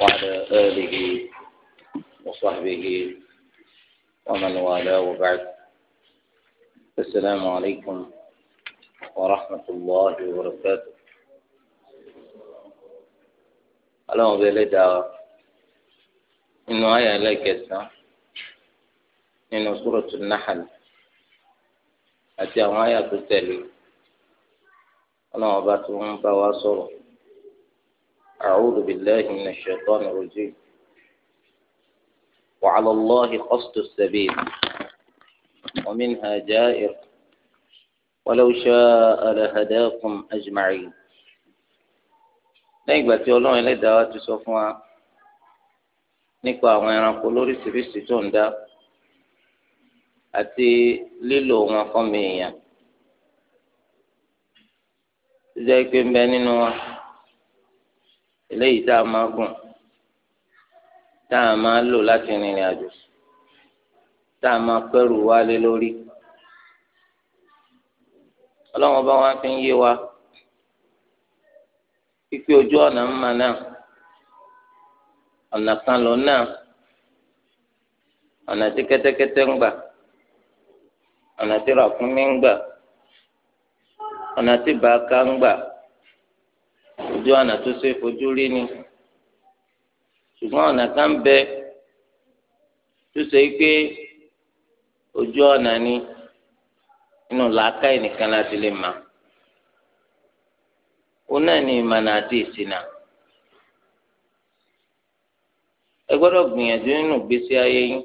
وعلى آله وصحبه ومن والاه وبعد السلام عليكم ورحمة الله وبركاته اللهم بلا دعوة إنه آية لك إنه سورة النحل أتي آية تتلي ọlọ́run ọba tí wọ́n ń bá wa sọ̀rọ̀ أعوذ بالله من الشيطان الرجيم وعلى الله قصد السبيل ومنها جائر ولو شاء لهداكم أجمعين lẹ́yìn ìgbà tí ọlọ́run ẹlẹ́dàá wa ti sọ fún wa nípa àwọn ẹranko lóríṣiríṣi tó ń dá àti lílò wọn fún mi èèyàn jẹ́ pé ń bẹ nínú wa eléyìí tá a máa gùn tá a máa lò láti rìnrìn àjò tá a máa pẹ́rù wálé lórí ọlọ́wọ́n bá wá fi ń yé wa pípé ojú ọ̀nà ń mà náà ọ̀nà kan lọ náà ọ̀nà tí kẹ́tẹ́kẹ́tẹ́ ń gbà ọ̀nà tí ràkúnmí ń gbà. ọ̀nà tí bàákà ń gbà ojú ọ̀nà tó ṣe fojú rí ni ṣùgbọ́n ọ̀nà ń bẹ tó ṣe pé ojú ọ̀nà ni nínú làákàyè nìkan láti lè mà ó náà ní ìmọ̀nà àti ẹ gbọ́dọ̀ gbìyànjú nínú ìgbésí ayé yín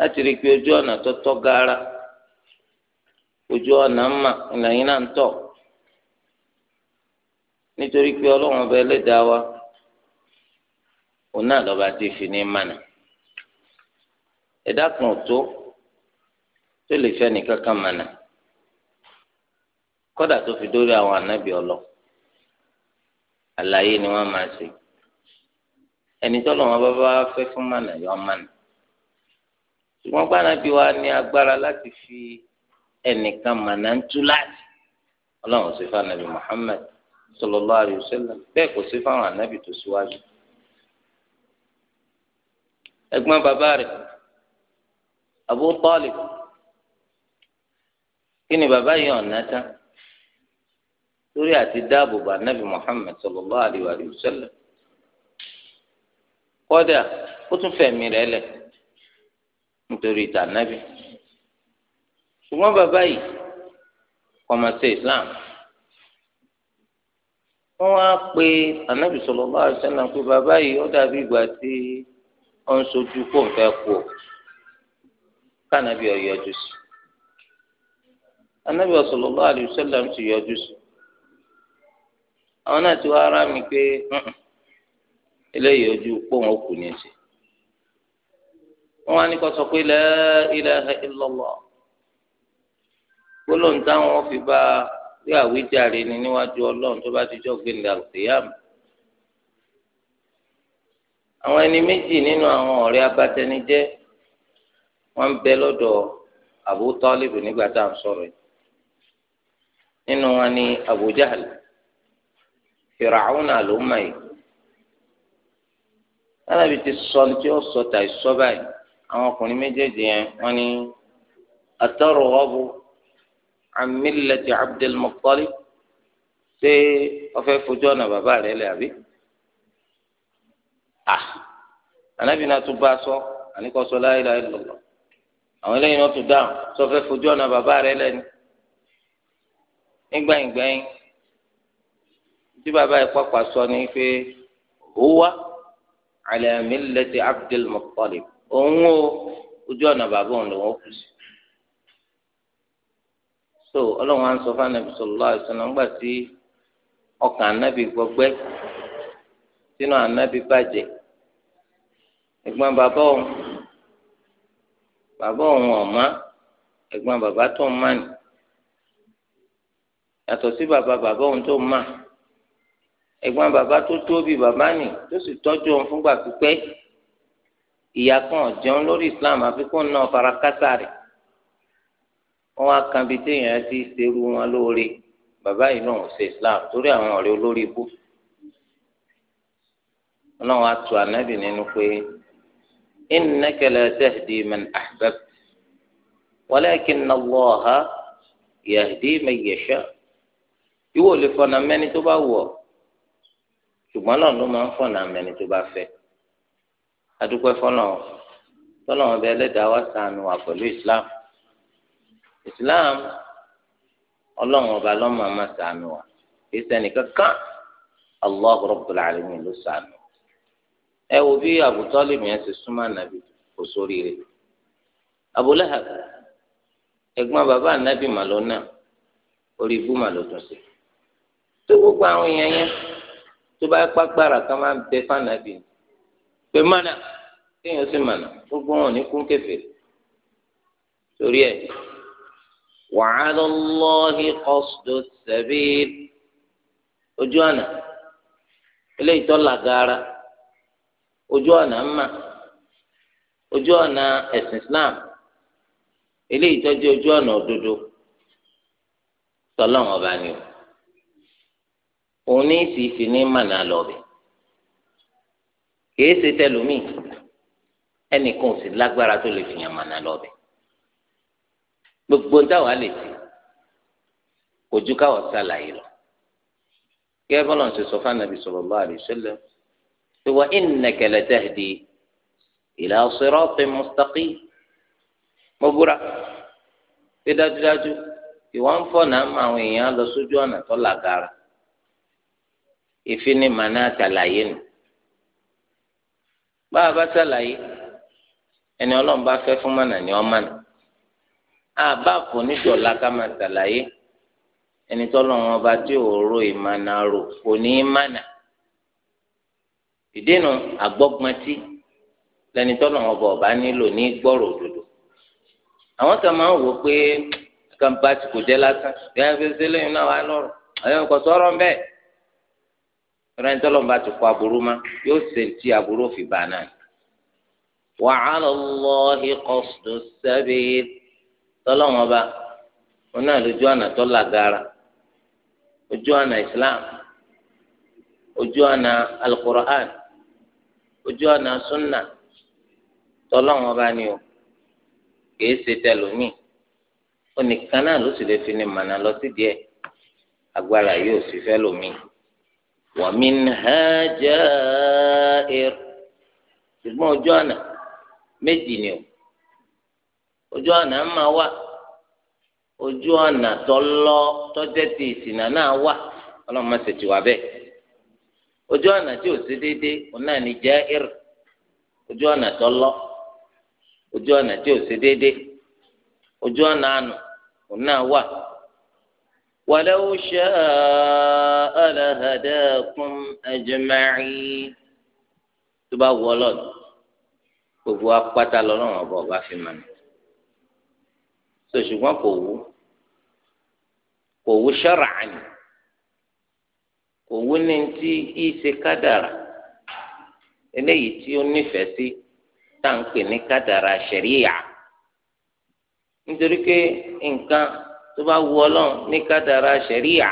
láti rí i pé ojú ọ̀nà ojú ọ̀nà mà ìlànà náà ń tọ̀ nítorí pé ọlọ́run ọba ẹlẹ́dàá wa òun náà lọ́ba ti fi ní mànà ẹ̀dá kan tó tó lè fẹ́ nìkan kan mànà kọ́dà tó fi dórí àwọn ànábì ọlọ àlàyé ni wọ́n máa ṣe ẹni tọ́lọ̀ wọn bá bá fẹ́ fún mànà yọ mànà ṣùgbọ́n gbànàbí wa ní agbára láti fi. ẹnìkan màná ń tú láti ọlọ́run sí fún anabi muhammed sallallahu alaihi wasallam bẹ́ẹ̀ kò sí fáwọn anabi tó síwájú bàbá abu kí ni bàbá yìí ọ̀nà tán lórí àti dáàbò bá anabi muhammed sallallahu alaihi wasallam ó tún fẹ̀mí ṣùgbọ́n bàbá yìí kọ̀mọ̀ sí islam wọ́n wá pe anabi pé bàbá yìí ó dàbí ìgbà tí ó ń sojú kó fẹ́ kú ọ kànábì ọ yọjú sí anabi sallallahu alaihi yọjú sí àwọn náà ara mi pé eléyìí ojú pòun òkú ní í wọ́n wá ní kó sọ pé gbólóhùn táwọn fi bá rí àwíjàre ni níwájú ọlọ́run tó bá ti jọ gbé nílẹ̀ àlùkìyàmù. àwọn ẹni méjì nínú àwọn ọ̀rẹ́ abatẹnijẹ́ wọ́n bẹ lọ́dọ̀ Abu nígbà tá à ń sọ̀rọ̀ yìí. nínú wọn ni Fir'auna yìí. alábi ti sọ an millati Abdul Muttalib ṣé ọfẹ́ fojú ọ̀nà bàbá rẹ̀ lẹ̀ àbí? ah anabi náà tún bá a sọ àníkọ́ sọ la ilaha illallah àwọn eléyìí náà tún dáhùn sọ fẹ́ fojú ọ̀nà bàbá rẹ̀ lẹ̀ ni. nígbàyìngbàyìn tí bàbá yìí pàpà sọ ni pé huwa ala millati Abdul Muttalib òun ó ojú ọ̀nà bàbá òun lòun kù sí so ọlọ́run á sọ fún anabi sallallahu alaihi wasallam nígbà tí ọkàn anabi gbọgbẹ́ sínú anabi bàjẹ́ ẹ̀gbọ́n bàbá òun bàbá òun ọ̀ma ẹ̀gbọ́n bàbá tó ń mà ní yàtọ̀ sí bàbá bàbá òun tó ń mà ẹ̀gbọ́n bàbá tó tóbi bàbá nì tó sì tọ́jú òun fúngbà pípẹ́ ìyá kan ọ̀jẹun lórí Islam àfikún náà farakátà rẹ̀ wọn wá kan bíi téèyàn ti ṣerú wọn lóore bàbá yìí náà ṣe islam torí àwọn ọ̀rẹ́ olórí ibú ọlọ́run á tu ànábì nínú pé innaka la tahdi man ahbabta walakinna Allaha yahdi man yasha ìwọ lè fọ̀nà mẹ́ni tó bá wù ṣùgbọ́n náà ló máa ń fọ̀nà mẹ́ni tó bá fẹ́ adúpẹ́ fọ́nà tọ́lọ́run bẹ́ẹ̀ wá ṣàánú wa pẹ̀lú islam islam ọlọ́run ọba lọ́mọ àmà sànù wa kì í sẹ́ni kankan allah rabbul alamin ló sànù ẹ wo bí Abu Talib yẹn ti súnmọ́ ànábì kò sórí rẹ̀ Abu Lahab ẹ̀gbọ́n bàbá ànábì màlọ́nà orí ibú màlọ́tún sí tó gbogbo àwọn èèyàn yẹn tó bá pa gbára kan máa ń bẹ fànàbì pé mánà kéèyàn sì mánà gbogbo wọn ò ní kún kẹfẹ torí ẹ وعلى الله قصد السبيل ojú ọ̀nà eléyìí tó làgàrà ojú ọ̀nà mma ojú ọ̀nà ẹ̀sìn Islam eléyìí tó ojú ọ̀nà òdodo tọ́lọ́wọ́n ní ma ní mànà lọ́ọ̀bẹ̀ kìí gbogbo táwa lè ti kò ju káwọn sàlàyé lọ gẹ́gẹ́ bọ́lá ń ṣe sọ fún anabi sallallahu alaihi wasallam pé wa innaka latahdi ila siratin mustaqim mo búra pé dájúdájú ìwọ ń fọ̀ náà mọ àwọn èèyàn lọ sójú ọ̀nà tó làgàrà ìfini màná àtàlàyé nù bá a bá sàlàyé ẹni ọlọ́run bá fẹ́ fún mọ̀nà ni ọ́ mọ̀nà àbá kò ní dọ̀la ká máa ṣàlàyé ẹni tọ́lọ́ wọn bá tí òórò ìmànà rò kò ní í mànà ìdènà àgbọ́gbọ́ntì lẹni tọ́lọ́ wọn bọ̀ bá nílò ní gbọ́rọ̀ òdodo àwọn kan máa ń wò pé kan bá ti kò jẹ́ lásán bí wọ́n fi ṣe lẹ́yìn náà wà lọ́rọ̀ àwọn kò sọ̀rọ̀ bẹ́ẹ̀ ẹni tọ́lọ́ wọn ti kọ aburú ma yóò ṣe ti aburú fi bà náà wàhálà lọ́ọ́ tọ́lọ́wọ́n ọba wọn náà lójú ọ̀nà tó làgàrà ojú ọ̀nà islam ojú ọ̀nà alukur'an ojú ọ̀nà sunna tọ́lọ́wọ́n ọba ni o kìí ṣe tẹlomi onìkan náà ló sì lè fi ni mànà lọ sí díẹ̀ agbára yóò sì fẹ́ lomi wa minha ja'ir ṣùgbọ́n ojú ọ̀nà méjì ni o. ojú ọ̀nà máa wà ojú ọ̀nà tọlọ tọ́jẹ́ ti ìsìnà náà wà ọlọ́run ṣètì bẹ́ẹ̀ ojú ọ̀nà tí ò sí déédéé òun náà ní jẹ́ ir ojú ọ̀nà tọlọ ojú ọ̀nà tí ò sí déédéé ojú ọ̀nà àánú òun náà wà. tó bá wọ gbogbo apáta ọba fi mọ̀ so ṣùgbọ́n kò wú kò wú ṣọ́ràn kò wú ní ti ìṣe kádàrà eléyìí tí ó nífẹ̀ẹ́ sí tá à ń pè ní kádàrà ṣẹ̀ríyà nítorí pé nǹkan tó bá wù ọlọ́run ní kádàrà ṣẹ̀ríyà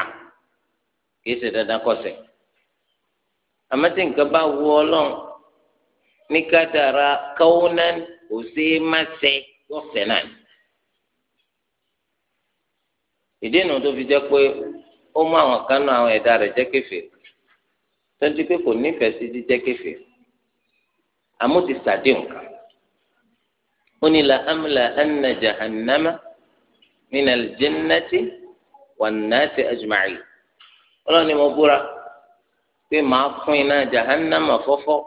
kìí ṣe dandan kọsẹ̀ àmọ́ tí nǹkan bá wù ọlọ́run ní kádàrà kọ́wọ́nán kò ṣeé má ṣe yọ̀ọ̀ṣẹ̀ náà ìdí nu tó fi jẹ́ pé ó mú àwọn kan náà àwọn ẹ̀dá rẹ̀ jẹ́ kẹfẹ́ tọ́jú pé kò nífẹ̀ẹ́ sí jíjẹ́ kẹfẹ́ àmọ́ ti sàdéhùn kan ó ní la amla anna jahannama min aljinnati wannati ajma'i ọlọ́ni mo búra pé màá fún iná jahannama fọ́fọ́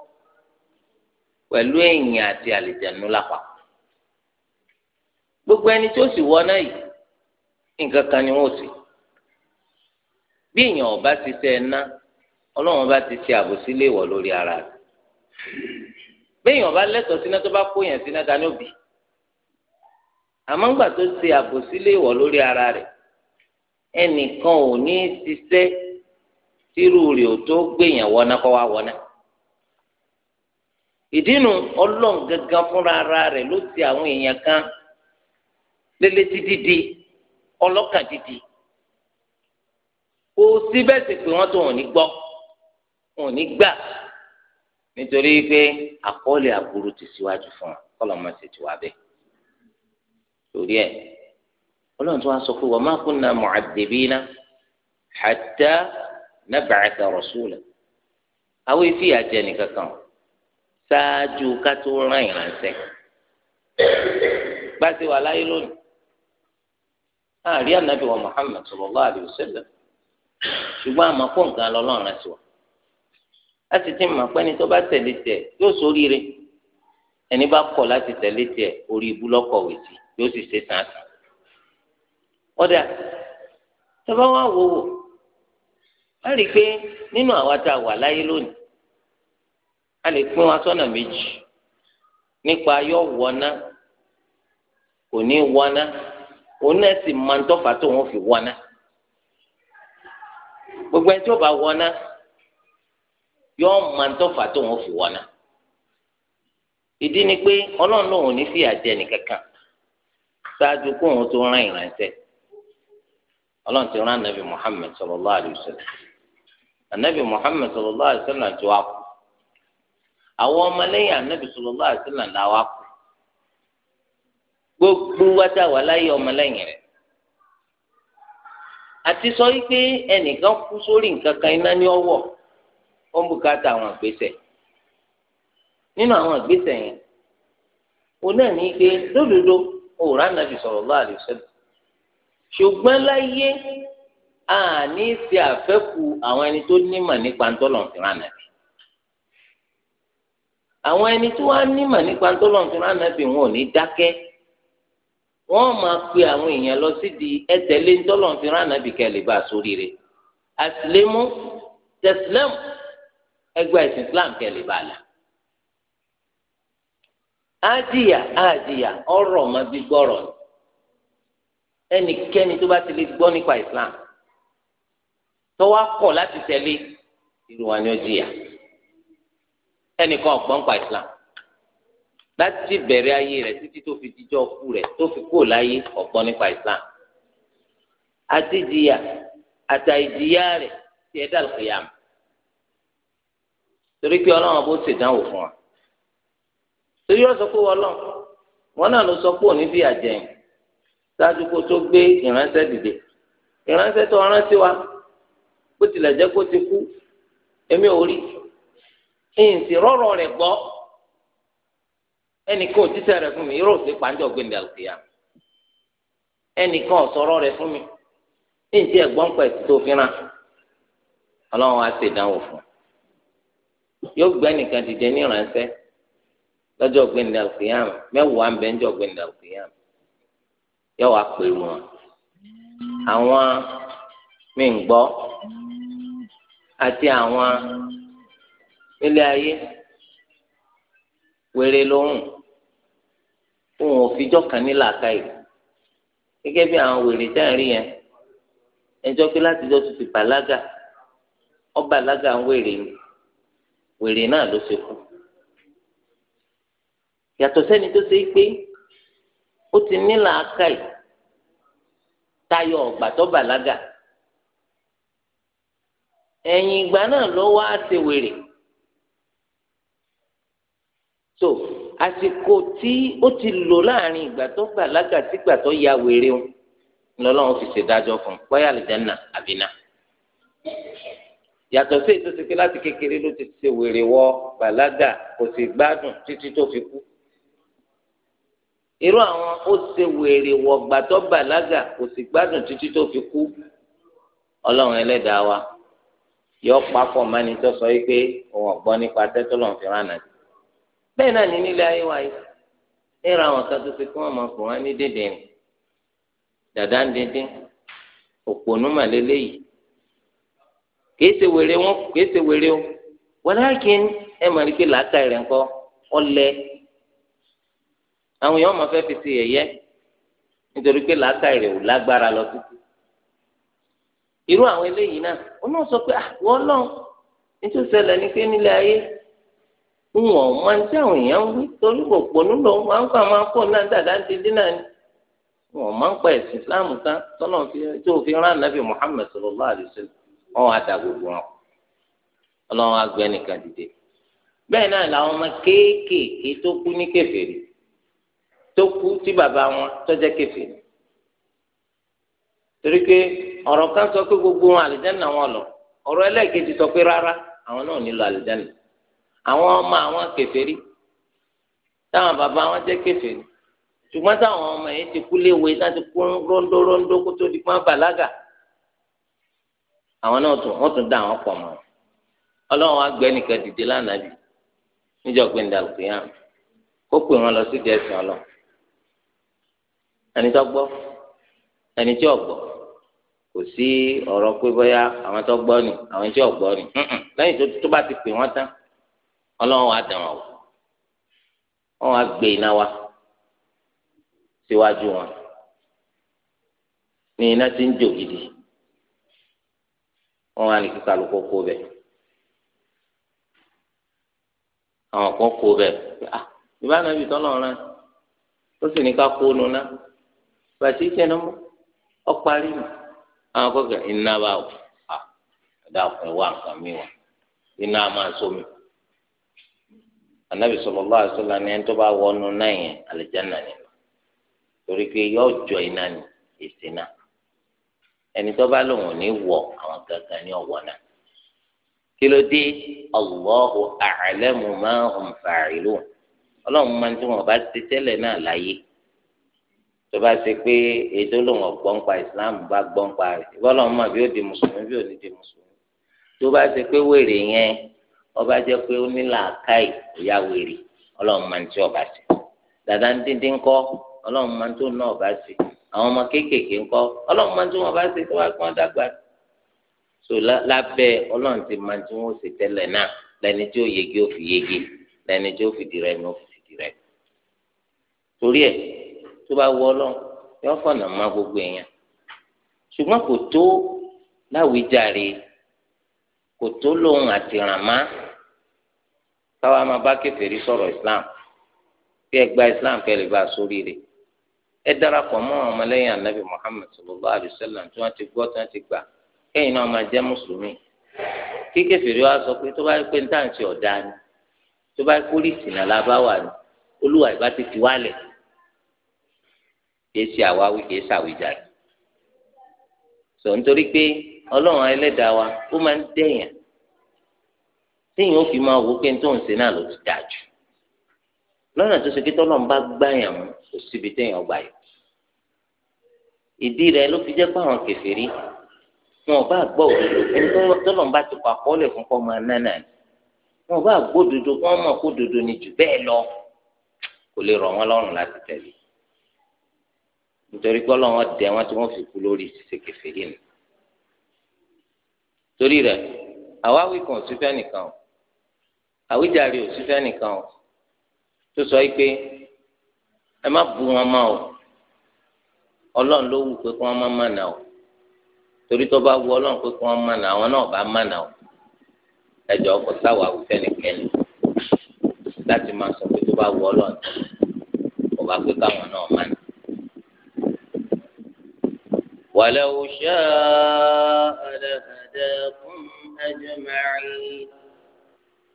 pẹ̀lú èèyàn àti àlìjẹ̀nu lápapọ̀ gbogbo ẹni tó sì wọ náà yìí nǹkan kan ni wọ́n sì bí èèyàn ọba ti ṣe ẹná ọlọ́run bá ti ṣe àbòsí léèwọ̀ lórí ara rẹ̀ bí èèyàn ọba lẹ́tọ̀ọ́ síná tó bá kó yẹn síná dání òbí àmọ́ ńgbà tó ṣe àbòsí léèwọ̀ lórí ara rẹ̀ ẹnìkan ò ní í ṣiṣẹ́ tírú rẹ̀ ò tó gbèyàn wọná kọ́ wá wọná ìdínú ọlọ́run gangan fúnra ara rẹ̀ ló ti àwọn èèyàn kan lélẹ́tí dídí ọlọ́kàn dídì kò sí bẹ́ẹ̀ sì pé wọ́n tó wọn ní gbọ́ wọn ní gbà nítorí pé àkọọ́lẹ̀ aburú ti síwájú fún wọn kọ́lọ́mọ sì ti wá bẹ́ẹ̀ torí ẹ̀ ọlọ́run tó wá sọ pé wa ma kunna mu'addibina hatta nab'atha rasula àwọn efi àjẹ nìkan ṣáájú ká tó rán ìránṣẹ́ gbàṣẹ wà láyé lónìí. àárí ànábì wa Muhammad sallallahu alaihi wasallam ṣùgbọ́n àmọ́ kó nǹkan lọ́lọ́run rẹ̀ a sì ti mọ̀ pé ẹni tó bá tẹ̀lé tiẹ̀ yóò sóríire ẹni bá kọ̀ láti tẹ̀lé weti orí ibú lọ́kọ̀ wèsì yóò sì ṣe tàn án. ọ̀dà wò wò a rí i pé nínú àwa tá a wà láyé lónìí a lè pín wa méjì nípa òun náà sì máa ń tọ́fà tó wọn fi wọná gbogbo ẹni bá wọná yóò máa ń tọ́fà tó wọn fi wọná ìdí ni pé ọlọ́run lòun ní fìyà jẹ nìkankan ṣáájú kó òun tó rán ìránṣẹ́ ọlọ́run ti rán anabi muhammed sallallahu alayhi wa sallam anabi muhammed sallallahu alayhi wa sallam ti wá kú àwọn ọmọlẹ́yìn anabi sallallahu alayhi wa sallam là gbogbo wájà wà láyé ọmọlẹ́yìn rẹ̀ àti sọ wípé ẹnìkan kú sórí nǹkan kan iná ní ọwọ́ ó ń bùkátà àwọn ìgbésẹ̀ nínú àwọn ìgbésẹ̀ yẹn òun náà ní pé lódodo òòrùn ànábì sallallahu alaihi wasallam ṣùgbọ́n láyé àní ṣe àfẹ́kù àwọn ẹni tó nímọ̀ nípa ntọ́lọ̀ntìrán nàbì àwọn ẹni tó wá nímọ̀ nípa ntọ́lọ̀ntìrán nàbì wọn ò ní dákẹ́ wọ́n máa pe àwọn èèyàn lọ sídìí ẹsẹ̀ lé ńtọ́lọ̀ fi rán ànábì kẹlẹ̀ bá a sórí rẹ̀ àtìlẹ́mú tẹ̀sílẹ́mù ẹgbẹ́ ẹ̀sìn Islam kẹlẹ̀ bá a là. àdìyà àdìyà ọ̀rọ̀ máa bí gbọ́rọ̀ ni ẹnikẹ́ni tó bá ti lè gbọ́ nípa Islam tó wá kọ̀ láti tẹ̀lé ìlú wa ni jìyà ẹnìkan ọ̀gbọ́n pa Islam láti bẹ̀rẹ̀ ayé rẹ̀ títí tó fi jíjọ́ kú rẹ̀ tó fi kó láyé ọ̀pọ̀ nípa Islam àti ìjìyà àtà ìjìyà rẹ̀ ti ẹ̀dá lùkìyàm torí pé ọlọ́run bó ṣèdánwò fún wa torí ó sọ pé ọlọ́run wọn náà ló sọ pé òní fi àjẹyìn ṣáájú kó tó gbé ìránṣẹ́ dìde ìránṣẹ́ tó ránṣẹ́ wa bó tilẹ̀ jẹ́ kó ti kú èmi ò rí ìyìn sí rọ́rọ̀ rẹ̀ gbọ́ ẹnìkan òjíṣẹ́ rẹ̀ fún mi irú òsè pàǹjọ gbẹndẹ àlùkìyà ẹnìkan ọsọ̀rọ̀ rẹ̀ fún mi ní ti ẹ̀gbọ́n pẹ tó fi ràn Ọlọ́run ṣe ìdánwò fún yóò gbẹ nìkan dìde ní ìránṣẹ́ lọ́jọ́ gbẹndẹ àlùkìyà mẹ́wàá ń bẹ ńjọ́ gbẹndẹ àlùkìyà yóò wá pè wọn àwọn mi ń gbọ́ àti àwọn ilé ayé wéré lóhùn. òun ò kan ní làákàyè gẹ́gẹ́ bí àwọn wèrè dáìrí yẹn ẹjọ́ pé látijọ́ tó ti bàlágà ọba àlágà ń wèrè ni wèrè náà ló ṣe kú yàtọ̀ sẹ́ni tó ṣe ti ní làákàyè tayọ ọgbà tó bàlágà ẹ̀yìn ìgbà náà ló wá ṣe so àsìkò tí ó ti lò láàrin ìgbà tó bàlágà sí ìgbà tó ya wèrè o lọ́lọ́run fi ṣèdájọ́ fún un bóyá àlùjáná àbínà yàtọ̀ sí ètò ìsìnkú láti kékeré ló ti ṣe wèrè wọ bàlágà kò sì gbádùn títí tó fi kú irú àwọn ó ṣe wèrè wọ gbàtọ́ bàlágà kò sì gbádùn títí tó fi kú ọlọ́run ẹlẹ́dàá wa yọ pa pọ̀ sọ yìí pé òun ọ̀gbọ́n nípa tẹ́tọ́ lọ́n fi rán nàdí bẹ́ẹ̀ náà ní nílé ayé wa yìí níra àwọn kan tó ṣe kí wọ́n máa fò wá ní dèdè rìn dàdá ń dídín òpònú màlélé yìí kìí ṣe wèrè wọn kìí ṣe wèrè o ẹ mọ̀ ní làákà rẹ̀ àwọn èèyàn fẹ́ fi ṣe nítorí pé làákà rẹ̀ ò lágbára lọ irú àwọn ń wọ̀ máa ń tí àwọn èèyàn ń wí torí kò nílò ló ń máa ń kọ́ máa ń pò náà dàda ti dín náà ni wọ́n máa ń pa ẹ̀sìn Islam kan tọ́nà fi rán nàbì Muhammad sallallahu alaihi wasallam wá da gbogbo wọn ọlọ́run àgbẹ̀ nìkan dìde bẹ́ẹ̀ náà làwọn ọmọ kéékèèké tó kú ní tó kú tí bàbá wọn torí pé ọ̀rọ̀ kan sọ pé gbogbo wọn wọn lọ ọ̀rọ̀ ẹlẹ́ẹ̀kejì sọ pé rárá àwọn náà nílò àwọn ọmọ àwọn kèfèrí táwọn bàbá wọn jẹ́ kèfèrí ṣùgbọ́n táwọn ọmọ yẹn ti kú léwe láti kú róńdó róńdó kó tó di pọ́n bàlágà àwọn náà tún wọ́n tún dá àwọn pọ̀ mọ́ ọlọ́run wa gbé nìkan dìde lánàá bì níjọ́ pé ní dàlùkìyàn kó pè wọ́n lọ sí di ẹ̀sìn ọlọ́run ẹni tó gbọ́ ẹni tí ò gbọ́ kò sí ọ̀rọ̀ pé bóyá àwọn tó gbọ́ ni àwọn tí ò gbọ́ ni lẹ́yìn tó bá ti pè wọ́n tán ọlọ́run wàá dàn wọ́n wọ́n wàá gbé iná wa síwájú wọn ní iná tí ń jó gidi wọ́n ní kíkà lóko kó bẹ̀ àwọn kan kó bẹ̀ ah ìbáná ibi tọ́lọ̀ rán ó sì ní ká kó nu ná bàtí ìṣẹ́ ọ parí mi àwọn kan kẹ iná bá ah ẹ̀dá wà nǹkan mi wà iná anabi sallallahu alaihi wasallam ni ẹni tó bá wọnú náà yẹn àlìjáná nínú torí pé yóò jọ iná ni èsì náà ẹni tó bá lòun ò ní wọ àwọn gangan ní ọwọ náà kí ló dé Allahu a'lamu ma hum fa'ilun Ọlọ́run máa ń tí wọn bá ti tẹ́lẹ̀ náà láyé tó bá ṣe pé ètò lòun ọgbọǹpa islam bá gbọǹpa rẹ ìbọlọrun mọ bí ó di mùsùlùmí bí ó ní di mùsùlùmí tó bá ṣe pé wèrè yẹn ọba jẹ́ pé ó ní làákàyè ìyá wèrè ọlọ́run máa ń tí ọba sí dàda ń díndín kọ́ ọlọ́run máa ń tó náà ọba sí àwọn ọmọ kéékèèké ń kọ́ ọlọ́run máa ń tó wọn ọba sí tó wá kí wọ́n dàgbà so lábẹ́ ọlọ́run ti máa ń tí wọ́n ṣe tẹ́lẹ̀ náà lẹ́ni tí ó yege ó fi yege lẹ́ni tí ó fìdí rẹ̀ ni ó fi fìdí rẹ̀ torí ẹ̀ tó bá wọ ọlọ́run yọ fọ̀nà má gbogbo èèyàn ṣùgbọ́n kò tó láwùjáre kò tó lóhun àtìrànmá káwa máa bá kèfèrí sọ̀rọ̀ islam kí ẹ gba islam kẹ́ lè bá a sórí rẹ̀ ẹ darapọ̀ mọ́ àwọn ọmọlẹ́yìn anabi muhammed sallallahu alayhi wa sallam tí wọ́n ti gbọ́ tí wọ́n ti gbà kẹ́yìn náà máa jẹ́ mùsùlùmí kí kèfèrí wa sọ pé tó bá yẹ pé níta ti ọ̀dà ni tó bá yẹ kó rí ìsìnà lábá wà ni olúwa ìbá ti fi wálẹ̀ kìí ṣe àwáwí kìí ṣàwíjàre sọ nítorí pé ọlọ́run ẹlẹ́dàá wa ó máa ń dẹ̀yàn téèyàn ó fi máa wò pé tó ń ṣe náà ló ti dáa jù lọ́nà tó ṣe pé tọ́lọ́n bá gbàyàn mú kò síbi téèyàn gbà yìí ìdí rẹ̀ ló fi jẹ́ pé àwọn kèfèrí wọn ò bá gbọ́ òdodo ẹni tọ́lọ́n bá ti pa kọ́lẹ̀ fún kọ́ máa nánà ni wọn ò bá gbọ́ òdodo kọ́ mọ̀ kó òdodo ni jù bẹ́ẹ̀ lọ kò lè rọ̀ wọ́n lọ́rùn láti tẹ̀lé nítorí pé ọlọ́wọ́n dẹ wọn tí wọ́n fi kú lórí ṣíṣe kèfèrí ni torí rẹ̀ àwa wí kàn sí fẹ́ nìkan o àwíjàre òṣìṣẹ́ nìkan o tó sọ pé ẹ má bu wọn mọ́ o ọlọ́run ló wù pé kí wọ́n má mànà o torí tó bá wù ọlọ́run pé kí wọ́n mànà àwọn náà bá mànà o ẹjọ́ ọkọ̀ sáwà àwùjọ nìkẹ́ni láti máa sọ pé tó bá wù ọlọ́run kò bá pé káwọn náà mànà. ولو شاء لهداكم أجمعين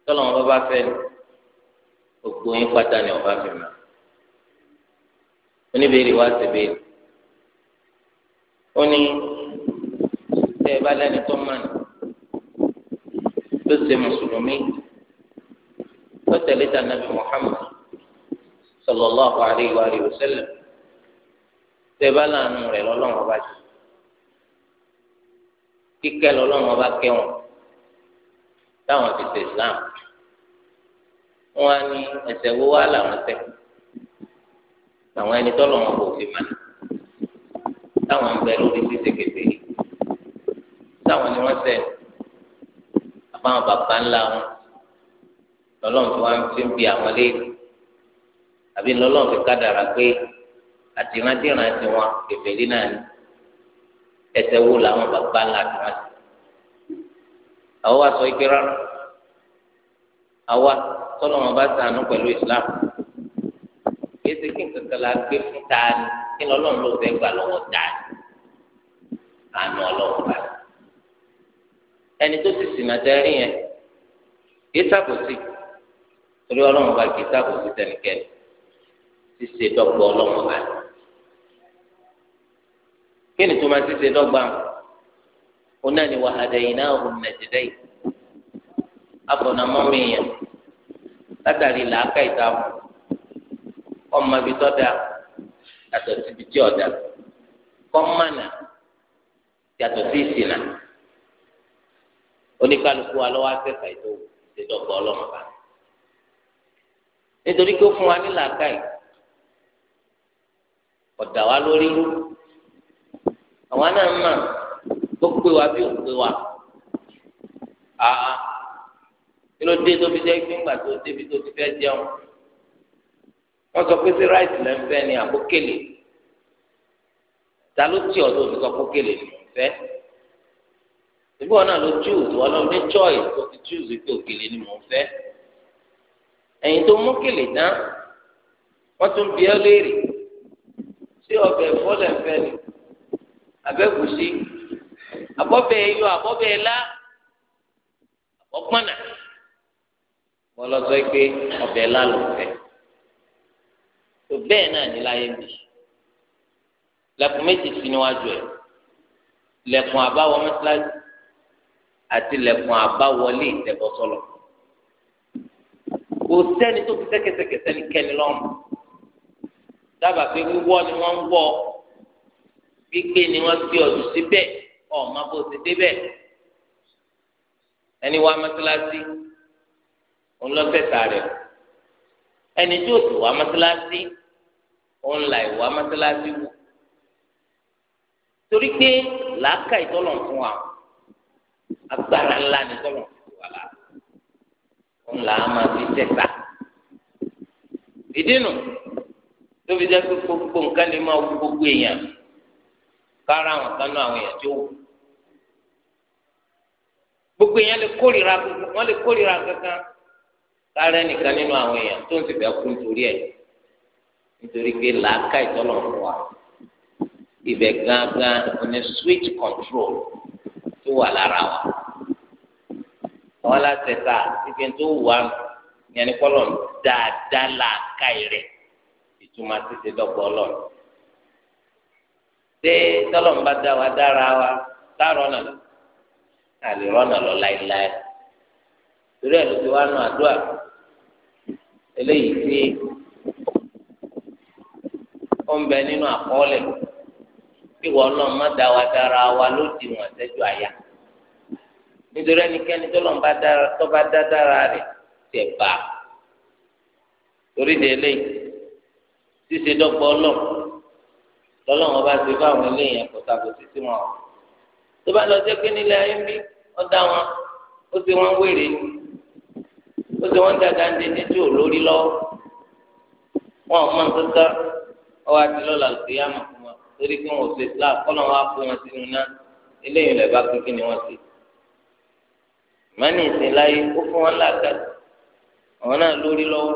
tọ́lọ̀ wọn bá fẹ́ gbogbo yín pátá ni ọba fi mọ̀ oníbèrè wá sí béèrè ó ní tẹ ẹ bá lẹ́ni tó mọ̀ ní tó ṣe mùsùlùmí tó tẹ̀lé ta nàbì Muhammad sallallahu alayhi wa alihi wa tẹ ẹ bá lànà rẹ̀ lọ́lọ́wọ́n bá jù kíkẹ́ lọ́lọ́wọ́n bá kẹ́wọ̀n táwọn ti tẹ̀ Islam wọn á ní ẹsẹ̀ wo wá làwọn tẹ̀ làwọn ẹni tọ́lọ̀ wọn kò fi mànà táwọn ń bẹ lórí títí kété táwọn ni wọ́n sẹ̀ àbáwọn bàbá ńlá wọn lọ́lọ́run tí wọ́n fi ń bi àwọn léèrè àbí lọ́lọ́run fi kádàrà pé àtìrántìrán ti wọn kèfèrí náà ni ẹsẹ̀ wo làwọn bàbá ńlá ti wọn sí àwọn wa sọ ike rárá àwa. tọ́lọ́ wọn bá sànú islam èsì kí nǹkan kan la gbé fún tani kí lọ́lọ́run ló fẹ́ gbà lọ́wọ́ àánú bá ẹni tó ti sìn yẹn torí bá tẹnikẹ́ni ti ṣe dọ́gba bá kí ni tó máa ti ṣe dọ́gba ọ náà ni wàhálà yìí náà ò nàìjíríà látàrí làákà ìta ọmọ ibi tó da yàtọ̀ sí ibi tí ọ̀dà kọ́mánà yàtọ̀ sí ìsìnà oníkálukú wa lọ́wọ́ àtẹ̀fà ètò ìdọ̀gbọ̀ ọlọ́mọba nítorí pé ó fún wa ní làákà yìí ọ̀dà wa lórí rú àwa náà mà ó pé wa bí ó pé wa kí ló dé tó fi jẹ́ pé ńgbà tó débi tó ti fẹ́ jẹun wọ́n sọ pé sí ráìtì lẹ́ ń fẹ́ ni àbó kélé ta ló tì ọ́ tó fi sọ kó kélé fẹ́ ìbúwọ́ náà ló choose wọn lọ́ọ́ ní choice tó fi choose pé òkèlè ni mò ń fẹ́ ẹ̀yin tó mú kélé tán wọ́n tún bí ẹ léèrè sí ọbẹ̀ fọ́lẹ̀ fẹ́ ni abẹ́kùsí abọ́bẹ̀ eyọ abọ́bẹ̀ ẹlá abọ́gbọ́nà wọn lọ sọ pé ọbẹ̀ lálùfẹ́ tó bẹ́ẹ̀ náà ní láyé mi lẹ́kùn méjì sí níwájú ẹ̀ lẹ́kùn àbáwọ mẹ́tíláṣí àti lẹ́kùn àbáwọlé ìtẹ̀bọ̀sọ̀lọ̀ kò sẹ́ni tó fi sẹ́kẹsẹ̀kẹ sẹ́ni kẹ́ni lọ́rùn dábàá pé wíwọ́ ni wọ́n ń wọ́ gbígbé ni wọ́n gbé ọdún síbẹ̀ ọ̀ bó ti débẹ̀ ẹni wá mẹ́tíláṣí ńlọ́sẹ̀ta rẹ̀ ẹni tí òtù wá mọ́sálásí òun là ìwà mọ́sálásí wù torí pé làákà ìtọ́lọ̀ fún wa agbára ńlá ni tọ́lọ̀ fún wa la òun là á máa fi sẹ́ta ìdí nù tóbi jẹ́ pé gbogbo nǹkan lè máa wú gbogbo èèyàn kára àwọn kan náà àwọn èèyàn tó wù gbogbo èèyàn lè kórìíra gbogbo wọn lè kórìíra kankan rárá nìkan nínú àwọn èèyàn tó ń ti bẹ̀ kú nítorí ẹ̀ nítorí pé làákà ìtọ́nà fún wa ibẹ̀ gángan ní switch control tó wà lára wa àwọn alátẹ̀ta ibi tó wù wá yẹn ní kọ́lọ̀ dáadáa làákà rẹ̀ ìtumọ̀ títí dọ́gba ọlọ́run ṣé tọ́lọ̀ ń bá dá wa dára wa láàrọ̀ náà àlè rọ́nà lọ láéláé torí ẹ̀ ló ti wá nù àdúrà eléyìí tí ó ń bẹ nínú àkọọ́lẹ̀ kí wọ́n náà má da wa dára wa lódì wọn sẹ́jú àyà nítorí ẹnikẹ́ni tó lọ́n bá dá dára rẹ̀ tẹ̀ bá torí de eléyìí ṣíṣe dọ́gba ọlọ́ọ̀ lọ́lọ́wọ́n bá ti bá àwọn eléyìí ẹ̀kọ́ tàbí títí wọn tó bá lọ jẹ́ pé nílé ayé ń bí ó dá wọn ó sì wọ́n wèrè ni ó ti wọ́n dáadáa ń dẹni tí ò lórí lọ́wọ́ wọn ò mọ nǹkankan ọwọ́ àti lọ́la lùkìyà mọ̀ fún wọn torí pé wọn ò ṣe islam kọ́nà wọn á kó wọn sínú náà eléyìí lẹ̀ bá pín kí ni wọ́n ṣe. mọ́nì ìsìn láyé ó fún wọn láàgàdì àwọn náà lórí lọ́wọ́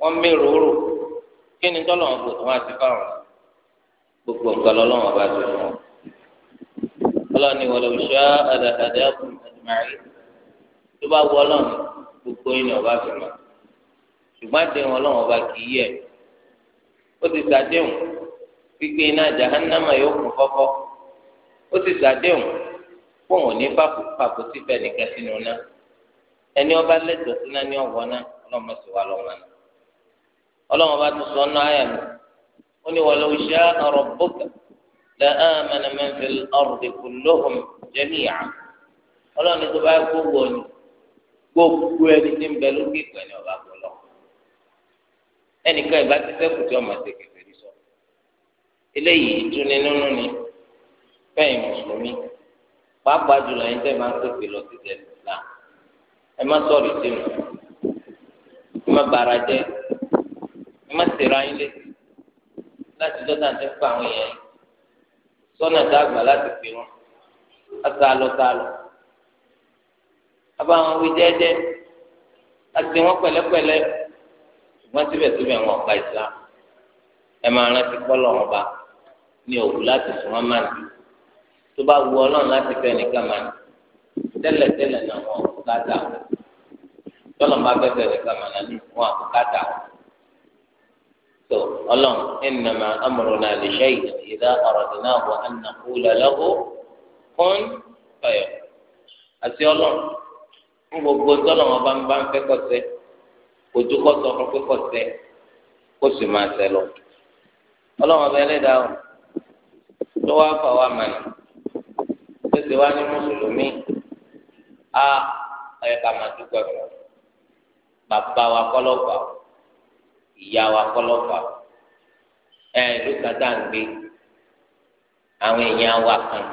wọ́n méròó rò kí ni tọ́lọ̀ wọn kò tó wọn àti fáwọn gbogbo nǹkan lọ́lọ́wọ́n bá ti fún wọn. ọlọ́ni wọlé òṣà àdàdàdà ọkùnrin àjùmáyé tó bá wọ ọlọ́run gbogbo yín ni ọba fẹ́ mọ̀ ṣùgbọ́n àdéhùn ọlọ́run ọba kì í yẹ ó ti sàdéhùn gbígbé iná jahannama yóò kún fọ́fọ́ ó ti sàdéhùn fóun ní fàkó sífẹ̀ nìkan sínú náà ẹni ọba lẹ́tọ̀ọ́ sí náà ní ọ̀wọ́ náà ọlọ́run sì wà lọ́wọ́ náà ọlọ́run ọba tó sọ ọ́nà àyà mi ó ní walau sha'a rabbuka la amana man fil ardi kulluhum jami'a ọlọ́run tó bá gbogbo ọ̀nà gbogbo ẹni tí ń bẹ lókè pẹ̀ ní ọba gbọ́lọ́ ẹnìkan ìbá ti sẹ́kù tí ọmọ ti kẹfẹ́ rí sọ eléyìí túni nínú ni fẹ́yìn mùsùlùmí pàápàá jùlọ ẹni tẹ́ máa ń pèpè lọ sí tẹ̀lé náà ẹ má sọ̀rọ̀ sínú ẹ má bàrà jẹ ẹ má sèrè ayé lé láti dọ́tà ti ń pa àwọn èèyàn sọ́nà tá a gbà láti pè wọ́n á sá lọ sá lọ abá wọn wí jẹ́jẹ́ àti wọn pẹ̀lẹ́pẹ̀lẹ́ ṣùgbọ́n síbẹ̀síbẹ̀ wọn ọ̀ka islam ẹ máa rántí pọ́lọ̀ wọn bá ní òwú láti sùn wọn máa nì tó bá wu ọlọ́run láti fẹ́ nìkan máa nì tẹ́lẹ̀tẹ́lẹ̀ náà wọn àbùkátà wọn tọ́lọ̀ bá fẹ́ fẹ́ nìkan máa nì wọn àbùkátà wọn. tó ọlọ́run innama amruna li shay'in idha aradnahu an naqula lahu kun fayakun àti ọlọ́run ní gbogbo tọ́lọ̀ wọn bá ń bá ń fẹ́ kọ́sẹ́ ojú kọ́sọ́ fún pé kọ́sẹ́ kó sì máa sẹ́ lọ. ọlọ́wọ́n bẹ lẹ́dàá o tó wá fà wá màní tó sì wá ní mùsùlùmí a ẹ̀ ká máa dúpẹ́ fún bàbá wa kọ́lọ́fà ìyá wa kọ́lọ́fà ẹ̀ ìlú kàtà ń gbé àwọn èèyàn wa kan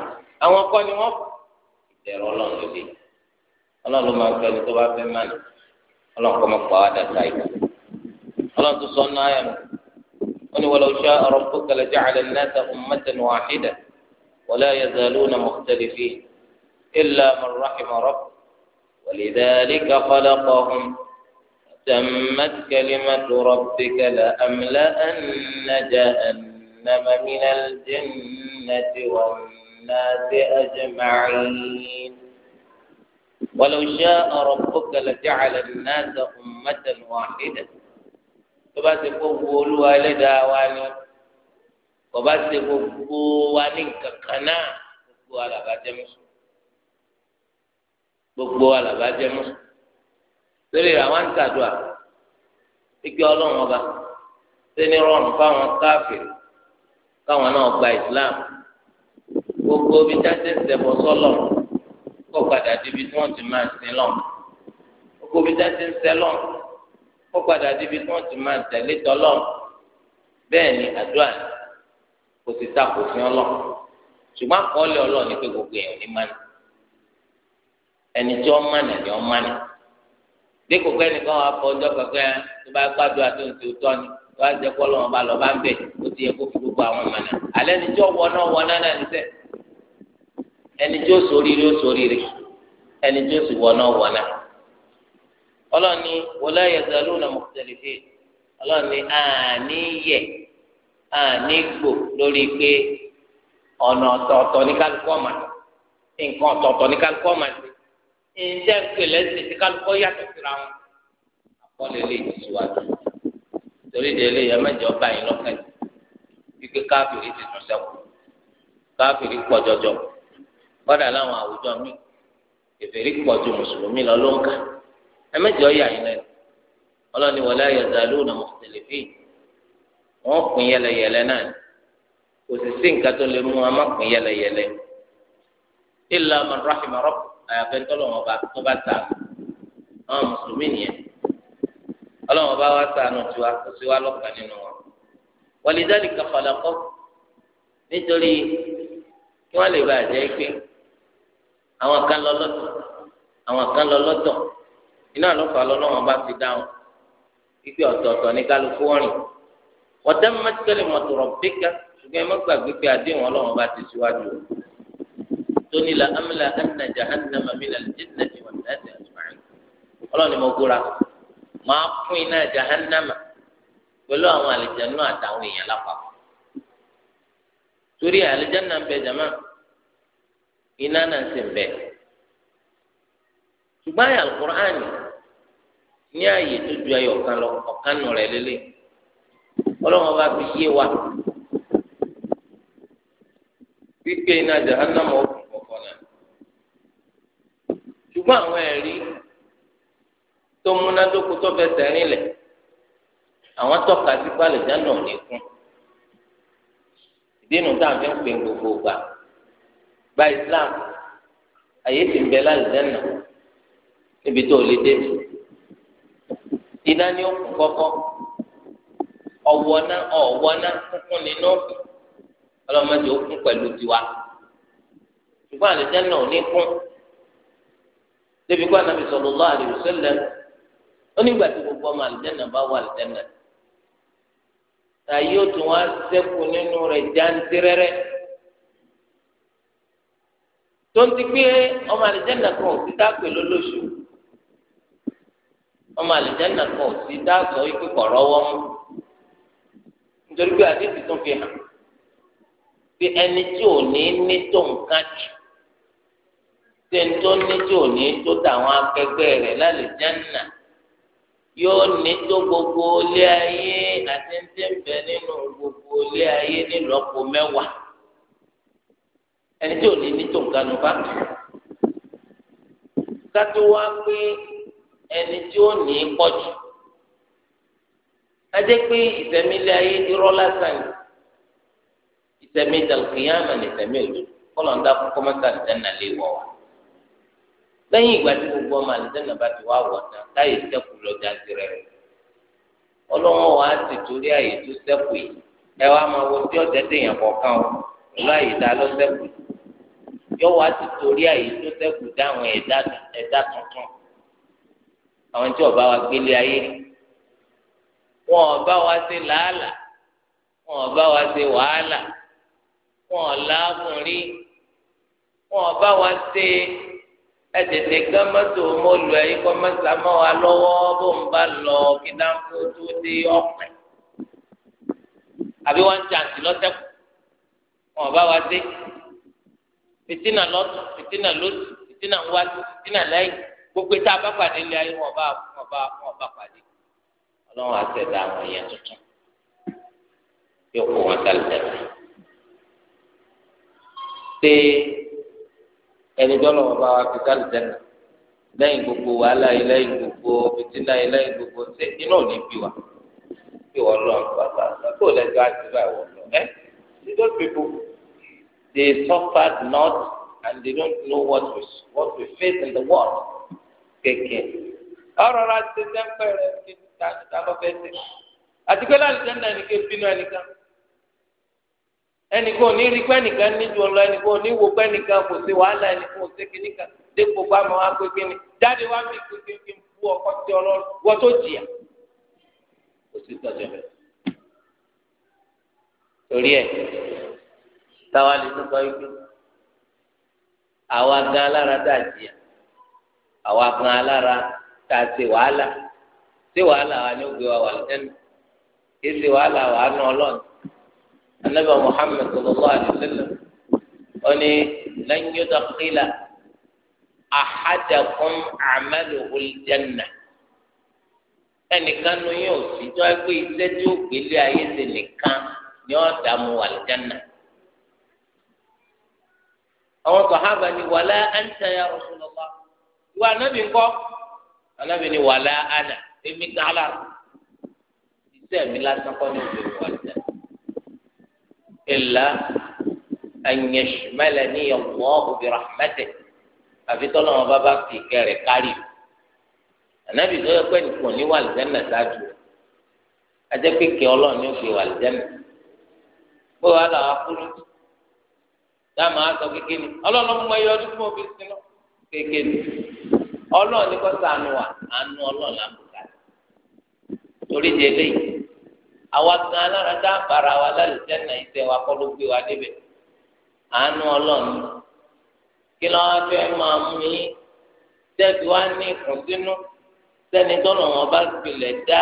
àwọn kọ́ ni wọ́n dẹ̀rọ ọlọ́run lóde. ọlọ́run ló máa ń kẹ́ni tó bá fẹ́ mánà ọlọ́run kọ́ máa pa á dàtà ìgbà ọlọ́run tó sọ ọ́nà ayọ̀ nù wọ́n ní walaw sha'a rabbuka laja'ala an-nasa ummatan wahida wala yazaluna mukhtalifin illa man rahima rabbuk ولذلك خلقهم تمت كلمة ربك لأملأن جهنم من الجنة والناس أجمعين ولو شاء ربك لجعل الناس أمة واحدة tó bá ṣe gbogbo olúwa ẹlẹ́dàá wa ni kò bá ṣe gbogbo wa ní nǹkan kan náà gbogbo alàbá jẹ́ mùsùlùmí gbogbo alàbá jẹ́ mùsùlùmí torí àwọn ń ike ọlọ́run ọba ṣé ní fáwọn káfíìrì káwọn náà gba ìsìláàmù gbogbo bí jáde ń ṣẹbọ kọ́ padà débi tí wọ́n ti máa sin lọ gbogbo bí dáńtí ń sẹ́ lọ kọ́ padà débi tí wọ́n ti máa tẹ̀lé tọ́lọ́ bẹ́ẹ̀ ni àdúrà kò sì ta kò fi ọlọ́ ṣùgbọ́n àkọọ́lẹ̀ ọlọ́ ni pé gbogbo èèyàn ní mánì ẹni tí wọ́n mánì ni wọ́n mánì dípò pé ẹnìkan wà fọ ọjọ́ pẹ̀pẹ́ tó bá gbàdúrà tó ń ti tọ́ ni tó bá jẹ́ kọ́ lọ́wọ́ bá lọ bá ń bẹ̀ ó ti yẹ kó fi gbogbo àwọn mọ̀nà alẹ́ ni tí wọ́n wọ náà wọ náà náà níṣẹ́ ẹni tí ó sóríire ó sóríire ẹni tí ó sì wọná wọná ọlọ́ni wọlé ayẹyẹdàlú na mọ̀tẹ́lifẹ̀ ọlọ́ni àníyẹ ànígbò lórí pé ọ̀nà ọ̀tọ̀ọ̀tọ̀ ní kálukọ́ mà nǹkan ọ̀tọ̀ọ̀tọ̀ ní kálukọ́ mà sí ǹjẹ́ ìpìlẹ̀ sì ti kálukọ́ yàtọ̀ síra wọn àkọọ́lẹ̀ lè ti síwájú torí ìdílé yẹn mẹ́jọ báyìí lọ́kàn yìí wípé káfíìrì ti tún sẹ́kù káfíìrì pọ̀ jọjọ kọ́dà láwọn àwùjọ mi ìfèrí pọ̀ ju mùsùlùmí lọ ló ń kà ẹ mẹ́jọ yà yín lẹ́nu ọlọ́ni wala yazaluna mukhtalifin wọ́n pín yẹlẹyẹlẹ náà kò sì sí nǹkan tó lè mú wọn má pín yẹlẹyẹlẹ illa man rahima rabb àyàfẹ́ tọ́lọ̀ wọn bá tó bá tà àwọn mùsùlùmí nìyẹn ọlọ́wọ́n bá wá sànù tiwa kò sí wa lọ́kàn nínú wọn walidhalika khalaqahum nítorí kí wọ́n lè bàjẹ́ pé àwọn kan lọ lọ́tọ̀ àwọn kan lọ lọ́tọ̀ iná lọfà lọlọrun bá fi dáhùn ipe ọ̀tọ̀ọ̀tọ̀ ní kálukú ọrìn wọtẹ mẹtẹlẹ mọtòrọ bíkà ṣùgbọ́n ẹ má gbàgbé pé àdéhùn Ọlọ́run bá ti síwájú tóní la amúlá anájà anáma mi nà lẹjẹnà tí wọn nà ẹsẹ àtúmáyé Ọlọ́run ni mo gbóra máa fún iná àjà anáma pẹ̀lú àwọn àlejò náà àtàwọn èèyàn lápapọ̀ torí àlejò náà bẹ jàmáà iná náà sì ń bẹ ṣùgbọ́n àyà alukur'ani ní ààyè tó ju ayọ̀ kan lọ ọ̀kan nù rẹ̀ lélẹ̀ ọlọ́wọ́n bá fi yé wa wípé iná jahannama ó fi kọ̀ọ̀kan náà ṣùgbọ́n àwọn ẹ̀rí tó múnádóko tó fẹsẹ̀ rinlẹ̀ àwọn tọ́ka sí pálẹ̀ jáná ò ní kún ìdí nu fi ń pè gbogbo gbà gba islam àyè ti ń bẹ lálùjáná níbi tó lè dé iná ní òkun kọ́kọ́ ọ̀wọ́ná ọ̀wọ́ná kúkún nínú ọlọ́mọdé ó kún pẹ̀lú tiwa ṣùgbọ́n àlùjáná ò ní kún débi kó anabi sallallahu alaihi wasallam onígbà tí gbogbo ọmọ àlùjáná bá wà àlùjáná tàyé ó tún ṣẹ́kù nínú rẹ̀ jáńtìrẹ́rẹ́. tó ń ti pé ọmọ àlìjẹ́nà kan ò sí dápè lólóṣù ọmọ àlìjẹ́nà kan ò ikú wọ́n mú nítorí pé àdéhùn tó fi hàn pé ẹni tí ò ní ní tó nǹkan jù tí ẹni tó ní tí ò ní tó tàwọn akẹgbẹ́ rẹ̀ lálìjẹ́nà yóò ní tó gbogbo ilé ayé àti ń ń bẹ nínú gbogbo ilé ayé ẹni tí ò ní ní tó nǹkan nù bá kátó wá pé ẹni tí ó ní pọ̀ jù adé pé ìtẹ̀mílẹ̀ ayé irọ́ lásán yìí ìtẹ̀mí dàlùkìyàmà ní ìtẹ̀mí òjò kọ́lọ̀ ń dákú kọ́mọ́tà àlùjáná lé wọ̀ wá lẹ́yìn ìgbà tí gbogbo ọmọ àlùjáná bá ti wá wọ̀ tán táyé sẹ́kù lọ́jà tirẹ̀ rẹ̀ ọlọ́wọ́n o pẹ̀lú àyè a yóò wá ti torí àyè tó sẹ́kù dá àwọn ẹ̀dá tuntun àwọn tí ọba wa gbélé ayé wọn ọba wa ṣe làálàá wọn ọba wa ṣe wàhálà wọn ọ̀làágùn rí wọn ọba wa ṣe ẹtẹtẹ gán mọ́tò mọ́lù ẹ̀yìn kọ́ mọ́tò àmọ́ wa lọ́wọ́ bó ń bá lọ kí dáńkó tó dé ọ̀pẹ̀ àbí wọn ń jàǹtì lọ́sẹ̀kù wọn ọba wa ṣe fìtínà lọ́tún fìtínà lósì fìtínà wájú fìtínà lẹ́yìn gbogbo tá a bá pàdé lé ayé wọn bá wọn bá wọn bá pàdé ọlọ́run àtẹ̀dá àwọn èèyàn tuntun yóò kó wọn sálẹ̀ tẹ̀lé ṣé ẹni dọ́lọ̀ wọn bá wa fi sálẹ̀ tẹ̀lé lẹ́yìn gbogbo wàhálà yìí lẹ́yìn gbogbo fìtínà yìí lẹ́yìn gbogbo ṣé iná ò ní bí wa bí wọ́n lọ́ọ́ bàbá kó lẹ́jọ́ àti báyìí wọ́n lọ ẹ́ ṣé dọ́ọ̀ They suffered not, and they don't know what we what we face in the world. Kéèké. Ọ̀rọ̀ ra ṣe sẹ́ńpẹ̀ rẹ̀ kí ta lọ fẹ́ ṣe. Àti pé láti jẹ́ náà nìkan bínú ẹnìkan. Ẹnìkan ò ní rí pé ẹnìkan níjú ọ̀la, ẹnìkan ò ní wo pé ẹnìkan kò sí wàhálà, ẹnìkan ò sí kìnnìkan. Dépò bá mi wá pé kíni. Jáde wá mi pé kí n bú ọkọ tí ọlọ́run wọ́n tó jìyà. Kò sí tọ́jú ẹ̀ torí ẹ̀ táwa lè tún sọ ikú àwa gan alára tá a jìyà àwa gan alára tá a ṣe wàhálà ṣé wàhálà wa ni ó gbé wa wà lẹ́nu kí ṣe wàhálà wa nù ọlọ́run anabi muhammed sallallahu alayhi wa ó ní lan yudkhila ahadakum amaluhu aljanna ẹnìkan nu yóò sì jọ ẹgbẹ́ iṣẹ́ tí ó gbélé ayé ṣe nìkan ni ó dààmú wà lẹ́nu àwọn sọ̀hábà ni wàlá anta ya Rasulullah ìwà anábì ńkọ́ anábì ni wàlá àná èmi gàlà iṣẹ́ mi lásán kọ́ ní òbí wà jẹ́ ìlà ẹ̀yẹ̀sùmẹ́lẹ̀ ní ọ̀wọ́ òbí rahmẹ́tẹ̀ àfi tọ́lọ́ wọn bá bá fi kẹrẹ̀ kárì anábì tó yẹ pé nìkan ní wà lẹ́nà ṣáájú ajẹ́ pé kí ọlọ́run ní òbí wà lẹ́nà bó wàá làwọn akúrú dáàmà á sọ kékeré ni ọlọ́run mú ẹyọ ọdún tí mo fi sin lọ kékeré ni ọlọ́run ní kó ṣàánú wa àánú ọlọ́run là ń bùkà torí di eléyìí àwa gan alára dá bàrà wa lálẹ́ jẹ́nà ìtẹ́ wa kọ́ ló gbé wa débẹ̀ àánú ọlọ́run kí lọ́wọ́ fẹ́ máa mú yín tẹ́bi wá ní ìkùnsínú sẹ́ni tọ́lọ̀ wọn bá gbilẹ̀ dá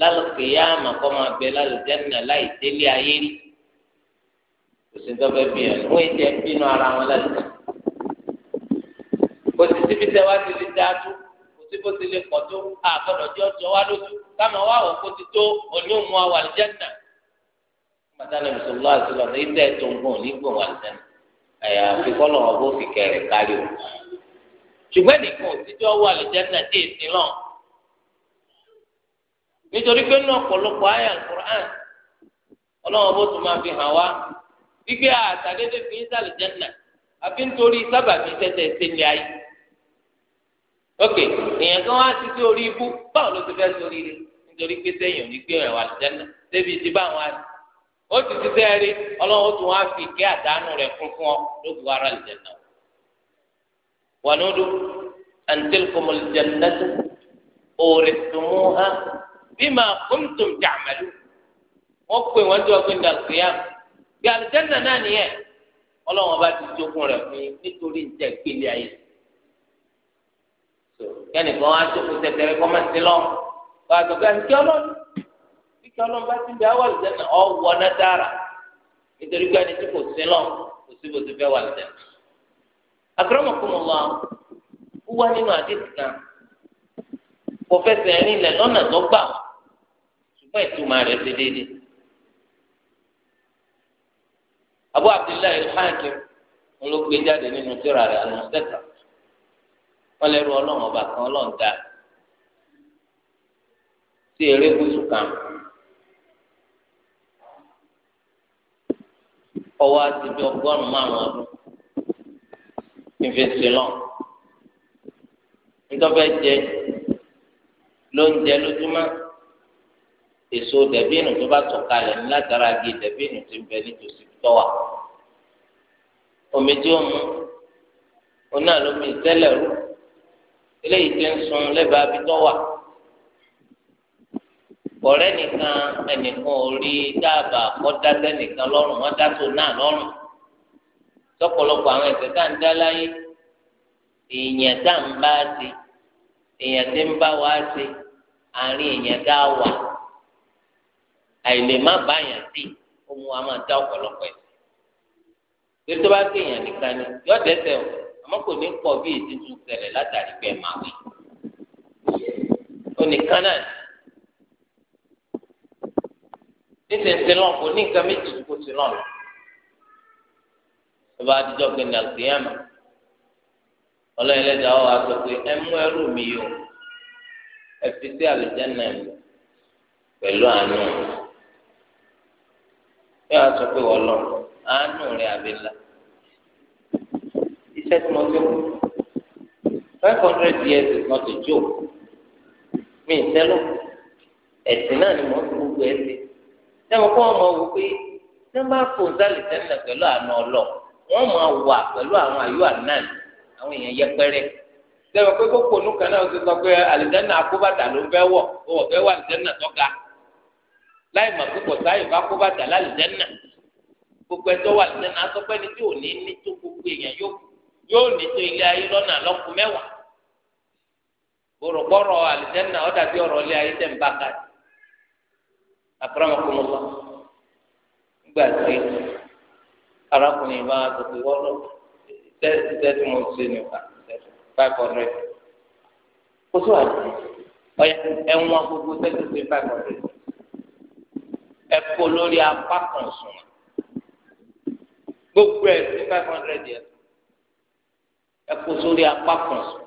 lálùkìyà àmàkọ́ máa bẹ lálẹ́ jẹ́nà láì délé ayé rí òsì ń tọ́fẹ́ bí yẹn wọ́n ti ẹ̀ ń bínú ara wọn láti tán kò sí síbi tẹ́ wá ti lè dáa tó kò sí bó ti lè pọ̀ tó àgbọ̀dọ̀ jẹ́ ọjọ́ wá lójú káma wá wọ̀ kó ti tó òní òmu àwọn àlùjẹ́nà mọ̀tàlẹ́ mùsùlùmí àti lọ́nà ilé ẹ̀tọ́ ń gbọ̀n ní gbọ̀n wà lẹ́nu ẹ̀yà àfikọ́lọ̀ ọ̀bọ̀ fi kẹrẹ̀ kárí o ṣùgbọ́n nìkan òsìjọ́ wà àlùjẹ́nà tí èsì náà nítorí pé ní ọ̀pọ̀lọpọ̀ àyà Al-Qur'an ọlọ́wọ́ bó tún máa fi hàn wá gbígbé àtàdédé ah, fi ń sàlẹ̀ jẹ́nà àfi nítorí sábàbí tẹ́tẹ́ ìṣẹ̀lẹ̀ ayé. ok èèyàn kan wá sí sí orí ibú báwo ló ti fẹ́ sórí rẹ nítorí pé sẹ́yìn ò ní gbé ẹ̀wà jẹ́nà débi ti bá àwọn àti ó ti ti sẹ́ẹ̀rí ọlọ́run tó wá fi ìké àdánù rẹ̀ kún fún ọ ló bu ara lè jẹ́nà. wànúdù àǹtẹ̀lùkọ́mọ lè jẹ́nà tó òòrè tó mú hàn bí màá kúntùm jàmẹ́lú wọ́n pè wọ́n jọ pé ndàgbéyàwó bí alìjẹ́nà náà nìyẹn ọlọ́wọ́n bá ti jogún rẹ̀ fún yín nítorí ìjẹ́ ìpele ayé kẹ́nìkan á jókòó tẹ̀tẹ̀rẹ̀ kọ́mẹ́sì lọ́wọ́ bá a sọ pé àti kí ọlọ́run bí kí ọlọ́run bá ti bẹ àwọn àlùjẹ́nà ọ̀wọ́ náà dára nítorí pé ẹni tí kò sí lọ kò sí bó ti fẹ́ wà àlùjẹ́nà. akramakumullah ó wá nínú àdéhùn kan kò fẹsẹ̀ rìn lẹ̀ lọ́nà tó gbà ṣùgbọ́n ìtumọ̀ rẹ̀ ti déédéé. abu abdullahi alhakim olóògbé jáde nínú tírà rẹ̀ alùsẹta wọn lẹrú Ọlọ́run ọba kan Ọlọ́run dá sí erékùsù kan ọwọ́ àti bí ọgọ́rùn márùn ọdún ìfẹsẹlọn ntọ́fẹ́ jẹ ló ń jẹ lójúmọ́ èso dẹ̀bínú tó bá tọ̀kalẹ̀ látara igi dẹ̀bínú ti ń bẹ nítòsí tọ́wà omi tí ó mu oní àlómi ìtẹ́lẹ̀ rú eléyìí ti ń sun lẹ́bàá bí tọ́wà nìkan ẹnìkan ò rí dáàbà nìkan lọ́rùn wọ́n tó náà lọ́rùn sọ́pọ̀lọpọ̀ àwọn ẹ̀ṣẹ̀ tá à ń dá láyé èèyàn tá à ń bá èèyàn tí ń bá wa àárín èèyàn dá wà àìlè má ó mú wa máa dá ọ̀pọ̀lọpọ̀ ẹ̀ torí tó bá kéèyàn nìkan ni yọ dẹ́ṣẹ̀ o àmọ́ kò ní pọ̀ bí èdè tún ṣẹlẹ̀ látàrí pé ẹ̀ máa wí ó nìkan náà nísinsìnyí lọ kò ní nǹkan méjì kó sí lọ lọ tó bá dijọ́ pé nàìjíríà ọlọ́yẹlẹ́dàá ọ̀ wá sọ pé ẹ mú ẹrú mi yọ ẹ fi sí àlùjá náà pẹ̀lú àánú bí wọn sọ pé wọn lọ àánú rẹ àbí ńlá iṣẹ́ tí mo ti kú five hundred years is not a joke mi ì sẹ́lọ̀ ẹ̀sìn náà ni mo ń gbogbo ẹ̀ sí sẹ́wọ̀n kọ́ ọmọ wò pé tí wọ́n bá fò sálì sẹ́lẹ̀ pẹ̀lú àna ọlọ wọ́n máa wà pẹ̀lú àwọn àyò ànáàlì àwọn èèyàn yẹpẹrẹ sẹ́wọ̀n pé kókò onú kan náà ti sọ pé àlìjáná àkóbàtà ló ń fẹ́ wọ̀ ó fẹ́ wà àlìjáná tọ́ka láì mà kó kọ̀tà ìfá kó bàtà lálùjẹ́nà gbogbo ẹjọ́ wà lùjẹ́nà asọ́pẹ́ ni tí ò ní ní tó gbogbo èèyàn yóò yóò ní tó ilé ayé lọ́nà lọ́kùn mẹ́wàá gbọ̀rọ̀gbọ̀rọ̀ àlùjẹ́nà ọ̀dà bí ọ̀rọ̀ ilé ayé tẹ̀ ń bá kàdé akramakumullah nígbà tí arákùnrin bá a tètè wọ́lọ́ tẹ́tí mo ṣe nípa five hundred kó tó àdé ẹ̀wọ̀n gbogbo tẹ́tí ṣe five hundred ẹkọ lórí apá kan sùn gbogbo ẹ ní five hundred yẹn ẹkọ sórí apá kan sùn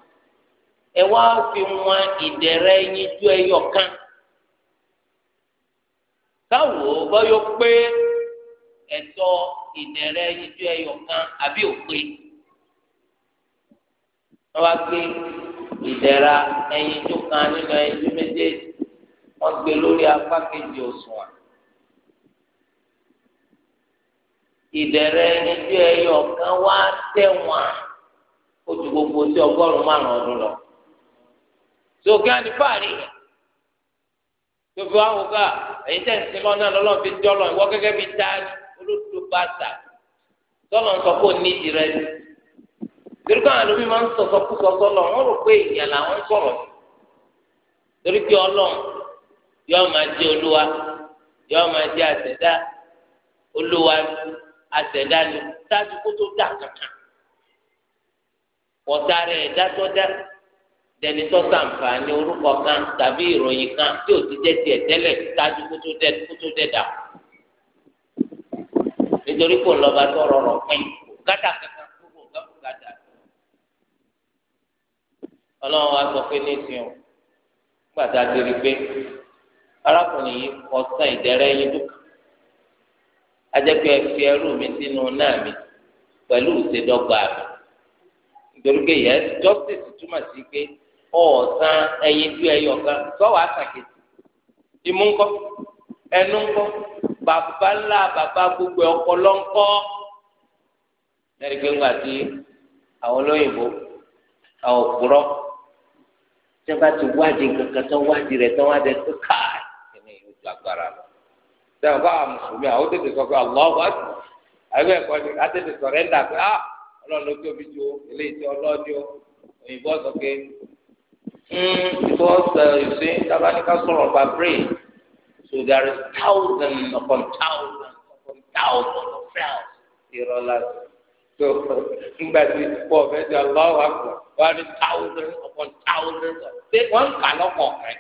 ẹ wá fi wọn ìdẹrẹ yín ju ẹyọ kan káwọ bọyọ pé ẹ̀tọ́ ìdẹrẹ yín ju ẹyọ kan àbí òpin wọn wá gbé ìdẹra ẹyin tó kan nínú ẹyin tó méjèèjì wọn gbé lórí apá kejì òṣùwọ̀n. ìdẹ̀rẹ̀ ẹnìjú ẹyọ kan wá tẹ̀wọ̀n ó ju gbogbo sí ọgọ́rùn-ún márùn-ún ọdún lọ. sọ̀kẹ́ àdìpáàrí tóbi wá wò ká tẹ̀ ń sin lọ́nà fi lọ gẹ́gẹ́ bíi táàgì bá tà tọ́lọ̀ ń sọ òní rẹ torí káwọn máa ń lọ rò pé ìyà làwọn ń sọ̀rọ̀ torí ọlọ́run olúwa àṣẹ̀dá ni ṣáájú kó tó dà kankan ọ̀tá rẹ̀ ẹ̀dá tó dá dẹni tó ṣàǹfààní orúkọ kan tàbí ìròyìn kan tí ò ti jẹ́ tiẹ̀ tẹ́lẹ̀ ṣáájú kó tó dẹ̀ kó tó dẹ̀ dà nítorí kò lọ́ba tó rọrọ̀ pín gàdà kankan kúrò gbàgbọ́ gàdà ọlọ́run wa sọ pé ní ìsìn o gbàdá ti rí pé arákùnrin yìí kọ sàn ìdẹ́rẹ́ yín dúkà ajẹ́pẹ́ fi ẹrú mi sínú náà mi pẹ̀lú ìṣèdọ́gba mi nítorí pé yẹn justice túmọ̀ sí pé ọ̀ọ́sán ẹyin bí ẹyọ kan sọ́wọ́ àtàkìtì imú ńkọ́ ẹnu ńkọ́ bàbá ńlá bàbá gbogbo ọpọlọ ńkọ́ lẹ́yìn pé ńgbà tí àwọn olóyìnbó àwọn òpùrọ́ tí wọ́n bá ti wádìí kankan tán wádìí rẹ̀ tán wádìí rẹ̀ tó káà kí ni ìlú agbára lọ sẹ́wọ̀n bá mùsùlùmí àwọn ó tètè sọ pé ọlọ́wọ́ àbí ẹ̀kọ́ ni a tètè sọ̀rẹ́ńdà pé ah ọlọ́run ló tóbi ju eléyìí tí ọlọ́ọ̀dì ó òyìnbó sọ pé because ṣe tabanika sọ̀rọ̀ ọba brain so there is thousand upon thousand upon thousand of cells ìrọ̀lá so nígbà tí pọ̀ fẹ́ di ọlọ́wọ́ àgbà wọ́n ní thousand upon thousand ṣé wọ́n ń kà lọ́pọ̀ ọ̀kẹ́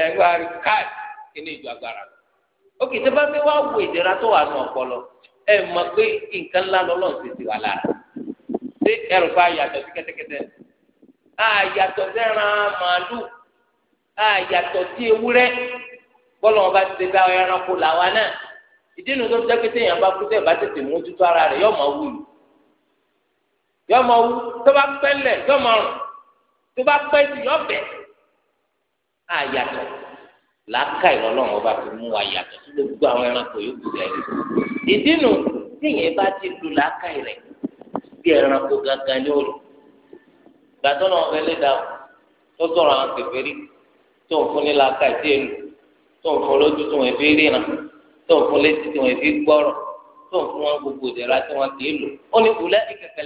ẹ̀ ń gba káàdì kí ni ìjọ agbára òkè tó bá fẹ́ wá wo ìdẹ̀ra tó wà nù ọpọlọ ẹ mọ̀ pé nǹkan ńlá lọ́lọ́ ń sèse wà lára ṣé ẹrù bá yàtọ̀ sí kẹ́tẹ́kẹ́tẹ́ àyàtọ̀ sẹ́ran màálù àyàtọ̀ sí ewúrẹ́ bọ́lá wọn bá ti ṣe bá ẹranko làwa náà ìdí nu tó ń jẹ́ kété èèyàn bá kú tẹ̀ bá tètè mójútó ara rẹ̀ yọ máa wù yọ máa wù tó bá pẹ́ lẹ̀ yọ máa rùn tó bá pẹ́ sí yọ bẹ̀ àyàtọ̀ làákà ìrọlọ́run ọba fi mú wa yàtọ̀ sí gbogbo àwọn ẹranko yòókù rẹ̀ ìdínú tíyẹn bá ti lu làákà rẹ̀ bí ẹranko gangan ni ó lò gbàtọ́ náà ọbẹ̀ lé dàrú tó sọ̀rọ̀ àwọn kẹfẹ́rí tó ń fún ní làákà tí èlò tó ń fún lójú tó ń fi ríran tó ń fún létí tó ń fi gbọ́rọ̀ tó ń fún wọn gbogbo ìdẹ̀ra tí wọ́n ti lò ó ní kùlẹ́ ìkẹkẹ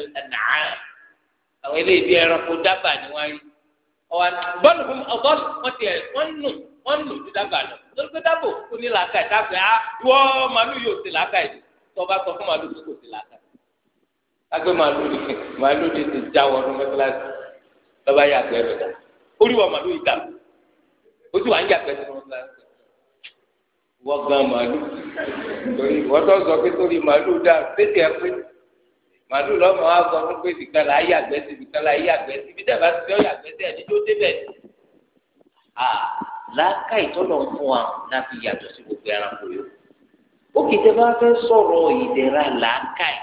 ọwọ bọ́ọ̀lù fún ọgọlù wọn tiẹ̀ wọn nù wọn nù ju dábàá lọ lórí pé dábò kú ní làákà ah, yìí dábàá á wọ màálù yóò ti làákà yìí tọba sọ fún màálù tó kò ti làákà yìí lágbé màálù yìí màálù yìí ti já wọnú mẹsàlásì lọba yà gbẹ rẹ dà oríwọ màálù yìí dà ojú wa ń yà gbẹ sínú mẹsàlásì wọgán màálù torí wọ́n tó sọ pé torí màálù dà pété ẹ pé màálù lọ́mọ wa sọ fún pé ibìkan là á yàgbẹ́ sí ibìkan là á yàgbẹ́ sí ibi dẹ́gbà sí ọ yàgbẹ́ sí ẹni tó débẹ̀ sí. à láàkà ìtọ́lọ̀ ń fún wa náà fi yàtọ̀ sí gbogbo ẹranko yòó. ó kì í tẹ́ bá fẹ́ sọ̀rọ̀ ìdẹ̀ra làákà ẹ̀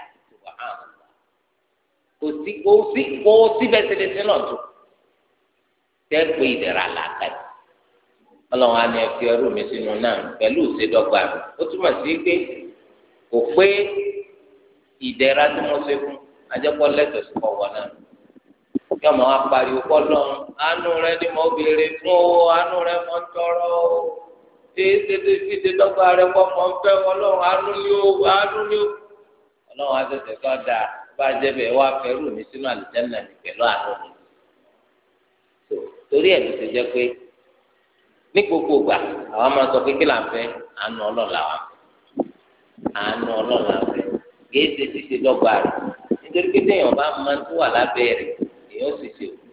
kò sí kò sí kò sí bẹ́ẹ̀ ṣe lè ṣe náà tó tẹ́ pé ìdẹ̀ra làákà ẹ̀. ọlọ́run á ní ẹ fi ẹrú mi sínú náà pẹ̀lú ìṣèdọ́gba mi ó túmọ̀ sí pé kò pé ìdẹ̀ra tí mo ṣe fún ajẹ́pọ̀ lẹ́tọ̀ sí kọ̀wọ́ náà kí ọmọ wa pariwo kọ́ lọ́run àánú rẹ ni mo béèrè fún o àánú rẹ mo ń tọrọ o tètè dọ́gba rẹ kọ́ mọ̀ ń fẹ́ ọlọ́run àánú ni o àánú ni o ọlọ́run àtẹ̀tẹ̀ kọ́ da bá a jẹ́ bẹ́ẹ̀ wá fẹ́rù mi sínú àlùjánnà mi pẹ̀lú àánú mi torí ẹ̀ ló ti jẹ́ pé ní gbogbo gbà àwọn máa sọ pé kí là fẹ́ àánú ọlọ́run làwọn fẹ́ kìí ṣe ṣíṣe dọ́gba rẹ̀ nítorí pé téèyàn bá máa tó wà lábẹ́ rẹ̀ èèyàn sì ṣe o tó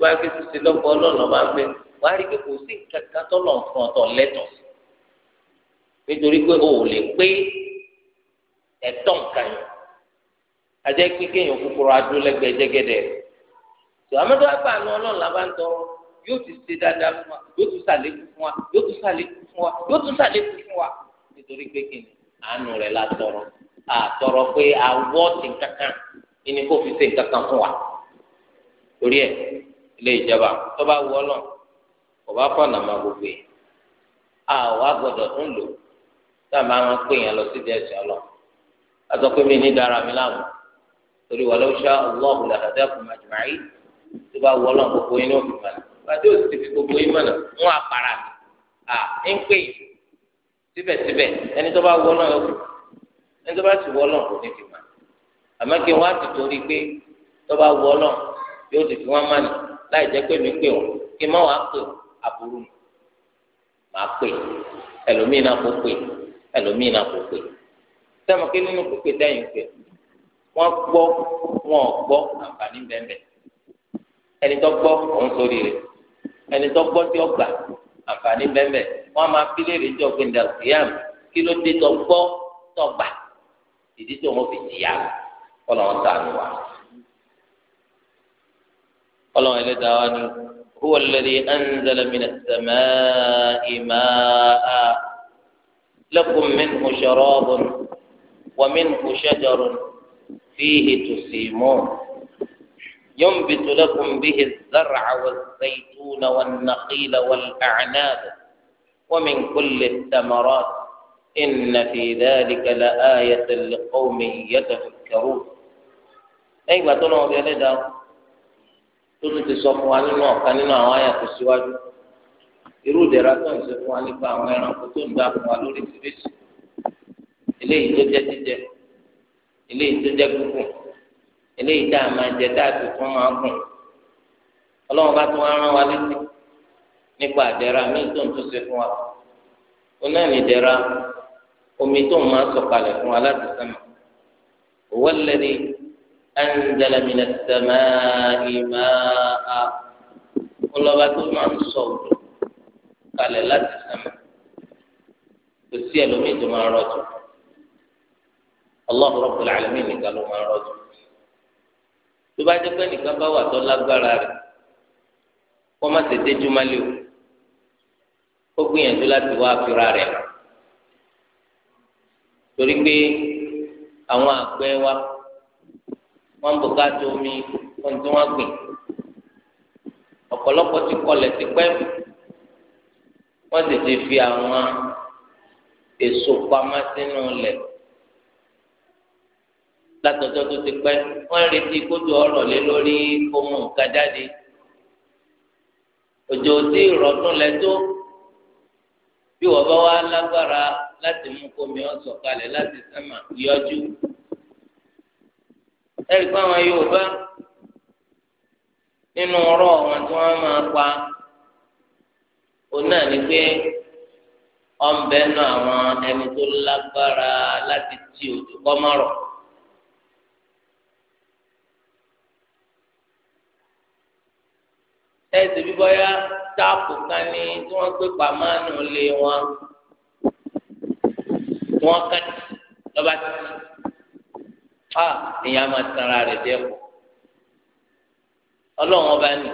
bá fi ṣíṣe dọ́gba ọlọ́run ọba ń fẹ́ wàá rí i pé kò sí kankan tọ́lọ̀ fún ọtọ̀ lẹ́tọ̀ọ́ nítorí pé o ò lè pé ẹ̀tọ́ nǹkan yẹn ajẹ́ pé kéèyàn kúkúrú adó lẹ́gbẹ̀ẹ́ jẹ́gẹ́dẹ́ rẹ̀ tó àmọ́tò àgbà àánú ọlọ́run làbá ń tọrọ yóò ti ṣe dáadáa fún wa yóò tún ṣàlékún fún wa yóò tún ṣàlékún fún wa yóò tún ṣàlékún fún wa nítorí pé kìnnì àánú rẹ̀ la tọrọ àtọrọ pé awọ ti kankan ìní kò fi ṣe kankan fún wa torí ẹ ilé ìjọba tó bá wọ lọ kò bá fọnà máa gbogbo yìí àwa gbọ́dọ̀ ń lò tá a máa ń pè yẹn lọ sí dẹ́sí ọlọ àtọ pé mi ní dára mi láwọn torí wà ló ṣá ọlọ́ọ̀hù làdàdà kù màjùmáì tó bá wọ lọ gbogbo yìí ní òfin mọ́nà bàtí ó sì fi gbogbo yìí mọ́nà wọn àpàrà mi à ń pè síbẹ̀síbẹ̀ ẹni tó bá wọ lọ yọ kù ẹni tó bá sì wọ Ọlọ́run kò ní fi mà àmọ́ kí wọn á ti torí pé tó bá wọ Ọlọ́run yóò ti fi wọn mà ní láì jẹ́ pé mi pè wọn kí n má wàá pè àbúrò mi màá pè ẹlòmíì náà kò pè ẹlòmíì náà kò pè sẹ́mu kí nínú pípé dẹ́yìn pè wọ́n gbọ́ wọn ò gbọ́ àǹfààní bẹ́ẹ̀ ẹni tó gbọ́ òun sórí rẹ̀ ẹni tó gbọ́ tí ó gbà àǹfààní bẹ́ẹ̀ wọ́n máa fi léèrè jọ gbẹ̀ndà òkèèyàn kí ló dé tó gbọ́ tó gbà. ìdí tó wọn fi jìyà ọlọ́run ni wa ọlọ́run ẹlẹ́dàá wa ni huwa alladhi anzala minas samaa'i maa'an lakum minhu sharabun wa minhu shajarun fihi tusimun ينبت لكم wà nàqilà wà والنخيل wà min كل tamarot. إن في ذلك لآية لقوم يتفكرون lẹ́yìn ìgbà tó lọ́wọ́ bí ẹlẹ́dàá tó tún ti sọ fún wa nínú ọ̀kan nínú àwọn àyà tó síwájú irú ìdẹ̀ra tó ń ṣe fún wa nípa àwọn ẹranko tó ń dá fún wa lórí ìṣiríṣi eléyìí tó jẹ́ jíjẹ eléyìí tó jẹ́ gúngùn eléyìí a a wa omi tó máa sọ̀kalẹ̀ fún aláti sánmà huwa alladhi anzala minas samaa'i maa'a ọlọ́ba tó máa ń sọ òjò kalẹ̀ láti sánmà kò sí ẹlòmíì tó máa rọ̀jò Allahu Rabbul Alamin nìkan ló máa rọ̀jò tó bá jẹ́ pé nìkan bá wà tó lágbára rẹ̀ kó má tètè jùmọ̀ o ó gbìyànjú láti wá àfihàn rẹ̀ lọ torí pé àwọn àgbẹ̀ wa wọ́n ń bùkátà omi fún tí wọ́n gbìn ọ̀pọ̀lọpọ̀ ti kọlẹ̀ tipẹ́ wọ́n sì ti fi àwọn èso pamọ́ sínú ilẹ̀ látọjọ́ tó ti pẹ́ wọ́n ń retí kójú ọ̀rọ̀ lé lórí kó mú jáde òjò tí ìrọ̀dún lẹ tó bí wọ́n bá wá lágbára láti mú kómi ọ̀sọ̀ kalẹ̀ láti sẹ́mà yọjú. ẹ̀rí pé àwọn Yorùbá nínú ọ̀rọ̀ wọn tí wọ́n máa pa òun náà ni pé ọ̀nbẹ nu àwọn ẹni tó lágbára láti ti òjò kọ́ mọ́rọ̀. ẹ̀sìn bíbọ́yá táàpù kan ní tí wọ́n gbé pamọ́ nù lé wọn wọn kàtì lọ́ba tì á èèyàn máa tanra rẹ̀ jẹ́ kù ọlọ́run ọba ni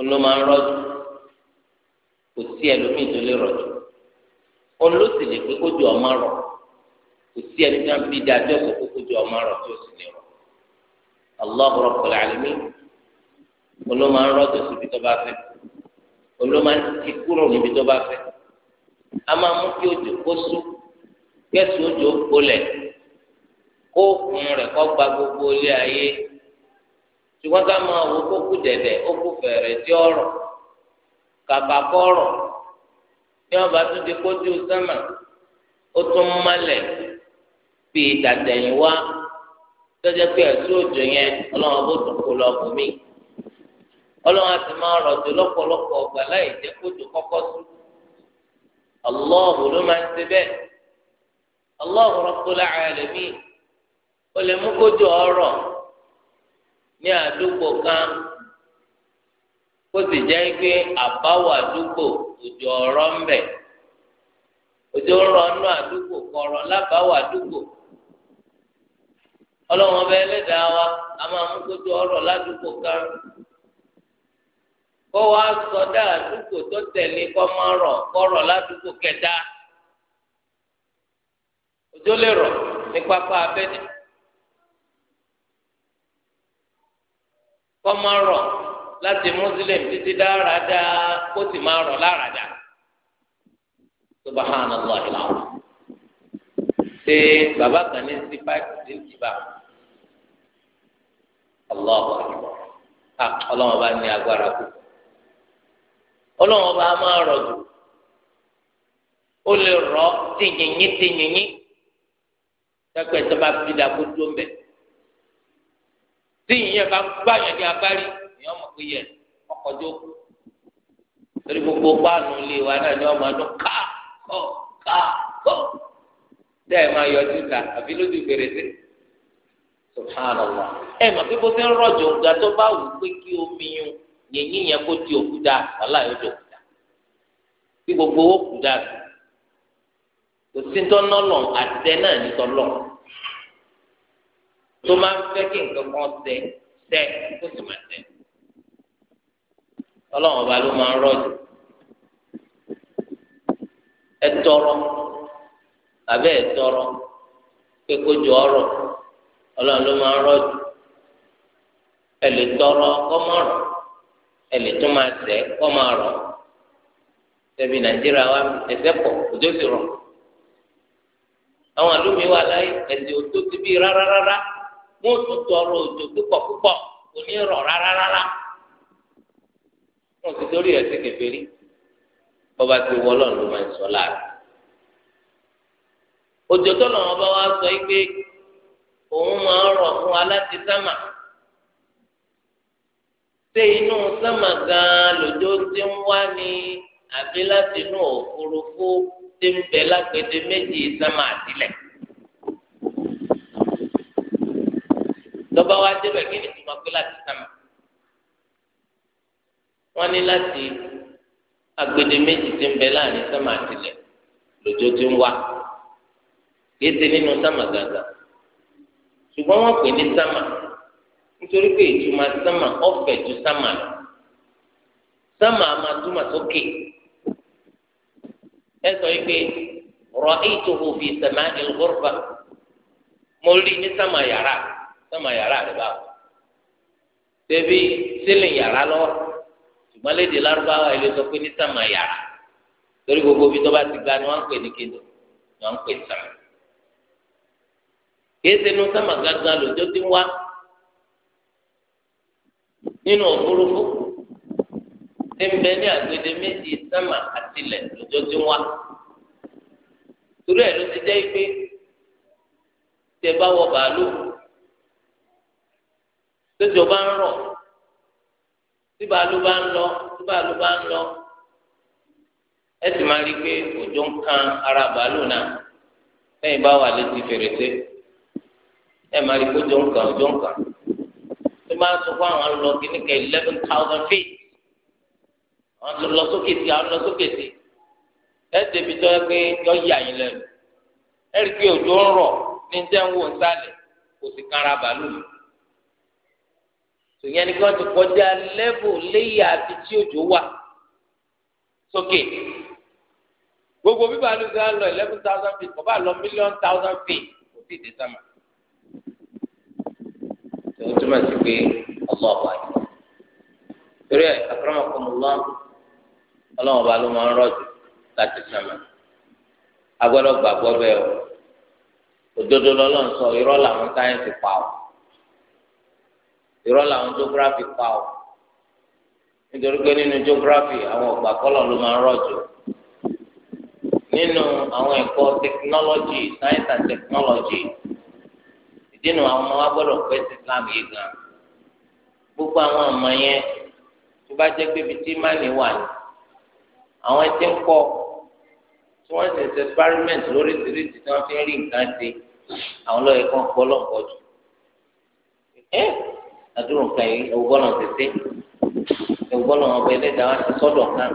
olóma ń rọ́jò kò sí ẹlòmíì tó lè rọ̀jò olóòsì lè pé kójú ọmọ rọ̀ kò sí ẹni tí wọ́n fi dá ajọ́ sọ pé kójú ọmọ rọ̀ tí sì lè rọ̀ Allahu Rabbul Alamin olóma ń síbi tó bá fẹ́ olóma ti kúrò níbi tó bá fẹ́ a máa mú kí ojú kó sùn. kẹsì ojú kólẹ̀ kó kun rẹ̀ kọ gba gbogbo ilé ayé ṣùgbọ́n ká máa wo kó kú dẹ̀dẹ̀ ó fẹ̀rẹ̀ tí ọ̀rọ̀ kàkà ní ọba tó di kójú sẹ́mà ó tún mọ́lẹ̀ fi ìdàtẹ̀yìn wá pé ẹ̀sùn yẹn ọlọ́run kó lọ ọlọ́run lọ́pọ̀lọpọ̀ ọgbà láì jẹ́ kójú Allahu Rabbul Alamin ó lè mú kójú ọ̀rọ̀ ní àdúgbò kan kó sì jẹ́ pé àbáwọ̀ àdúgbò òjò ọ̀rọ̀ ń bẹ òjò ń rọ inú àdúgbò kọ̀ọ̀rọ̀ lábáwọ̀ àdúgbò ọlọ́run ọba wa a máa mú ọ̀rọ̀ ládùúgbò kan kó wàá àdúgbò tó tẹ̀lé kọ́ máa rọ̀ kọ́rọ̀ ládùúgbò kẹta. òjò lè rọ ní pápá abẹ́dẹ̀ kọ́ máa lati láti mùsùlùmí títí dáradá kó sì máa rọ láradá subahánàlá ìlànà ṣé bàbá kan ní sí páìpù sí ìjìbá ọlọ́wọ́ ọlọ́wọ́ bá ní agbára kù ọlọ́wọ́ bá máa rọ̀ jù ó lè tìnyìnyín dákẹ́ ẹ̀ tó bá fi dà kó tó mbẹ́ tí ìyẹn bá gbá yẹn di agbárí èèyàn mọ̀ pé yẹ ọkọ̀ tó kù torí gbogbo páànù ilé wa náà ni wọ́n máa ká kọ́ ká kọ́ tẹ́ ẹ máa yọjú ta àbí lójú fèrèsé subhanallah ẹ mọ̀ pé bó ti ń rọ̀jò nga tó bá wù pé kí omi yun yẹ̀yìn yẹn kó di òkúta wàhálà yóò di òkúta bí gbogbo owó kúta sí òsíntọ́nà lọ àtẹ náà nítọ́lọ́ tó máa ń fẹ́ kí nǹkan kan tẹ tẹ kó sì máa tẹ ọlọ́run ọba ló máa ń rọ́ọ̀jù ẹ tọrọ àbẹ́ ẹ tọrọ pé kójú ọrọ̀ ọlọ́run ló máa ń rọ́ọ̀jù ẹ lè tọrọ kọ́ mọ́ rọ̀ ẹ lè tún máa tẹ kọ́ máa rọ̀ ṣebí nàìjíríà wa ẹsẹ̀ pọ̀ òjò sì rọ̀ àwọn àlùmí wà láyé ẹ̀sìn òjò ti bí rárára wọn ò tún tọrọ òjò púpọ̀ púpọ̀ kò ní rọ̀ rárára wọn ti torí ẹ̀sìn kẹfẹ́rí bọ́ba ti wọ́ lọ́nà ló máa ń sọ láàrin òjò tó lọ́wọ́ bá wá sọ pé òun máa ń rọ̀ fún aláti sámà ṣé inú sámà gan lòjó ti ń wá ní àbí láti inú òfurufú ti ń bẹ lágbède méjì sánmà àtìlẹ̀. tọ́ba wa débẹ̀ kí ni tí mo pé láti sánmà. wọ́n ní láti agbède méjì ti ń bẹ láàrin sánmà àtìlẹ̀ lójó ti ń wá kì í ṣe nínú sánmà gàgà ṣùgbọ́n wọ́n pè ní sánmà nítorí pé ìtumọ̀ sánmà ọ̀fẹ́ ju sánmà lọ sánmà máa túmọ̀ sókè. So ẹ sọ yìí pé ra'aytuhu fi sama'il ghurba mo rí ní sàmà yàrá sàmà yàrá rẹ báwo tẹbi sílìn yàrá lọ ṣùgbọ́n léde lárúbáwá ilé sọ pé ní sàmà yàrá torí gbogbo bí tọ́ba ti gba ni wọ́n pè ní kéde ni wọ́n pè sàmà kéésì nu sàmà gángan lòjó ti wá nínú òfurufú. tí ń ní agbede méjì sámà àtìlẹ̀ lọ́jọ́ tí wá torí ẹ̀ ló ti jẹ́ pé tẹ bá wọ bàálù bá ń tí bàálù bá ń lọ tí bàálù bá ń lọ ẹ sì máa rí i pé òjò ń ara bàálù náà lẹ́yìn bá wà létí fèrèsé ẹ máa rí i pé òjò ń kan òjò ń kan tó eleven thousand feet. àwọn lọ sókè sí àwọn lọ sókè sí ẹ débi tó yẹ pé yọ yà yín lẹ́nu ẹ rí i pé òjò ń rọ̀ ní ń wò nsàlẹ̀ kò sì kára bàálù mi tòyẹn ni kí wọ́n ti kọjá lẹ́bù léyà àti tí òjò wà sókè gbogbo bí bàálù gá lọ eleven thousand feet kọ́ bá lọ million thousand feet kò sí ìdè sàmà tó túmọ̀ sí pé ọlọ́ọ̀bù àyè torí ẹ̀ akọ́rọ́mọkọ́mọ́ lọ́wọ́ ọlọ́run ọba ló máa ń rọ̀jò láti sàmà agbọ́dọ̀ gbàgbọ́ bẹ́ẹ̀ o òdodo lọ́lọ́run sọ irọ́ làwọn sáyẹ́ǹsì pa o irọ́ làwọn jógráfì pa o nítorí pé nínú jógráfì àwọn ọ̀gbà kọ́lọ̀ ló máa ń rọ̀jò nínú àwọn ẹ̀kọ́ tẹkinọ́lọ́jì science and technology ìdínà àwọn ọmọ wa gbọ́dọ̀ pẹ́ sí Islam yìí gan gbogbo àwọn ọmọ yẹn tó bá jẹ́ pé ibi tí máa ní wà ní àwọn ẹtí ń kọ tí wọ́n sì ṣe experiment lóríṣiríṣi tí wọ́n fi ń rí nǹkan ṣe àwọn lọ́yẹ̀ kan kọ́ lọ́nkọ́ jù ẹ́ àdúrò nǹkan yìí ọgbọ́n náà ti ṣe ẹ̀wọ́n náà ọbẹ̀ ẹlẹ́dàá wá sí sọ́dọ̀ kan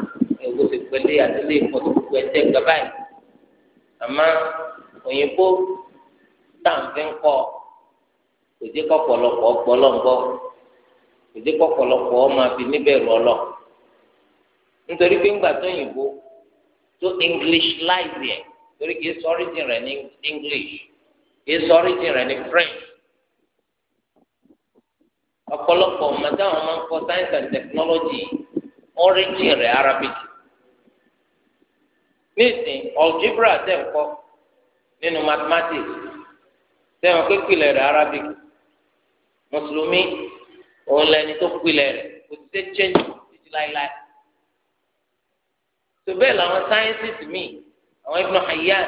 ẹ̀wọ́n ti pẹ́lẹ́ àdílé ìpọ̀ tó gbogbo ẹ̀jẹ̀ gbàgbà yìí àmọ́ òyìnbó táǹfì ń kọ́ kò dé kọ́pọ̀lọpọ̀ gbọ́lọ́ngbọ́ kò dé kọ́pọ̀lọpọ̀ ọmọ nítorí pé ńgbà tó yìnbó tó english láìsí ẹ̀ torí kìí sọ origin rẹ̀ ní english kìí sọ origin rẹ̀ ní french ọ̀pọ̀lọpọ̀ mọ̀tá àwọn máa ń kọ́ science and technology origin rẹ̀ arabic nísìn algebra tẹ̀ ń kọ́ nínú mathematics tẹ̀ ń pé pilẹ̀ rẹ̀ arabic mùsùlùmí òun lẹni tó pilẹ̀ kò sí change títí láéláé tó bẹ́ẹ̀ làwọn sáyẹ́nsìsì míì àwọn Ibn Hayyan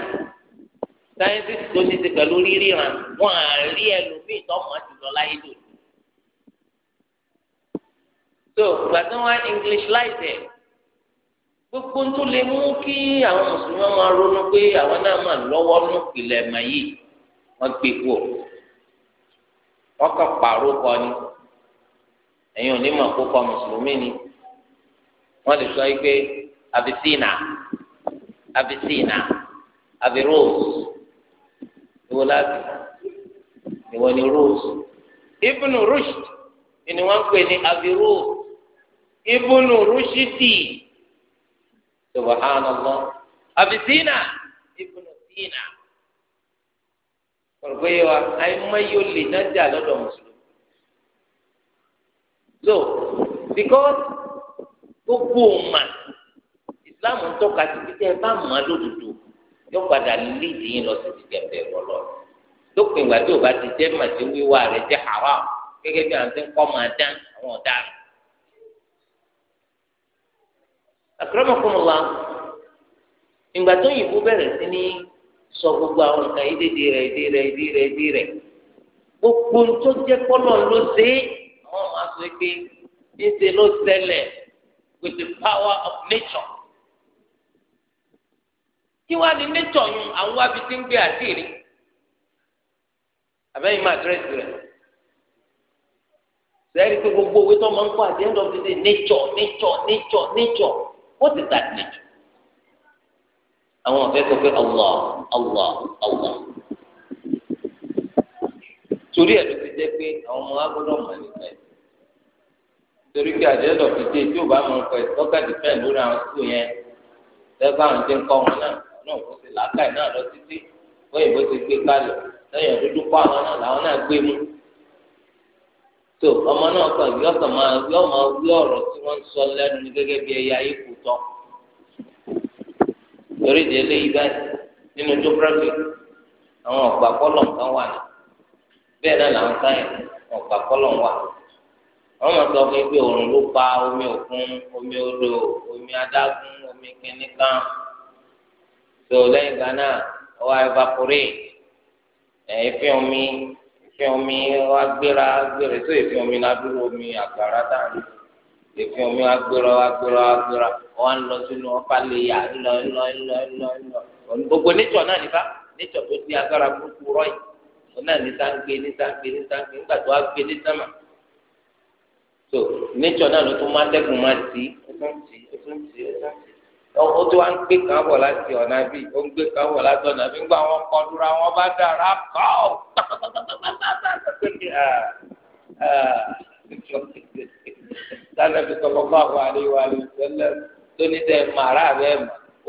sáyẹ́nsìsì tó ti ti pẹ̀lú ríríran wọn à rí ẹlòmíì tọmọ ti lọ láyé tó tó gbàtí wọn English láì tẹ̀ gbogbo tó lè mú kí àwọn mùsùlùmí máa ronú pé àwọn náà máa lọ́wọ́ nù pìlẹ̀ mà yìí wọ́n gbé kú wọ́n kàn pààrọ̀ kọ ni ẹ̀yin ò ní mọ̀ kó kọ mùsùlùmí ni wọ́n lè sọ pé abisina abisina abi rose ìwọ láti ìwọ ni rose ibnu rushd ni wọn pè ní abi rose ibnu rushdi subhanallah abisina ibnu sina kọ̀rọ̀ pé wa àìmọye olè náà jà lọ́dọ̀ mùsùlùmí so because gbogbo ọ̀ma islam ń tọ́ka sí pé ẹ bá mọ̀ lódodo yóò padà lídìí yín lọ sí ti kẹfẹ́ rọlọ́ lópin ìgbà tí o bá ti jẹ́ màtí wíwá rẹ̀ jẹ́ haram gẹ́gẹ́ bí àwọn tí ń kọ́ máa dán àwọn ọ̀daràn. akramakumullah ìgbà tó yìnbó bẹ̀rẹ̀ sí ní sọ gbogbo àwọn nǹkan yìí dédé rẹ̀ dédé rẹ̀ dédé rẹ̀ dédé rẹ̀ gbogbo tó jẹ́ kọ́lọ̀ ló dé àwọn máa sọ pé ń ṣe ló ṣẹlẹ̀ with the power of nature. kí wàá ní nẹ́tọ̀ yun àwọn wábi tí ń gbé àtìrí àbẹ́yìn máa dírẹ́sì rẹ̀ gbogbo owó tó máa ń kó àti end of the day nature nature nature what is àwọn ọ̀fẹ́ sọ pé Allah Allah Allah torí ẹ̀ ló ti jẹ́ pé àwọn ọmọ wa mọ̀ nípa ẹ̀ torí pé àti of the tí ò bá mọ̀ dìpẹ́ lórí àwọn yẹn lẹ́gbàá náà kò sí làákàyè náà lọ títí bóyìnbó ti gbé kalẹ̀ lẹ́yìn dúdú kọ́ àwọn náà làwọn náà gbé mú. tó ọmọ náà kàn yọ kàn máa yọ máa wí ọ̀rọ̀ tí wọ́n ń sọ lẹ́nu ní gẹ́gẹ́ bí ẹ̀yà ikú tọ́. torí ìdí eléyìí báyìí nínú jógráfì àwọn ọ̀gbà kọ́lọ̀ kan wà ní bẹ́ẹ̀ náà làwọn sáyẹn ọ̀gbà kọ́lọ̀ wà wọ́n mọ̀ sọ fún pé òòrùn ló pa omi òkun omi odò omi adágún omi kìnnìkan tó lẹ́yìn ìgbà náà ó wá evaporate ẹ̀ẹ́fín omi ẹ̀fín omi wá gbéra gbére tó ẹ̀fín omi ládùúró omi àgbàrá dàrú ẹ̀fín omi wá gbéra wá gbéra wá gbéra ó wá ń lọ sínú ọ̀pá lè yà ńlọ ńlọ ńlọ ńlọ ńlọ gbogbo nature náà nípa nature tó di agbára burúkú rọ́ì ó náà ní sáńgbé ní sáńgbé ní sáńgbé nígbà tó wá gbé ní sámà so nature náà ló tún máa tẹ́kùn máa tì ó tún tì ó tún tì ó tún tì ó tó wá ń gbé kan bọ̀ láti ọ̀nà bí ó ń gbé kan bọ̀ láti ọ̀nà bí ńgbà wọn kọ dúró àwọn bá dára kọ́ ọ́ fi sọ̀rọ̀ bá wà ní wà ní sẹ́lẹ̀ tó ní sẹ́ màrá rẹ̀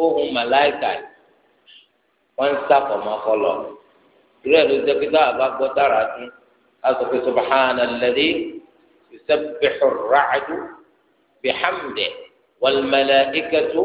ohun màláìkà wọ́n ń sàkọ̀mọ́ fọlọ́ irú ẹ̀ ló jẹ́ pé táwọn bá gbọ́ tára dún aṣọ pé subahana lẹ́dí ìṣẹ́bìṣọ̀ ràdú bìhámdẹ̀ wàlmẹ̀lẹ̀ ìkẹtù.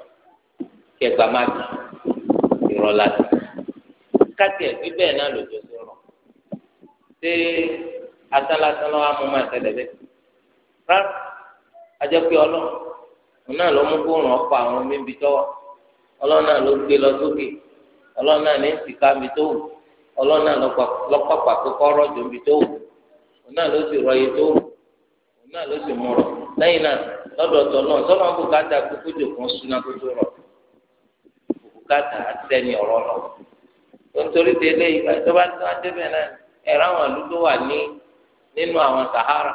kí ẹgbàá má bì irọ́ láti káàtì ẹ̀bí bẹ́ẹ̀ náà lòdò sí rọ̀ ṣé asálásán lọ́wọ́ amú máa tẹ̀lé bẹ́ẹ̀ rárá ajẹ́ pé òun náà ló mú kóòrùn ọkọ̀ àwọn mímbi tọ́wọ́ ọlọ́run náà ló gbé lọ sókè ọlọ́run náà ní ìsìká mi tó wù ọlọ́run náà lọ́pàpà pé kọ́rọ́ mi tó wù òun náà ló sì tó wù òun náà ló sì mú náà náà tó bùkátà àtẹni ọ̀rọ̀ náà tó délé ìgbà tó bá tó adébẹ̀ náà ẹ̀rọ àwọn ìlú wà ní nínú àwọn sahara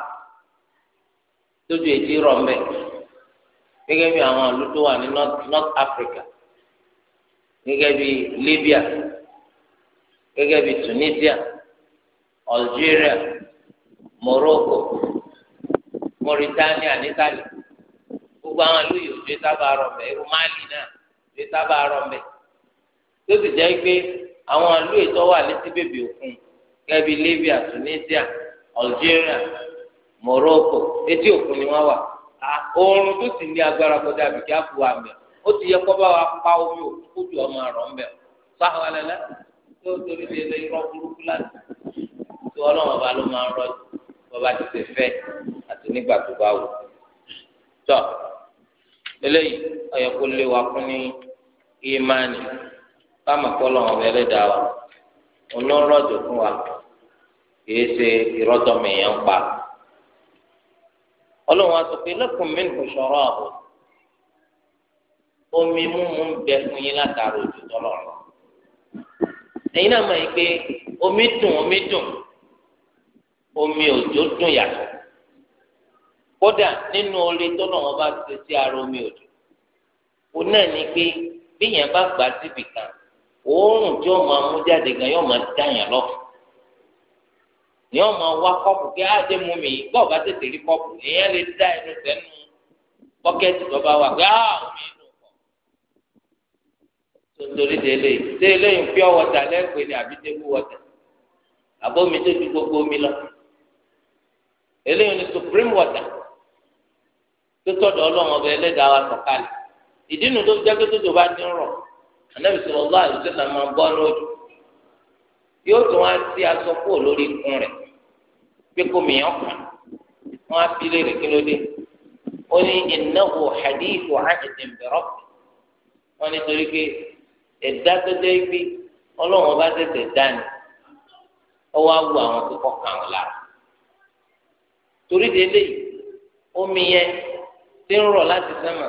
tójú èjì rọ̀ mbẹ́ bí àwọn ìlú wà ní North Africa gẹ́gẹ́ bí Libya gẹ́gẹ́ bí Tunisia Algeria Morocco Mauritania gbogbo àwọn sábà irú sábà rọ̀ mbẹ́ tó sì jẹ́ pé àwọn àlú ètò wà létí bèbè òkun gẹ́gẹ́ Libya Tunisia Algeria Morocco etí òkun ni wọ́n wà oorun tó sì ní agbára kọjá àbíkí àpò àmì ó ti yẹ kó bá wa pa omi òkun kó ju ọmọ sáwọn tó torí lè lè burúkú láti ọba ló máa ń ti ṣe fẹ́ àti nígbà tó bá wù. tọ́ eléyìí ìmánì bámu kọlọ ọmọ ẹlẹ́dàá wa onírọdò fún wa kìí ṣe ìrọdọ mẹyàn pa Ọlọ́run àtọkẹ lẹkùn mí nìkan sọ̀rọ̀ ààbò omi mímu ń bẹ fún yín látara òjò tọlọ́run ẹ̀yin náà mọ yìí omi dùn omi dùn omi òjò dùn kódà nínú bá ti ṣe omi òjò òun náà pé. bí yẹn bá gbà síbi kan òórùn tí ó máa mú jáde gan yóò máa dá yẹn lọ ni wọn máa wá kọpù kí á dé mú mi bọ́ọ̀ bá tètè rí kọpù èèyàn lè dá ẹnu sẹ́nu bọ́kẹ́tì tó bá wà pé á omi inú kọ̀ nítorí délé délé ń pure water lẹ́gbẹ̀ẹ́ ni àbí table water àbómi tó ju gbogbo omi lọ eléyìí ni supreme water tó tọ̀dọ̀ ọlọ́run ọba ẹlẹ́dàá wa sọ̀kalẹ̀ ìdí nu tó ń jẹ́ pé tó tó bá ti ń rọ̀ ànábì sallallahu alaihi wasallam máa ń bọ́ lójú yóò tún wá sí aṣọ kúrò lórí ikùn rẹ̀ pé kó mìíràn kàn wọ́n á fi léèrè kí ló dé ó ní innahu hadithu ahadin bi wọ́n ní torí pé ẹ̀dá tó jẹ́ ibi ọlọ́run ọba tẹ̀sẹ̀ dání ọwọ́ á wù àwọn tó kọ́ kàn wọ́n lára torí délé omi yẹn ti ń rọ̀ láti sẹ́mà.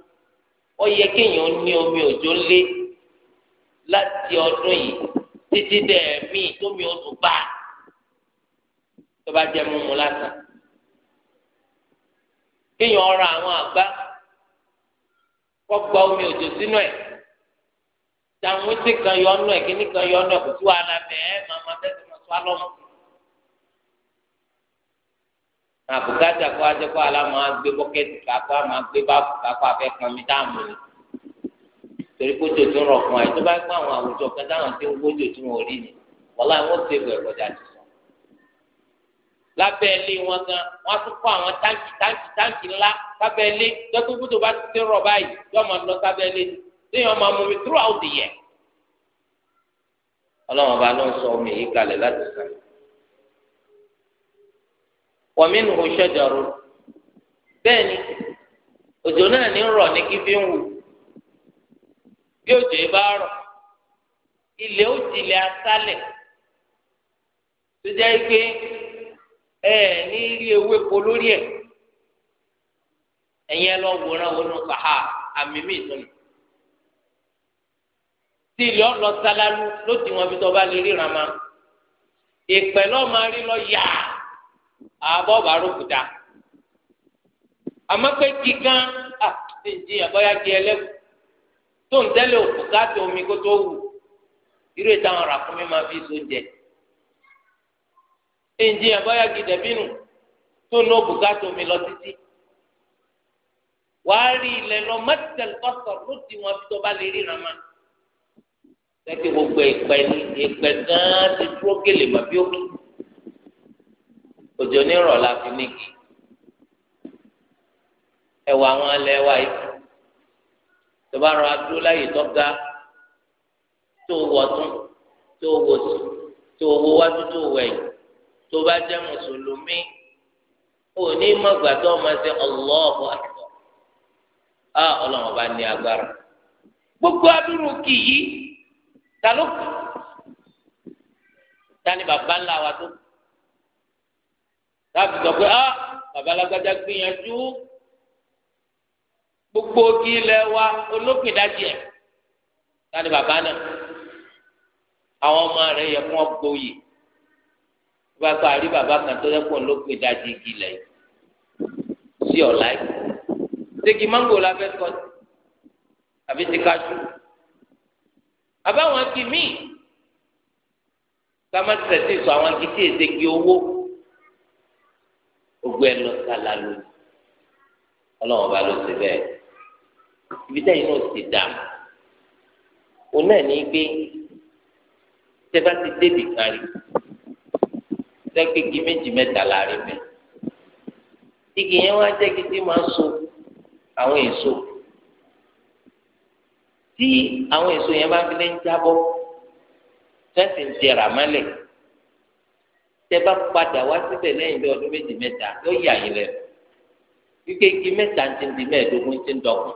ó yẹ kéèyàn ní omi òjò lé láti ọdún yìí títí dẹ̀ẹ̀mí tómi ó tún bá tó bá jẹ́ mímu lásán kéèyàn ọ̀rọ̀ àwọn àgbá kọ́ gba omi òjò sínú ẹ̀ tàwọn tí kan yọ ọ́nú ẹ̀ kíní kan yọ ọ́nú ẹ̀ kò sí wàhálà bẹ́ẹ̀ màmá bẹ́ẹ̀ tó máa tó àbùkátà kó adé kó aláma gbé bọ́kẹ́tì kakó àmà gbé báfù kakó afẹ́ pọnmi dáàmú ni torí kó tó tún rọ̀ fún wa tó bá gbọ́ àwọn àwùjọ kan táwọn ti ń gbójò tí wọ́n rí ni wọ́lá wọn ti bọ̀ ẹ̀kọ́jà ti sọ. lábẹ́ ilé wọn gan wọ́n tún kọ́ àwọn táǹkì táǹkì táǹkì ńlá lábẹ́ ilé dọ́tún kútó bá ti rọ̀ báyìí yóò máa lọ sábẹ́ ilé téèyàn máa mú mi throughout the year. ọlọ́wọ́n bá ló ń sọ omi yìí kalẹ̀ láti sàn wọmínú ṣẹjọrò bẹ́ẹ̀ ni òjò náà ní rọ̀ ní kí fi ń wù bí òjò yìí bá rọ̀ ilẹ̀ ó jilẹ̀ aṣálẹ̀ tó jẹ́ pé ẹ ní rí ewéko lórí ẹ̀ ẹ̀yin ẹ lọ wòran wọnú kàá àmì mi ìtọ́nù tí ilẹ̀ ọ̀ lọ sálálu ló ti wọn bí tó bá lè ríran ma ìpẹ́ lọ́ọ́ máa rí lọ yáa àbọ̀ bá rògbòdà àmọ́ pé kí gan à ṣe jí àbọ̀yá di ẹlẹ́kù tó ń tẹ́lẹ̀ òkú káàtó omi kó tó wù irú ìtàn ọ̀rà fún mi máa fi so jẹ ṣe jí àbọ̀yá di dẹ̀bínú tó ná òkú káàtó omi lọ títí wàá rí ilẹ̀ lọ mẹ́tẹ̀lẹ́ kọ́sọ̀ ló ti wọn tó bá lè ríran ma tẹ́tí gbogbo ìpẹ́ ìpẹ́ gan-an ti dúró gèlè mọ́ bí òjò nírọ̀ la fi nígi ẹwà àwọn alẹ́ wa yìí tó bá rọ adúró láyè tó ga tó wọ̀ tún tó wò sí tó wò wájú tó wẹ̀yìn tó bá jẹ́ mùsùlùmí òní mọ̀gbà tó máa ṣe Allahu Akbar á ọlọ́run bá ní agbára gbogbo adúrú kì í ta ló kù ta bàbá ńlá wa tó kù láti sọ pé ah bàbá alágbájá gbìyànjú gbogbo kí ilẹ̀ wa olókùn ìdájì ẹ̀ tani bàbá náà àwọn ọmọ rẹ̀ yẹ fún ọgbóyè bá pa àrí bàbá kan tó yẹ kó olókùn ìdájì igi lẹ̀ sí ọ̀la ẹ̀ ṣégi mángò la fẹ́ sọ àbí ti kájú àbáwọn igi míì ká má sọ àwọn igi tí èsè gi owó gbogbo ẹ lọ sálá lónìí ọlọ́run ọba ló ti bẹ́ẹ̀ ibi tẹ́yìn náà ti dà òun náà ní gbé tẹ́fà ti débi kan rí sẹ́kẹ̀kì méjì mẹ́ta láàrin bẹ́ẹ̀ igi yẹn wá jẹ́ kí tí máa so àwọn èso tí àwọn èso yẹn bá fi lé ń jábọ́ tẹ́sí ń jẹrà mọ́lẹ̀. tẹ bá padà wá síbẹ̀ lẹ́yìn bí ọdún méjì mẹ́ta yóò yà yín lẹ́nu wípé igi mẹ́ta ti di mẹ́ẹ̀ẹ́dógún ti ń dọ́kun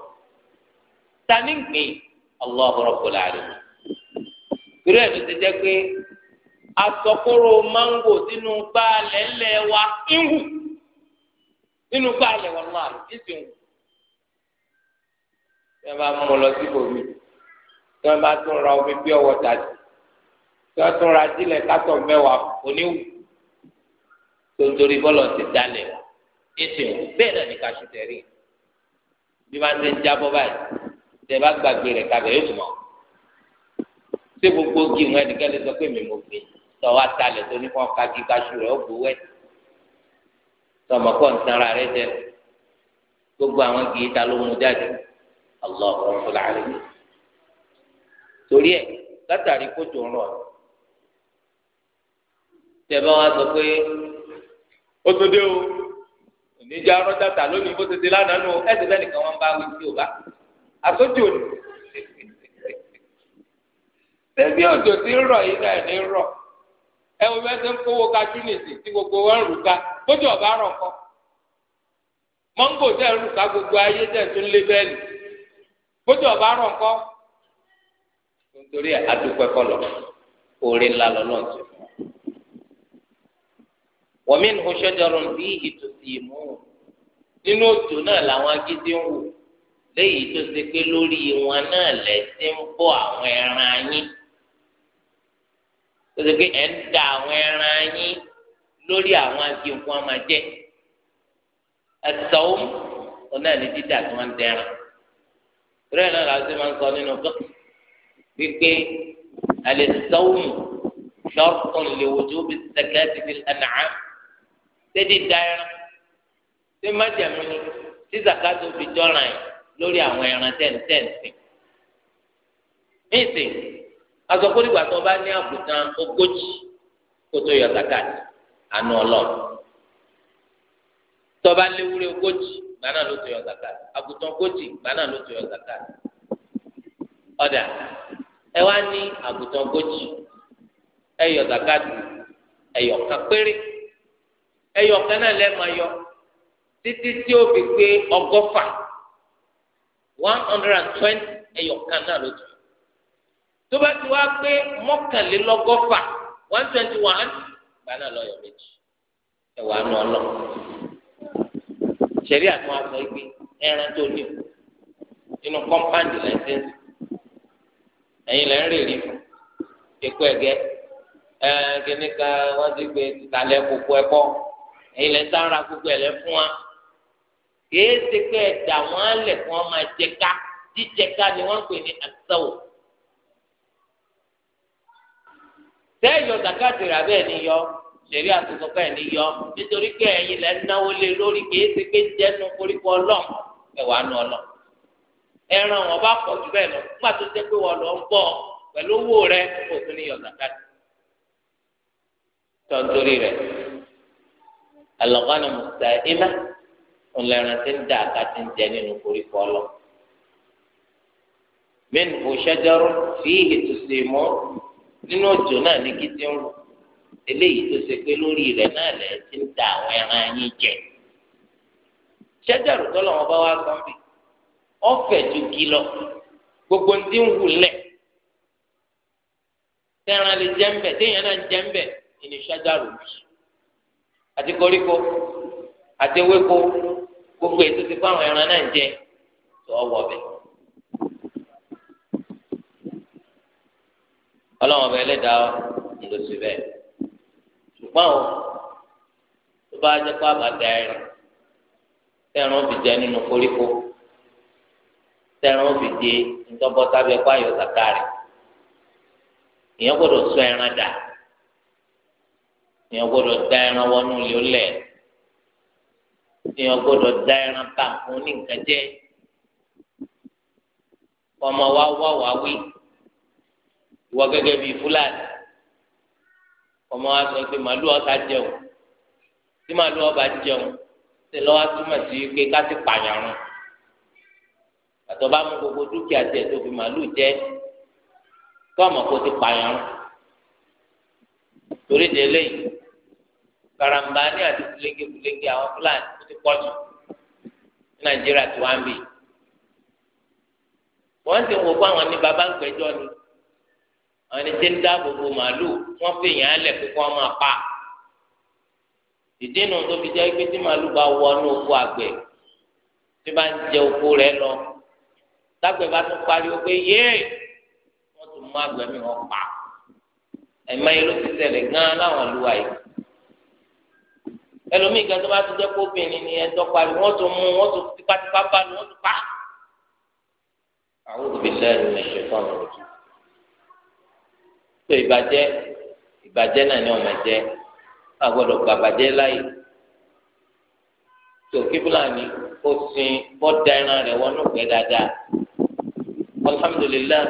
ta gbìn ẹ̀ ló pé asọ́kóró máńgò sínú ńlẹ̀ ń wù nínú mi bá tún ra omi bí ọwọ́ tà sí tún ra tó ń torí bọ́lọ̀ ti dalẹ̀ ètò bẹ́ẹ̀ náà ní kaṣu tẹ̀rí bí wọ́n ti ń jábọ́ báyìí tẹ̀ bá gbàgbé rẹ̀ kabẹ̀ yóò tún mọ̀ ṣé gbogbo kí wọn ẹnìkan lè sọ pé mi mo gbé tọ́wọ́ atalẹ̀ tó ní kọ́ kájí kaṣu rẹ̀ ó gbowó ẹ̀ tọmọ kọ́ ń tanra rẹ̀ jẹ gbogbo àwọn kì í ta ló mú jáde Allahu Rabbul Alamin torí ẹ̀ látàrí kótó ń rọ̀ tẹ̀ bá wọn sọ pé. ó tún dé o oníjà rọjà tà lónìí bó ti di lánàá nù ẹsẹ bẹ́ẹ̀ nìkan wọn bá wí sí òbá àsójú òní òjò ti ń rọ̀ yìí náà ní rọ̀ ẹ wo ń kówó nìsí tí gbogbo wọn ka, rù ká bójú ọba rọ kọ gbogbo ayé tún lé bójú ọba rọ kọ nítorí àdúpẹ́ ńlá lọ́nà wọ́mìn oṣẹ́jọ́rùn bí ìtòsí ìmú nínú òjò náà làwọn agídí ń wò léyìí tó ṣe pé lórí wọn náà lẹ́sìn ń bọ́ àwọn ẹran yín tó ṣe pé ẹ̀ ń da àwọn ẹran yín lórí àwọn agi nǹkan máa jẹ ẹ̀sọ́ òun náà ní dídà tí wọ́n ń dẹran rẹ̀ náà làwọn ṣe máa ń sọ nínú fún wípé àlẹ́ sọ́wọ́n شرط لوجوب الزكاة في الأنعام sẹ́dí da ẹran ṣé májàmú ni tí zakato fi jọ́ràn yìí lórí àwọn ẹran tẹ́ǹtẹ́ǹtì. níìsín asọ́kúrìgbà tó bá ní àbùtán ogójì kó tó yọ zakato àánú ọlọ́run tó bá léwúrẹ́ ogójì gbaná ló tó yọ zakato àbùtán ogójì gbaná ló tó yọ zakato. ọ̀dà ẹ wá ní àbùtán ogójì ẹ yọ zakato ẹ yọ kan ẹyọ kan náà lẹ́ẹ̀ máa yọ títí tí ó fi pé ọgọ́fà one hundred and twenty ẹyọ kan náà ló tún tó bá ti wá pé mọ́kànlélọ́gọ́fà one twenty one gbà náà lọ́yọ̀ méjì ẹ̀wà nù ọlọ́ ṣẹ̀rí àti wọn sọ pé ẹran tó ní nínú kọ́mpáǹdì lẹ́sẹ̀nsì ẹ̀yin lẹ́ ń rèrè fún ẹ̀kọ́ ẹ̀gẹ́ ẹ̀ẹ́dẹ́gbẹ̀ẹ́ wọ́n ti gbé tìtàlẹ́ kókó ẹ̀kọ́ ẹ̀yin lẹ ń sára gbogbo ẹ lẹ fún wa kìí ṣe pé ẹdà wọn lẹ fún wọn máa jẹ ká jíjẹ ká ni wọn ń pè ní àtẹwò tẹ́yọ̀ zakati rà bẹ́ẹ̀ ni yọ lèrí àtúntò ká ẹ̀ ní yọ nítorí pé ẹ̀yin lẹ ń náwó lé lórí kìí ṣe pé jẹ́nu koríko ọlọ́ọ̀ ẹ̀wà nù ọlọ́ọ̀ ẹran wọn bá pọ̀ jù bẹ́ẹ̀ lọ nígbà tó jẹ́ pé wọn lọ ń bọ̀ pẹ̀lú owó rẹ kò tún ní yọ zakati tọ́ntorí rẹ̀ alọ́gánà mùsà ẹ̀mà ńlẹ́ran tí ń dà ká ti ń jẹ nínú koríko ọlọ. min òṣèjọ́rọ́ fi ètò sí mọ́ nínú òjò náà ní kí ti ń rò eléyìí tó ṣe pé lórí rẹ̀ náà lẹ̀ ti ń da àwọn ẹran yín jẹ. ṣẹ́jọ́rọ́ tó lọ́wọ́ bá wá sọ́n ju kí gbogbo ń ti ń wù lẹ̀ tẹ̀ràn lè jẹ́ ń bẹ̀ téèyàn náà àti koríko àti ewéko gbogbo ètò ti fún àwọn ẹran náà ń jẹ tó ọwọ́ bẹ. ọlọ́wọ́n bẹ ẹlẹ́dàá ló sì bẹ́ẹ̀ ṣùgbọ́n o tó bá jẹ́ pé ẹran tẹ̀ràn fi jẹ nínú koríko tẹ̀ràn fi di ntọ́bọ́tà bẹ́ẹ̀ kó èèyàn gbọ́dọ̀ da ẹran wọnú ilé ọlẹ̀ èèyàn gbọ́dọ̀ da ẹran bá fún ní nǹkan jẹ́ ọmọ wa wá wá wí ìwọ gẹ́gẹ́ bíi fúlàní ọmọ wa sọ pé màálù ọ̀tá jẹun tí màálù ọba jẹun ṣe lọ́wọ́ túmọ̀ sí pé ká sì pààyàn rún àtọ́ bá mú gbogbo dúkìá tiẹ̀ tó fi màálù jẹ tó ọmọ kó ti pààyàn torí de eléyìí karambani àti fúlẹ́gì fúlẹ́gì àwọn fúlàní ó ti pọ̀jù ní nàìjíríà tí wọ́n ń bì. wọ́n ti wò fún àwọn ní baba ń gbẹ́jọ́ ni àwọn ní tí ń dáàbò bo màálù wọ́n fi yàn án lẹ̀ pé kí wọ́n máa pa. ìdínà tó fi jẹ́ pé tí màálù bá wọnú oko àgbẹ̀ tí bá ń jẹ oko rẹ̀ lọ tágbẹ̀ bá tún pariwo pé yéè wọ́n tún mú àgbẹ̀ mi wọ́n pa. ẹ̀ma ló ti ṣẹlẹ̀ gan-an láwọn ìlú wa yìí ẹlòmíì kan tó bá ti jẹ́ kó obìnrin ni ẹ̀tọ́ parí wọ́n tún mú wọ́n tún tipátipá bá lu wọ́n tún pa. àwọn òbí lẹ́yìn ní ṣètò ọ̀nà òjò. tó ìbàjẹ́ ìbàjẹ́ náà ni ọmọ ẹ̀jẹ̀ a gbọ́dọ̀ gba àbàjẹ́ láàyè. tó kíbúlàní ó sin bọ́dà ẹran rẹ̀ wọnú pẹ́ dáadáa. alhamdulilayi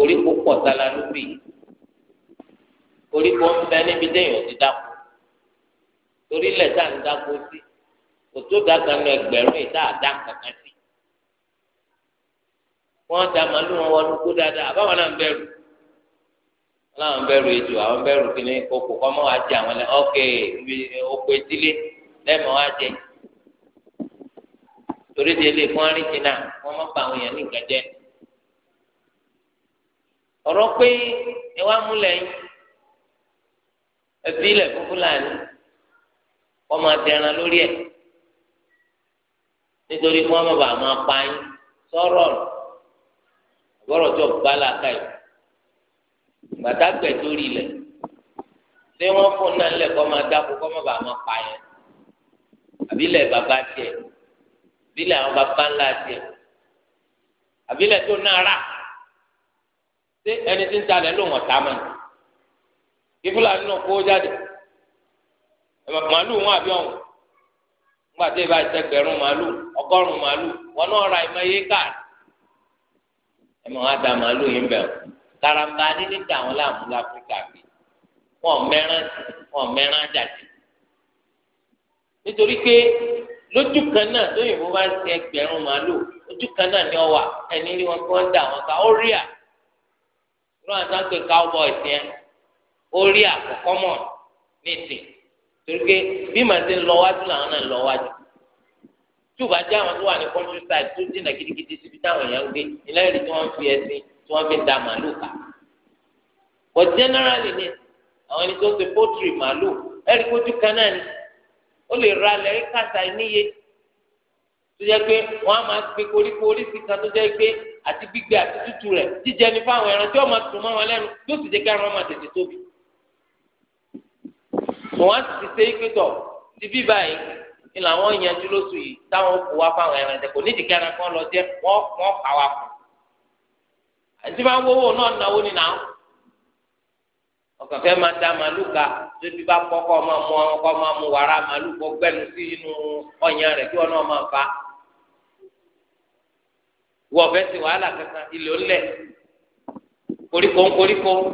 orí kò pọ̀ sálá lóbì orí kò ń bẹ níbi déèyàn ti dákú. torí ilẹ̀ tá à ń dáko sí kò tó dàgbà nu ẹgbẹ̀rún ìta kankan sí wọ́n da wọn wọnú kó dáadáa àbáwọn náà ń bẹ̀rù láwọn bẹ̀rù ètò àwọn bẹ̀rù kíní kókò kọ́mọ́ wa jẹ àwọn lẹ́ ọ́kẹ́ oko etílé lẹ́mọ̀ wa jẹ torí fún má pa àwọn ní ọ̀rọ̀ pé ẹ wá múlẹ̀ yín ẹ ilẹ̀ kọ́ máa dẹran lórí ẹ̀ nítorí kí wọ́n má bàa máa pa yín sọ̀rọ̀ gbọ́dọ̀ tó bá làákà yìí gbàtà gbẹ̀ torí ilẹ̀ ṣé wọ́n fún náà lẹ̀ kọ́ máa dáko kọ́ má bàa máa pa yẹn àbílẹ̀ bàbá tiẹ̀ àbílẹ̀ àwọn bàbá ńlá tiẹ̀ àbílẹ̀ tó náà rà ṣé ẹni tí ń talẹ̀ ló wọ̀n tá mọ́ ni kí fúlàní náà kó jáde màálù wọn àbí ọ̀hún nígbà tí ìbá ìsẹgbẹ̀rún màálù ọgọ́rùn-ún màálù wọn náà ra ìmọ̀ yé káàdì ẹ mọ̀ wọn da màálù yín bẹ̀ karamba níní da wọn láàmú láfíríkà bí wọn mẹ́rán wọn mẹ́rán jàdí nítorí pé lójú kan náà lóyìnbó bá ń ṣe ẹgbẹ̀rún màálù ojú kan náà ni ọ wà ẹni rí wọn kí wọ́n da wọn ká ó rí à lọ́wọ́n àti wọn pé cowboys yẹn ó rí à kọ́kọ́ mọ̀ nísìnyí torí pé bí màá ti ń lọ wájú làwọn náà ń lọ wájú tí o bá jẹ́ àwọn tó wà ní country side tó dènà gidigidi síbi táwọn èèyàn ń gbé ilẹ̀ rí tí wọ́n fi ẹsìn tí wọ́n fi da màálù ká but generally ni àwọn ẹni tó ṣe poultry màálù ẹ̀rí kojú kan náà ni ó lè ra lẹ́rí kàtà níye tó jẹ́ pé wọ́n á máa gbé koríko oríṣi kan tó jẹ́ pé àti gbígbé àti tútù rẹ̀ jíjẹ ní fáwọn ẹran tí wọ́n máa tún mọ́ wọn lẹ́nu yóò sì jẹ́ mo wá ti ṣe ike tọ̀ ti bí báyìí ni làwọn yanjú lóṣù yìí táwọn kò wá fáwọn ẹran jẹ kò ní ìdíkẹ́ ẹran kan lọ jẹ wọ́n wọ́n kà wá fún un àti máa ń wówó náà náwó ní náà ọkàn fẹ́ máa da màlúù ka tóbi bá pọ́ kọ́ máa mú ọmọ kọ́ máa mú wàrà màlúù kọ́ gbẹ́nu sí inú ọ̀yàn rẹ̀ kí wọn náà máa fa wọ́n fẹ́ ti wàhálà kankan ilé ó koríko ń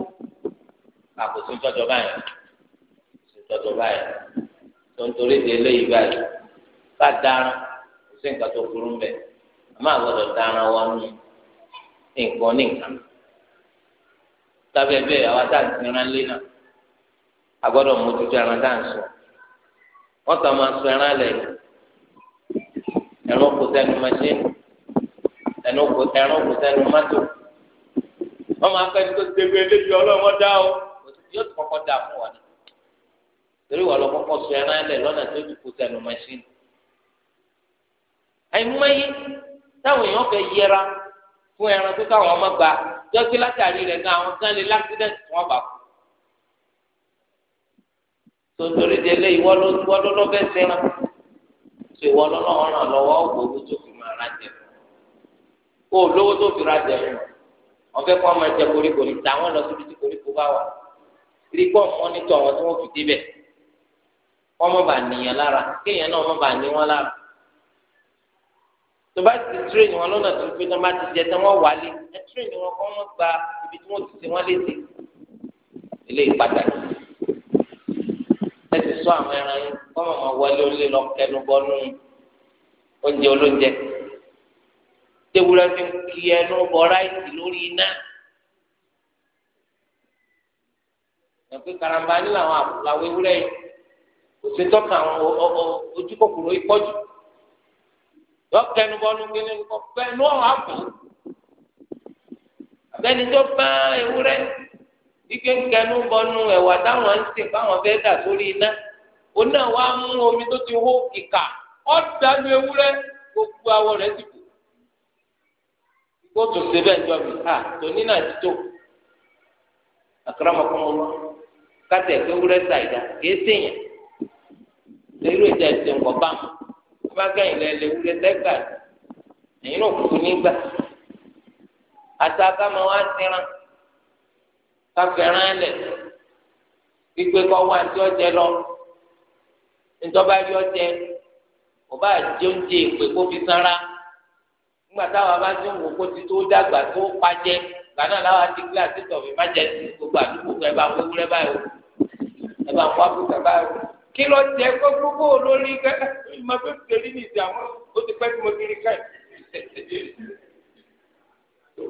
àkóso ìjọba yẹn. lọ́dọ̀ báyìí tó ń torí di eléyìí báyìí ká dáná sí nǹkan tó burú mbẹ àmọ́ gbọdọ dáná wọn nù nǹkan nìkan tábẹ́ bẹ́ẹ̀ àwa tá à ń lé náà àgbọ̀dọ̀ mójútó ẹran tá ń sọ kà máa sọ ẹran ẹran kò machine ẹnu kò ẹran kò máa torí wà lọ́kọ́kọ́ sọ ẹran ẹlẹ̀ lọ́nà tó ti kú sẹ́nu mẹ́ṣíìnì. àìmọye táwọn èèyàn fẹ́ yẹra fún ẹran tó káwọn ọmọ gba jọ́sí látàrí rẹ̀ gan àwọn gan lè láksidẹ̀ntì wọn bá kú. tontorí de lé ìwọ lọ́dọ́ bẹ́ẹ̀ sẹ́ran tó ìwọ lọ́lọ́wọ́ ràn lọ́wọ́ ògbó owó tó fi máa ra jẹ kó o lówó tó fi ra jẹ wọn fẹ́ kó ọmọ ẹ̀jẹ̀ koríko ní ọmọ bá nìyẹn lára kéèyàn náà ọmọ bá ní wọn lára tó bá ti tírèèni wọn lọ́nà tó fi tán bá ti jẹ tán wọ́n wálé ẹ tírèèni wọn kọ́ wọ́n gba ibi tí wọ́n ti ti wọ́n léde ilé pàtàkì ẹ ti sọ àwọn ẹran yín kọ́ mọ̀ máa wọlé olè lọ kẹnu bọ́nú oúnjẹ olóúnjẹ tewura fi kí ẹnu bọ ráìsì lórí iná ẹ pé karambani làwọn àpòlá wéwúrẹ́ yìí. òsè tọ́ka ojú kòkòrò ìpọ́jù yọ kẹnu bọ́nu gbélé kọ fẹnu ọ̀hún àbò abẹ́ni tó bá ewúrẹ́ ike kẹnu bọ́nu ẹ̀wà táwọn ń sè fáwọn dà sórí iná òun wa omi tó ti hó kíkà ọ̀dàlú ewúrẹ́ gbogbo awọ rẹ̀ ti kó tó ṣe bẹ́ẹ̀ jọ mi ha tóní náà ti tó àkàrà ọmọkùnrin wọn kátẹ̀ pé wúrẹ́ kéé lérò ìjà ẹsẹ̀ nǹkan bá wọn bá gẹ̀yìn lẹ lewúrẹ́ lẹ́gbà ẹ̀yìn náà kú nígbà àti akáma wa tẹran káfẹ́ràn lẹ̀ gbígbé kọ́ wá ní ọjẹ lọ níjọba rí ọjẹ kò bá jẹ oúnjẹ ìpè kó fi sanra nígbà táwa bá ti ń wò kó ti tó dàgbà tó pàjẹ́ gbaná làwa ti gbé àti tọ̀fẹ́ má sí gbogbo àdúgbò kẹ́ bá wéwúrẹ́ báyìí ẹ bá ń báyìí kí ló jẹ kó gbogbo olórí ká ìmọ̀ pé pèlú nìsí àwọn ó ti pẹ́ tí mo kiri ká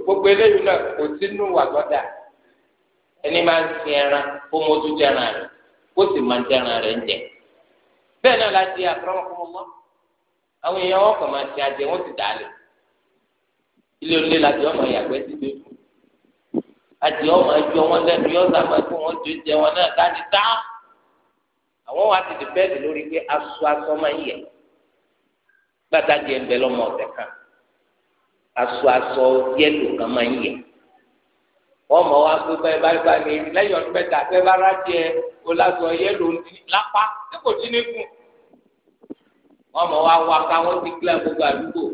gbogbo eléyìí náà kò sínú wà lọ́dà ẹni máa ń sin ẹran kó mo tún jẹran rẹ kó sì máa ń jẹran rẹ ń jẹ bẹ́ẹ̀ náà la di àkọ́rọ́mọkọ́mọ́ àwọn èèyàn wọn kàn máa ti àjẹ wọn ti dàálẹ̀ ilé olè la di ọmọ ìyàgbẹ́ ti dé àti ọmọ ẹjọ́ wọn lẹ́nu yọ̀ọ́ sábà kó wọn jẹ wọn náà ká ní dáhùn àwọn wa ti dìbẹ́ẹ̀dì lórí pé aṣọ aṣọ máa ń yẹ gbàtà jẹ ń bẹ lọmọ ọ̀sẹ̀ kan aṣọ aṣọ yẹlò kan máa ń yẹ wọ́n mọ̀ wá pé báyìí báyìí báyìí ní lẹ́yìn ọdún mẹ́ta fẹ́ bá rájẹ olásọ yẹlò lápá tí kò dín ní kù wọ́n mọ̀ wá wá ká wọ́n ti gílẹ̀ gbogbo àdúgbò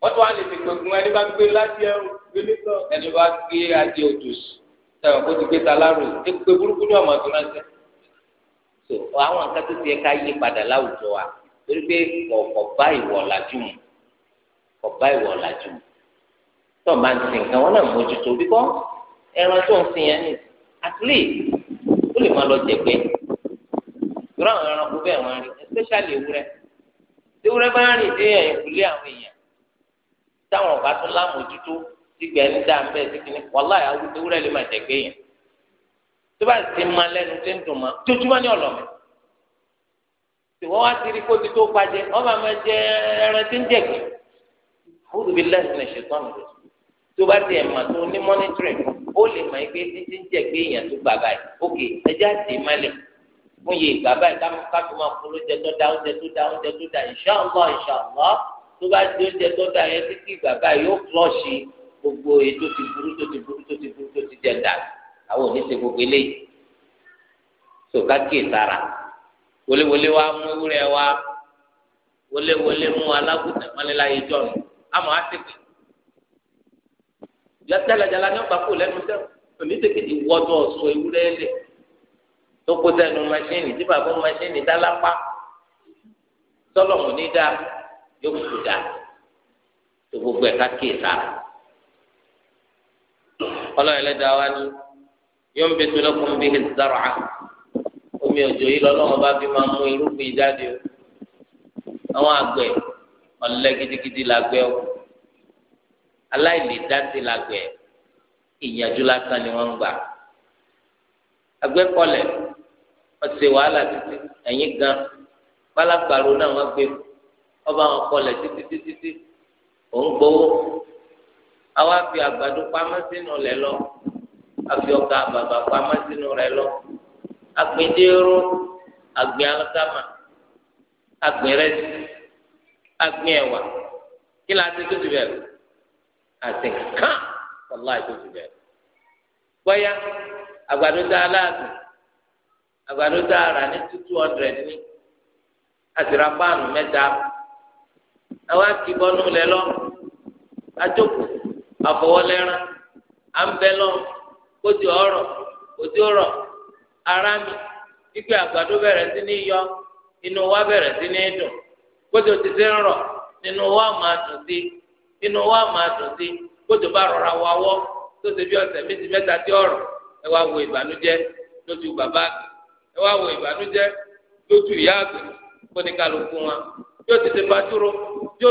wọ́n tún wá lè fi gbẹ̀gùn ẹni bá gbé láti ẹrù gbélé náà ẹni bá gbé adé òtòṣì tẹ̀wọ̀n kó ti gbé ta láròyìn tí gbé burúkú ní ọmọ tó náà so àwọn nǹkan tó ti yẹ ká yí padà láwùjọ wa torí pé kọ̀ọ̀kọ̀ bá ìwọ̀ làjú mu kọ̀ọ̀bá ìwọ̀ làjú mu tó máa ń sin nǹkan wọn náà mójútó bíkọ́ ẹran tó ń sin yẹn ní at ó lè máa lọ jẹ̀gbẹ́ ìró àwọn ẹranko bẹ́ẹ̀ wọ́n rí especially ewúrẹ́ tí ewúrẹ́ bá rìn dé ẹ̀yìnkùlé àwọn èèyàn táwọn ọ̀gá tó lámòjútó ti gbẹ̀ ń dá ń bẹ́ẹ̀ sí kínní wàláì awúrẹ́ lè máa jẹ̀gbẹ́ yẹn tó bá ti máa lẹ́nu tó ń dùn mọ́ tójúmọ́ ní ọ̀lọ́mọ tí wọ́n wá ti rí kó ti tó gbajẹ wọ́n máa máa jẹ ẹran tí ń jẹ̀gbẹ́ àwùjọ bíi lẹ́sìn lè ṣètò àmì rẹ̀ tó bá ti ẹ̀ mà tó ní mọ́nítírì ó lè mọ̀ pé títí ń jẹ̀gbẹ́ èèyàn tó gbà báyìí òkè ẹjẹ́ àti ìmọ̀lẹ̀ fún iye ìgbà báyìí káfí máa fún oúnjẹ tó dá oúnjẹ tó dá oúnjẹ tó dá inshallah inshallah tó bá di oúnjẹ tó dá yẹn títí ìgbà báyìí yóò flọ́ọ̀ṣì gbogbo ètò ti burú tó ti burú tó ti burú tó ti jẹ dàgbà àwọn ò ní ṣe gbogbo eléyìí tó ká kíyè sára wọléwọlé wa mú ewúrẹ́ wa wọléwọlé mú alágùntàn mọ́lẹ́lá yìí jọ̀nù àmọ́ á ti pè jàdàlàjàlà ni wọ́n bá kó lẹ́nu sẹ́wọ̀n òní tètè ìwọ́dọ̀ ọ̀sùn ewúrẹ́ lẹ̀ tó kó sẹ́nu mẹ́ṣíìnì tí bàbá mẹ́ṣíìnì dá lápá sọlọ́mù ní dá yóò kú dá tó gbogbo ẹ̀ ká kíyè sára ọlọ́run ẹlẹ́dàá wa ni yunbitu lakum bihi az-zar'a omi òjò yìí lọ́lọ́wọ́ bá fi máa mú irúgbìn jáde o àwọn àgbẹ̀ ọ̀lẹ́ gidigidi làgbẹ̀ o aláìlè dási làgbẹ̀ ìyànjú lásán ni wọ́n ń gbà àgbẹ̀ kọlẹ̀ ọ̀sẹ̀ wàhálà títí ẹ̀yìn gan pálákàrò náà wọ́n gbé ọba wọn kọlẹ̀ títí títí títí òun gbowó àwa fi àgbàdo pamọ́ sínú lẹ̀ lọ. àfi ọkà bàbà pamọ́ sínú rẹ̀ lọ agbẹdẹrú agbẹ alágàmà agbẹ rẹsì agbẹ ẹwà kí la ti tó ti bẹ̀rẹ̀ àti kàn wàlá tó ti bẹ̀rẹ̀ bóyá àgbàdo tá a láàbì àgbàdo tá a rà ní two hundred lọ à ń bẹ kódì ọrọ kódì ọ̀rọ̀ ara mi àgbàdo bẹ̀rẹ̀ sí ní yọ inú wa bẹ̀rẹ̀ sí ní dùn kódì ó ti ń rọ inú wa máa dùn sí inú wa máa dùn sí bá rọra wá tó ṣe bí ọ̀sẹ̀ méjì tí ọ̀rọ̀ ẹ wá wo lójú bàbá ẹ wá wo lójú ìyá kóníkàlùkù wọn yóò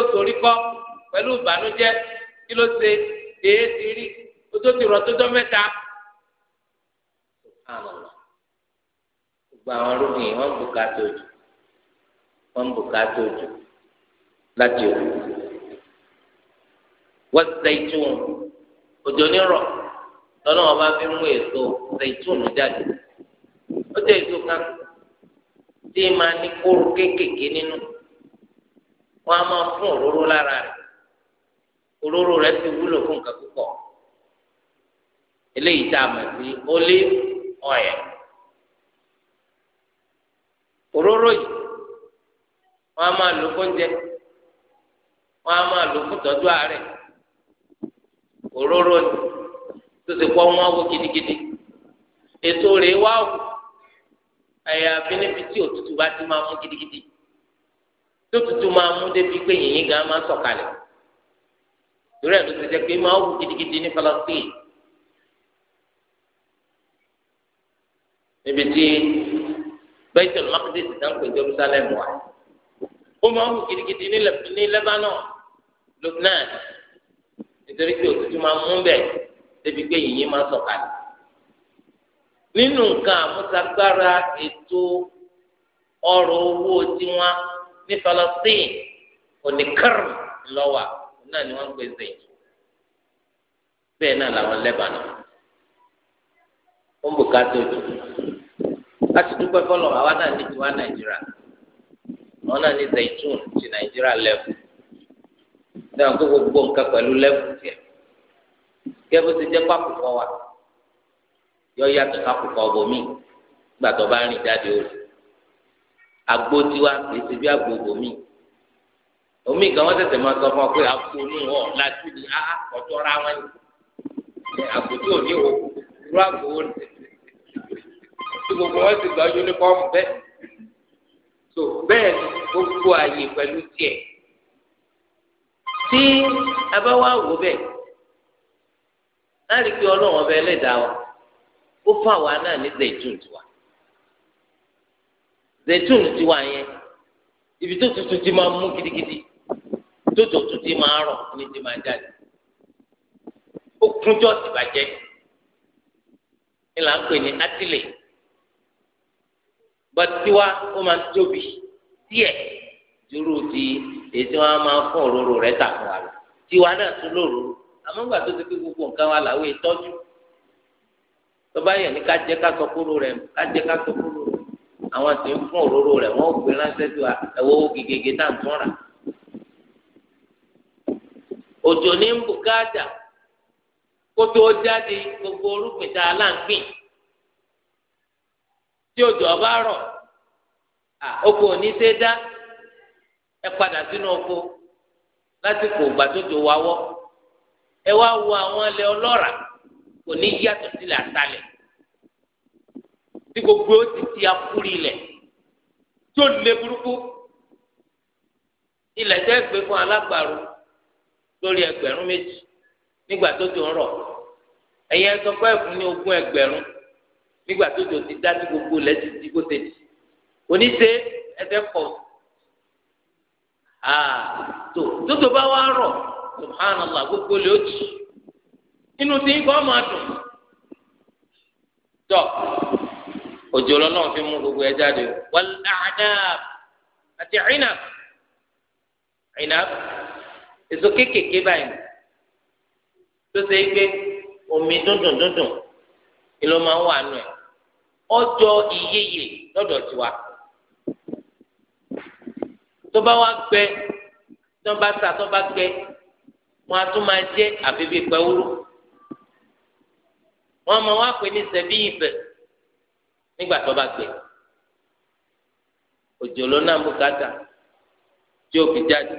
gbogbo àwọn arúgbìn yìí bu ń bùkátà òjò wọ́n ń bùkátà òjò láti òkú zaitun òjò wọn bá fi mú èso zaitun jáde ó jẹ́ èso kan tí máa ní kóró kéékèèké nínú wọn á máa fún òróró lára rẹ̀ òróró rẹ̀ ti wúlò fún nǹkan púpọ̀ eléyìí tá a mọ̀ sí olive oil. òróró yìí wọn a máa lò fún oúnjẹ wọn a máa lò fún tọ́jú àárẹ̀ òróró ni tó ti pọ̀ wọn wó gidigidi ètò rẹ̀ wá wò àyàfi níbi tí òtútù bá ti máa mú gidigidi tó tutù máa mú débi pé yìnyín gan máa sọ̀kalẹ̀ torí ẹ̀ ló ti jẹ́ pé máa gidigidi ní níbi Baitul Maqdis ti dáńpé Jerusalem wà ó máa ń wù gidigidi ní Lebanon Lubnan nítorí pé òtútù máa mú bẹ́ẹ̀ débi pé yìnyín máa sọ̀kalẹ̀ nínú nǹkan àmúṣagbára ètò ọrọ̀ owó tiwọn ní Palestine oníkàrm lọ́wọ́ náà ni wọ́n ń pè zèyí bẹ́ẹ̀ náà làwọn Lebanon ó ń bùkátà òtútù láti dúpẹ́ fọlọ́ àwa náà ní tiwa nàìjíríà wọn náà ní zaitun ti nàìjíríà lẹ́fù dáhùn kó gbogbo nǹkan pẹ̀lú lẹ́fù tiẹ̀ kẹ́bù ti jẹ́ pákòkò wa yọ yàtọ̀ pákòkò ọ̀bọ̀mí gbàtọ̀ bá rìn jáde òru àgbo tiwa kìí ṣe bí àgbo bòmí omi kan wọn tẹsẹ̀ máa sọ fún ọ pé àgbo wọn láti ní ah, ọjọ́ ra wọn ni àgbo tí ò ní wo irú àgbo wo ni tí gbogbo wọn sì gba yunifọ́ọ̀mù bẹ́ẹ̀ so bẹ́ẹ̀ gbogbo ààyè pẹ̀lú tiẹ̀ tí a bá wá wò bẹ́ẹ̀ láti kí ọlọ́run ọba ẹlẹ́dàá wa ó fún àwa náà ní zaitun tiwa zaitun tiwa yẹn ibi tó tutù ti máa mú gidigidi tó tutù ti máa rọ̀ ní ti máa jáde ó kúnjọ́ tìbàjẹ́ ni là ń pè ní atilẹ̀ bàtíwá ó máa ń tóbi díẹ̀ dúró di èyí tí wọ́n máa ń fún òróró rẹ̀ tà fún wa lọ tiwa náà tún lòrò àmọ́ gbà tó ti fi gbogbo nǹkan wa làwọn ìtọ́jú tó bá yẹ ní ká jẹ́ ká sọ kúrò rẹ̀ ká jẹ́ kúrò rẹ̀ àwọn tí ń fún òróró rẹ̀ wọ́n gbé ránṣẹ́ sí wa ẹ̀wọ́ gègé tá à ń tún rà òjò ní bùkátà kótó jáde gbogbo orúkìn tá a láǹgbìn tí òjò ọba rọ̀ oko ò ní ṣe dá ẹ padà sínú oko lásìkò ìgbà tó jò wá wọ́ ẹ wá wo àwọn ilẹ̀ ọlọ́ra kò ní yàtọ̀ sílẹ̀ àtàlẹ̀ tí gbogbo ó ti ti akúri ilẹ̀ tí ó lé burúkú ilẹ̀ tẹ́ gbé fún alágbàro lórí ẹgbẹ̀rún méjì nígbà tó jò ń rọ̀ ẹ̀yẹ sọ pé ẹ̀fún ní ogún ẹgbẹ̀rún nígbà tó jò ti dá sí gbogbo lẹ́sí tí kò tẹ̀ jì oníṣe ẹsẹ̀ pọ̀ tó tótó bá wá rọ̀ subhanallah gbogbo lè ó jì inú tí ń kọ́ dùn tọ́ òjò lọ́nà fi mú gbogbo ẹ jáde wal àti ìnàb ìnàb èso kéékèèké báyìí tó ṣe é gbé omi dúndùn dúndùn ìlọ máa ń wà nù ẹ ọjọ́ iyeye lọ́dọ̀ tiwa tó bá wá gbẹ tó bá ta tó bá gbẹ wọn a tún máa jẹ àbíbí pẹwúrú wọn máa wá pè ní sẹbí ìfẹ nígbà tó bá gbẹ òjò ló náà mú kàtà tí ó jáde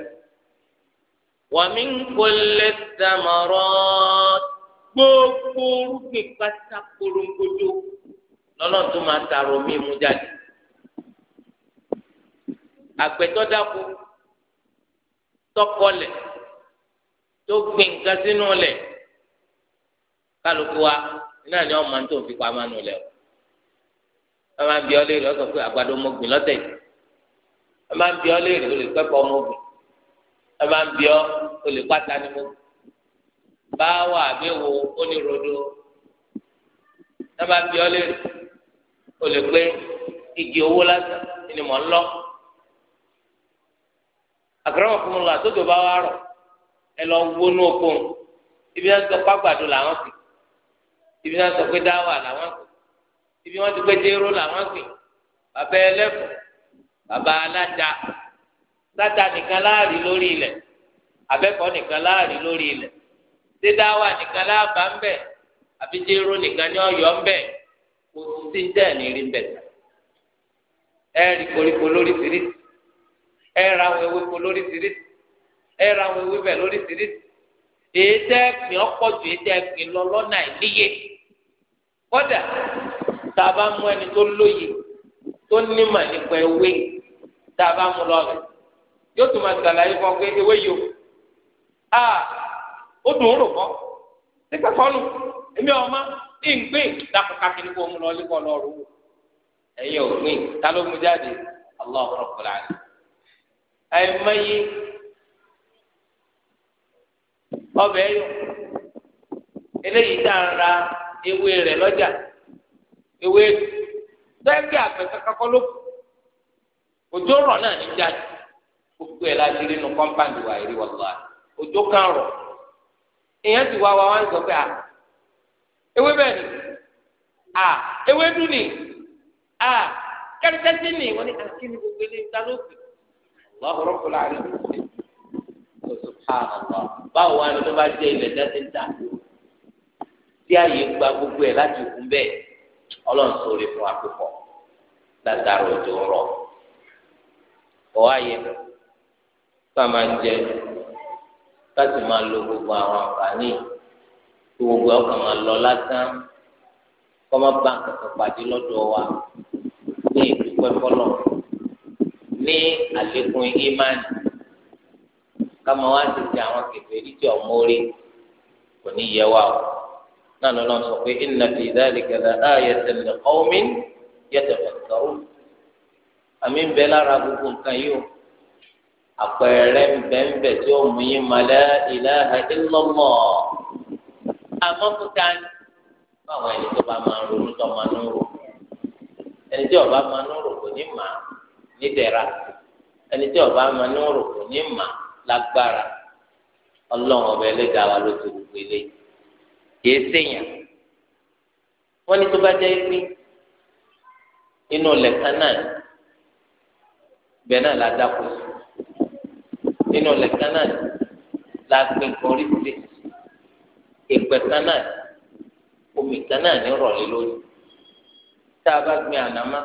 wàmí ń kó lẹsàmọràn gbogbo orúgbìn pátá korongodo lọ́lọ́run tó máa tààrọ̀ mí mú jáde. àgbẹ̀tọ́ dáko tọkọlẹ̀ tó gbìn nǹkan sínú lẹ̀ kálukú wa náà ni wọ́n máa ń tó fi pamọ́ nù lẹ̀ o. wọ́n máa ń bi ọ́ léèrè ọ̀sán pé àgbàdo mo gbìn lọ́tẹ̀ yìí. wọ́n máa ń bi ọ́ olùkẹ́kọ̀ọ́ mo wọ́n máa ń bi ọ́ olùpátá ni báwa àbẹ̀wò onírodo sábà bí ọ lè o lè pé igi owó lásán ni mò ń lọ àkàràwọ̀ fún mi lọ àtòjò bá wà rọ̀ ẹ lọ wo inú oko ibi náà sọ pàgbàdo làwọn fi ibi náà sọ pé dáwà làwọn fi ibi wọn ti pé déró làwọn fi bàbá ẹlẹ́fọ̀ bàbá aláda sátà nìkan láàrin lórí ilẹ̀ abẹ́kọ̀ọ́ nìkan láàrin lórí ilẹ̀ ṣé dáwà nìkan láàbà ń bẹ̀ àbí ṣé irú nìkan ní ọ̀yọ́ ń bẹ̀ kò sí dẹ́ ní rí bẹ̀. ẹ rí koríko lóríṣiríṣi ẹ ra àwọn ewéko lóríṣiríṣi ẹ ra àwọn ewébẹ̀ lóríṣiríṣi èyí tẹ́ pin ọ̀pọ̀ ju èyí tẹ́ pin lọ lọ́nà ìníye kódà tá a bá mú ẹni tó lóye tó nímọ̀ nípa ewé tá a bá mú lọ rẹ̀ yóò tún máa ṣàlàyé fún ọ pé ewé yòó a ah! ó dùn ó rò kọ́ síkà sọ́nù èmi ọmọ ní kí ni kò mú lọ ilé kọ́ lọ́ọ́ rò wò ẹ̀yin ta ló mú jáde allah rabbul alamin àìmọye ọbẹ̀ yọ eléyìí tá a ewé rẹ̀ ewé ló òjò rọ̀ náà gbogbo ẹ̀ èèyàn ti wá wa wá ń sọ pé à ewé bẹ́ẹ̀ ni à ewé dùn ni à kẹ́tẹ́tẹ́ ni wọ́n ní àti ní gbogbo ilé ìta ló pè wọ́n kọ́ lọ́kọ́ láàrin ló sọ pààlọ́ báwo wá ni ló bá jẹ́ ilẹ̀ tẹ́tẹ́ ta tí ààyè gba gbogbo ẹ̀ láti òkun bẹ́ẹ̀ ọlọ́run sọ̀rọ̀ fún akókò látara òjò rọ̀ ọ̀ ààyè tó a máa ń jẹ láti máa lo gbogbo àwọn àǹfààní tí gbogbo ọkàn máa lọ lásán kọ́ má bá nǹkan kan pàdé lọ́dọ̀ wa ní ìdúpẹ́ fọlọ́ ní àlékún ìmánì kama wá ti ti àwọn kèfèrí tí ọmọ orí kò ní yẹ wá o náà lọ́nà sọ pé inna fi dhalika la ayatan li qawmin yatafakkarun àmì ń bẹ lára gbogbo nǹkan yìí o àpẹẹrẹ ńbẹ́ńbẹ́ tí ó mú yín malẹ́ ilaha illallah àmọ́ fún tani báwọn ẹni tó bá máa ń ronú tó máa ń rò ẹni tí ọba máa ń rò kò ní mà ní dẹ̀ra ẹni tí ọba máa ń rò kò ní mà lágbára ọlọ́run ọba ẹlẹ́dàá wa ló ti gbogbo ilé kìí ṣèyàn wọ́n ní tó bá jẹ́ pé inú lẹ̀ka náà bẹ́ẹ̀ náà la dákò sí nínú lẹ̀kan náà la gbẹ kọrí sí ìpẹ kan náà omi kan náà ní rọ̀lẹ́ lónìí tá a bá gbin ànámá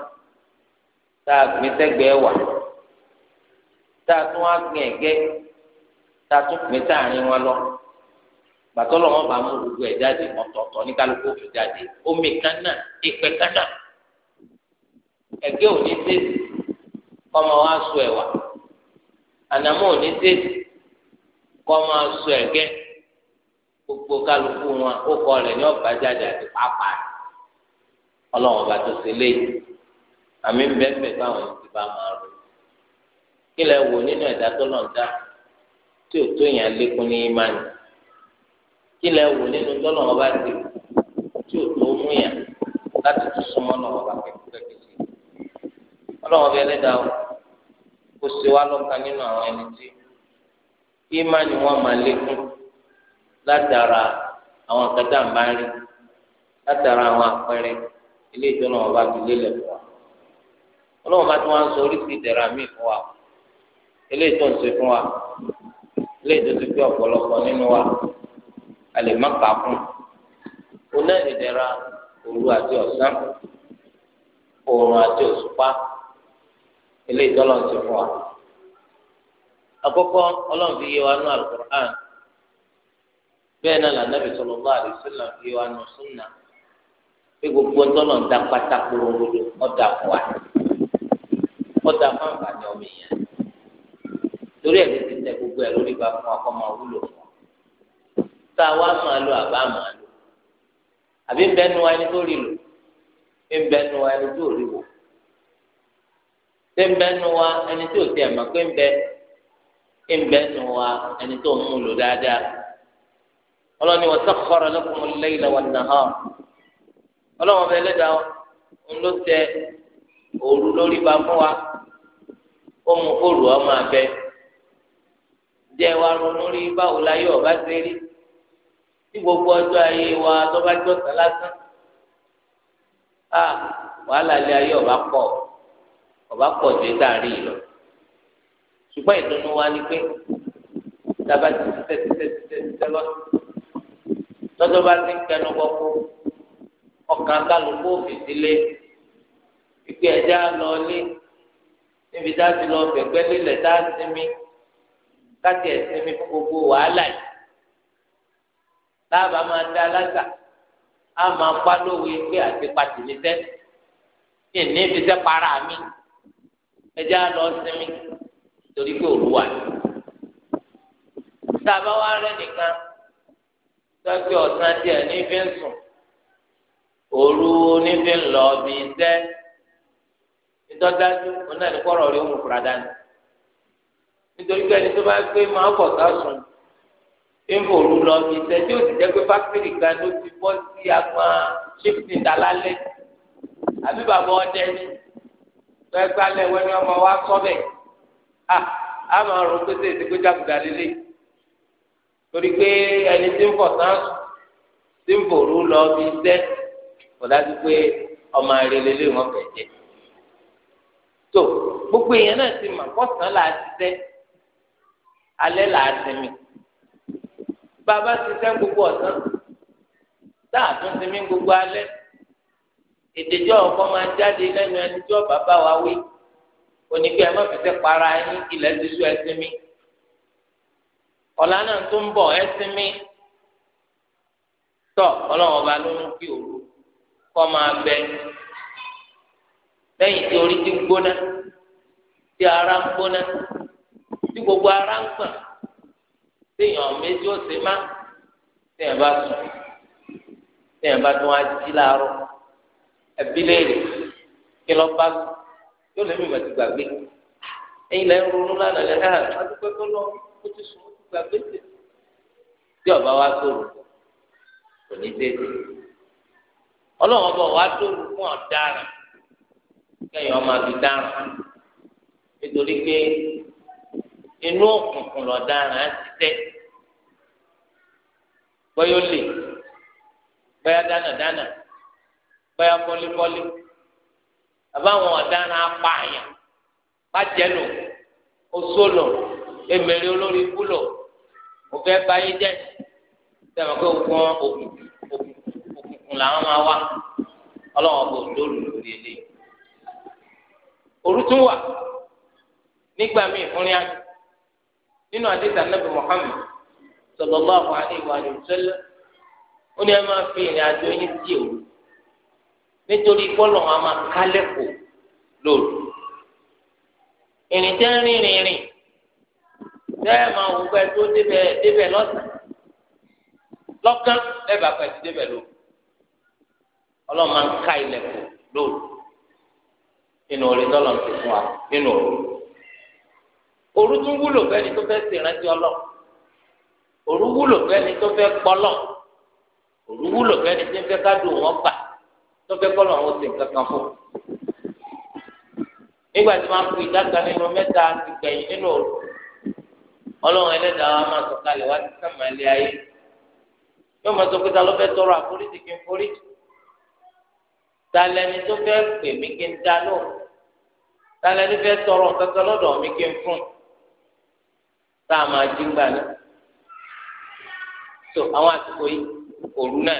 tá a gbin sẹ́gbẹ̀ẹ́ wà tá a tún wá gbin ẹ̀gẹ́ tá a tún gbin sáàrin wọn lọ gbàtọ́lọ̀ wọn bá mú gbogbo ẹ̀ jáde ọ̀tọ̀ọ̀tọ̀ ní kálukú òfin jáde omi kan náà ìpẹ kan náà ẹ̀gẹ́ òní sí ọmọ wa sọ ẹ̀wà ànàmọ́ òní tètè kọ́ máa sọ ẹ̀gẹ́ gbogbo kálukú wọn ó kọ́ rẹ̀ ní ọ̀bá jáde àti pápá ọlọ́run ọba tó ṣe léyìí àmì bẹ́ẹ̀ báwọn ti bá máa rò kí lẹ wò nínú ẹ̀dá tó lọ́n dá tí ò tó yàn lékún ní ìmánì kí lẹ wò nínú tọ́lọ̀ ọba ti tí ò tó mú yàn láti tún súnmọ́ lọ́wọ́ bá pẹ̀lú pẹ̀lú sí ọba ẹlẹ́dàá kó ṣe wá lọ́kàn nínú àwọn ẹni tí ìmá ni wọ́n máa lékún látara àwọn kẹta ń bá rí látara àwọn àpẹẹrẹ ilé ìjọba wọn bá fi lélẹ̀ fún wa ọlọ́run bá tún wá ń sọ oríṣi ìdẹ̀ra míì fún wa ilé ìjọ ń ṣe fún wa ilé ìjọ ti fi ọ̀pọ̀lọpọ̀ nínú wa a lè má kà á fún oná ìdẹ̀ra òru àti ọ̀sán oòrùn àti òṣùpá ilé ìtọ́lọ̀ ń sọ fún wa. àkọ́kọ́ ọlọ́run fi yé wa nú alukur'an bẹ́ẹ̀ náà lànàbì sallallahu alaihi wasallam fi yé wa nú súnà pé gbogbo ńtọ́lọ̀ ń da pátá kúròǹdòdò ọ̀dà fún wa ọ̀dà fún àǹfààní ọmọ èèyàn torí ẹ̀ ti tẹ gbogbo ẹ̀ lórí ba fún ọkọ máa wúlò fún ọ tá a wá máa lo àbá máa lo àbí ń bẹ́ẹ̀ wa ẹni tó rí lò ń bẹ́ẹ̀ wa ẹni tó rí wò ṣé ń bẹ nu wa ẹni tó ti ẹ̀ mọ̀ pé ń bẹ ń bẹ nu wa ẹni tó ń mú lò dáadáa ọlọ́ni wọ́n sọ́kọ́rọ̀ lọ́kùnrin lẹ́yìn lọ́wọ́ nàá ọlọ́wọ́n bẹ lẹ́dàá ń ló tẹ òru lórí ba fún wa ó mú kóòlù ọmọ abẹ jẹ́ wa ronú rí báwo la yóò bá ṣe rí tí gbogbo ọjọ́ ayé wa tó bá jọ̀sán lásán wàhálà ilé ayé ọba pọ̀ ọba pọ̀ ju ètò àárín yìí lọ ṣùgbọ́n ìdùnnú wa ni pé dábàá ti títẹ̀ títẹ̀ títẹ̀ títẹ̀ lọ lọ́jọ́ bá ti ń kẹnu gbọ́kú ọkàn kálukú òfìsí lé ìgbé ẹ̀já lọ lé níbi tá a ti lọ bẹ̀gbẹ́ lélẹ̀ tá a sinmi káti ẹ̀ sinmi fún gbogbo wàhálà yìí láàbà máa dá alága á máa pa lówe pé àti pàtì ní sẹ́ ìní fi sẹ́ para mi ẹjẹ á lọ sinmi torí pé òru wà ní. tàbá wa rẹ nìkan sọ́kì ọ̀sán díẹ̀ ní fi ń sùn òru ní fi ń lọ bí iṣẹ́ nítọ́jájú òun náà ní kọ́rọ̀ rí òun fura dání. nítorí pé ẹni tó bá gbé máa bọ̀ ká sùn ìfòrú lọ bí iṣẹ́ tí ó ti jẹ́ pé fákìrì kan ló ti bọ́ sí agbọn ṣífìtì dálálẹ́ àbí bàbá ọdẹ ni lọ́ẹ̀gbá lẹ́wọ́ ni ọmọ wa sọ bẹ́ẹ̀ a a máa rò pé tètè pé jágùdà lélẹ̀ torí pé ẹni tí ń fọ̀ tán tí ń fòrú lọ bí iṣẹ́ kò dájú pé ọmọ rere lè wọ́n fẹ̀ jẹ́ tó gbogbo èèyàn náà ti mà kọ́sàn-án là á ti sẹ́ alẹ́ là á sinmi bàbá ti sẹ́ gbogbo ọ̀sán táà tún sinmi gbogbo alẹ́ ètèjọ ọkọ máa jáde lẹ́nu ẹni tí ọba bá wa wí onígbẹ ẹ má fẹsẹ̀ para yín ilẹ̀ ti sú ẹsìn mi ọ̀la náà tó ń bọ̀ ẹsìn mi tọ ọlọ́run ọba ló ń kí òru kọ́ máa bẹ lẹ́yìn tí orí ti gbóná tí ara ń gbóná tí gbogbo ara ń gbọ̀n téèyàn méjì ó sì má téèyàn bá sùn téèyàn bá tún á jí láàárọ̀ ẹbí léèrè kí lọ bá yóò lè mímọ ti gbàgbé ẹ̀yin lẹ ń ronú lánàá lẹ ẹ adúgbò tó lọ kó ti sùn ó ti gbàgbé tẹ tí ọba wa sọ̀rọ̀ kò ní tètè Ọlọ́run ọba wa sọ̀rọ̀ fún ọ̀daràn kẹyìn ọmọ àti dáràn nítorí pé inú òkùnkùn lọ̀daràn á ti tẹ bọyọ lè bọyọ dáná dáná bóyá kọ́lékọ́lé àbáwọn ọ̀daràn apààyàn bàjẹ́lò oṣoolò emèrè olórí kúlò òfẹ́ báyé jẹ́ sẹ́mi pé òkun òkùnkùn làwọn máa wá ọlọ́wọ́n kò lóòlù lórí eléyìí. òrùtún wà nígbà míì fúnni àjò nínú àdéhùn anábì Muhammad sallallahu alaihi wa sallam ó ní ẹ máa fi ìrìn àjò yín sí òru nítorí bọ́lọ̀ wọn máa kálẹ̀ kù lòlù ìrìntẹ́ rìnrìn rìn tẹ́ẹ̀ máa wù pẹ́ tó débẹ̀ débẹ̀ lọ́sàn lọ́kàn lẹ́bàá pẹ́ tó débẹ̀ lò ọlọ́run máa ń ká ilẹ̀ kù lòlù nínú orí tọ́lọ̀ ti fún wa nínú òru òru tún wúlò fẹ́ni tó fẹ́ ṣèrántí ọlọ́ òru wúlò fẹ́ni tó fẹ́ pọ́lọ́ òru wúlò fẹ́ni tó fẹ́ kádùn tó fẹ́ kọ́ lọ́wọ́ sí nǹkan kan fún. nígbà tí wọ́n á fi ìdáka nínú mẹ́ta ti gbẹ̀yìn nínú òru ọlọ́run ẹlẹ́dàá wa máa sọ̀kalẹ̀ wá sí sàmàlẹ́ ayé yóò máa sọ pé ta ló fẹ́ tọrọ àforíjì kí n foríjì ta lẹni tó fẹ́ pè mí kí n dá lóhùn ta lẹni fẹ́ tọrọ nǹkan lọ́dọ̀ mi kí n fún tá a máa jí gbà náà so àwọn àsìkò yìí òru náà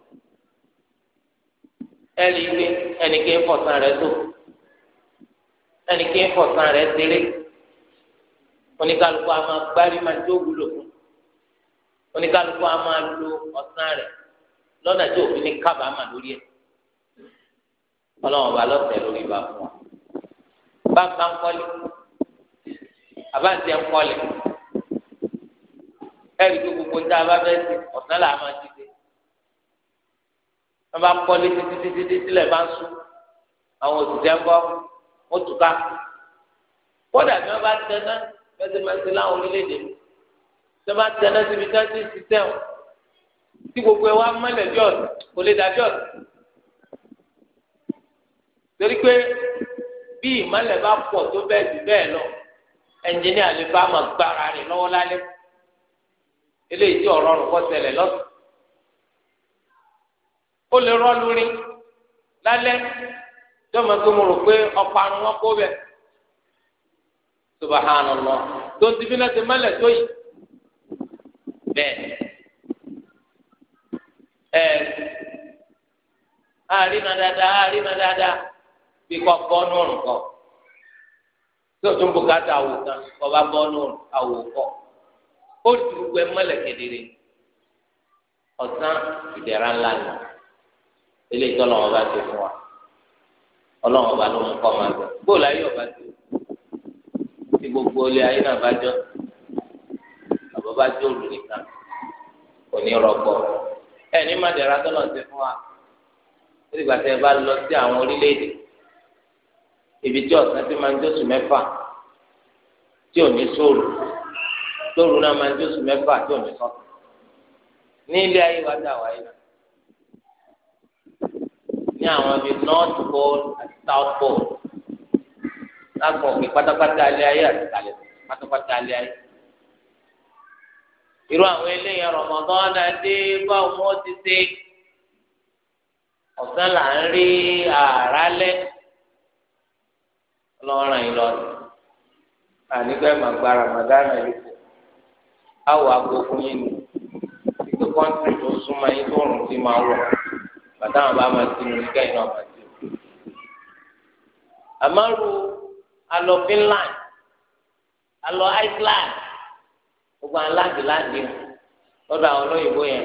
ẹni pé ẹni kí ń fọ̀sán rẹ̀ tó ẹni kí ń fọ̀sán rẹ̀ tẹ́lẹ̀ oníkálùkù àmà gbárí máa tó wúlò fún oníkálùkù àmà lo ọ̀sán rẹ̀ lọ́nà tí òfin ní kábàámà lórí ẹ̀ ọlọ́run bá lọ́sẹ̀ lórí bá fún wa bàbá ń kọ́lé àbáǹtẹ̀ ń kọ́lé ẹ̀rí tó gbogbo ń tá a bá fẹ́ sí ọ̀sán là á máa ti wọn bá kọ́lé títítítí sílẹ̀ bá ń sùn àwọn òṣìṣẹ́ ńkọ́ wọ́n tù ká kódà bí wọ́n bá tẹná bẹ́sẹ̀ máa ń ṣe láwọn orílẹ̀-èdè mi tí wọ́n bá tẹná síbi tí wọ́n ti ṣiṣẹ́ wọn tí gbogbo ẹ wá mọ́lẹ̀ jọ́ọ̀sì kò lè dá jọ́ọ̀sì torí pé bí ìmọ̀lẹ̀ bá pọ̀ tó bẹ́ẹ̀ jù bẹ́ẹ̀ lọ ẹnjìníà lè bá máa gbára rẹ̀ lọ́wọ́ lálẹ́ eléyìí tí ọ̀rọ̀ ọ̀rùn kọ́ ṣẹlẹ̀ ó lè rọ lórí lálẹ́ jọ́mọ̀ pé mo rò pé ọ̀parun wọn kó bẹ̀. subahánàlá tó ti fi náà ti mọ́lẹ̀ tó yìí ẹ àrínà dáadáa àrínà dáadáa bí kò kan kò bá ó kedere ọ̀sán eléyìí tó lọ́wọ́ bá ti fún wa ọlọ́wọ́ bá ló mú kọ́ máa gbẹ bóòlù ayé ọba ti ti gbogbo ilé ayé náà bá jọ àbọ̀ bá jọ òrùn nìkan kò ní rọgbọ ẹ ní màdàrá tó lọ sí fún wa lórí ìgbà tí ẹ bá lọ sí àwọn orílẹ̀-èdè ibi tí ọ̀sán ti máa ń jóṣù mẹ́fà tí ò ní sóòrù sóòrù náà máa ń jóṣù mẹ́fà tí ò ní sọ́tún ní ilé ayé wa dà náà ní àwọn bíi north pole àti south pole lágbọn òkè pátápátá alẹ́ ayé àti kalẹ̀ pátápátá alẹ́ ayé irú àwọn eléyìí Ramadan adé báwo wọn ti ṣe ọ̀sán là ń rí ààrá lẹ́ ọlọ́run yìí lọ ànígbà máa gba Ramadan yìí kù àwọ̀ àgbo fún yín ni títí kọ́ńtì tó súnmọ́ yín tó rùn sí máa wọ̀ bàtà wọn bá máa ti lórí kẹ́yìn náà máa ti lórí. alọ Finland alọ Iceland gbogbo àwọn láti láti lọ́dọ̀ àwọn olóyìnbó yẹn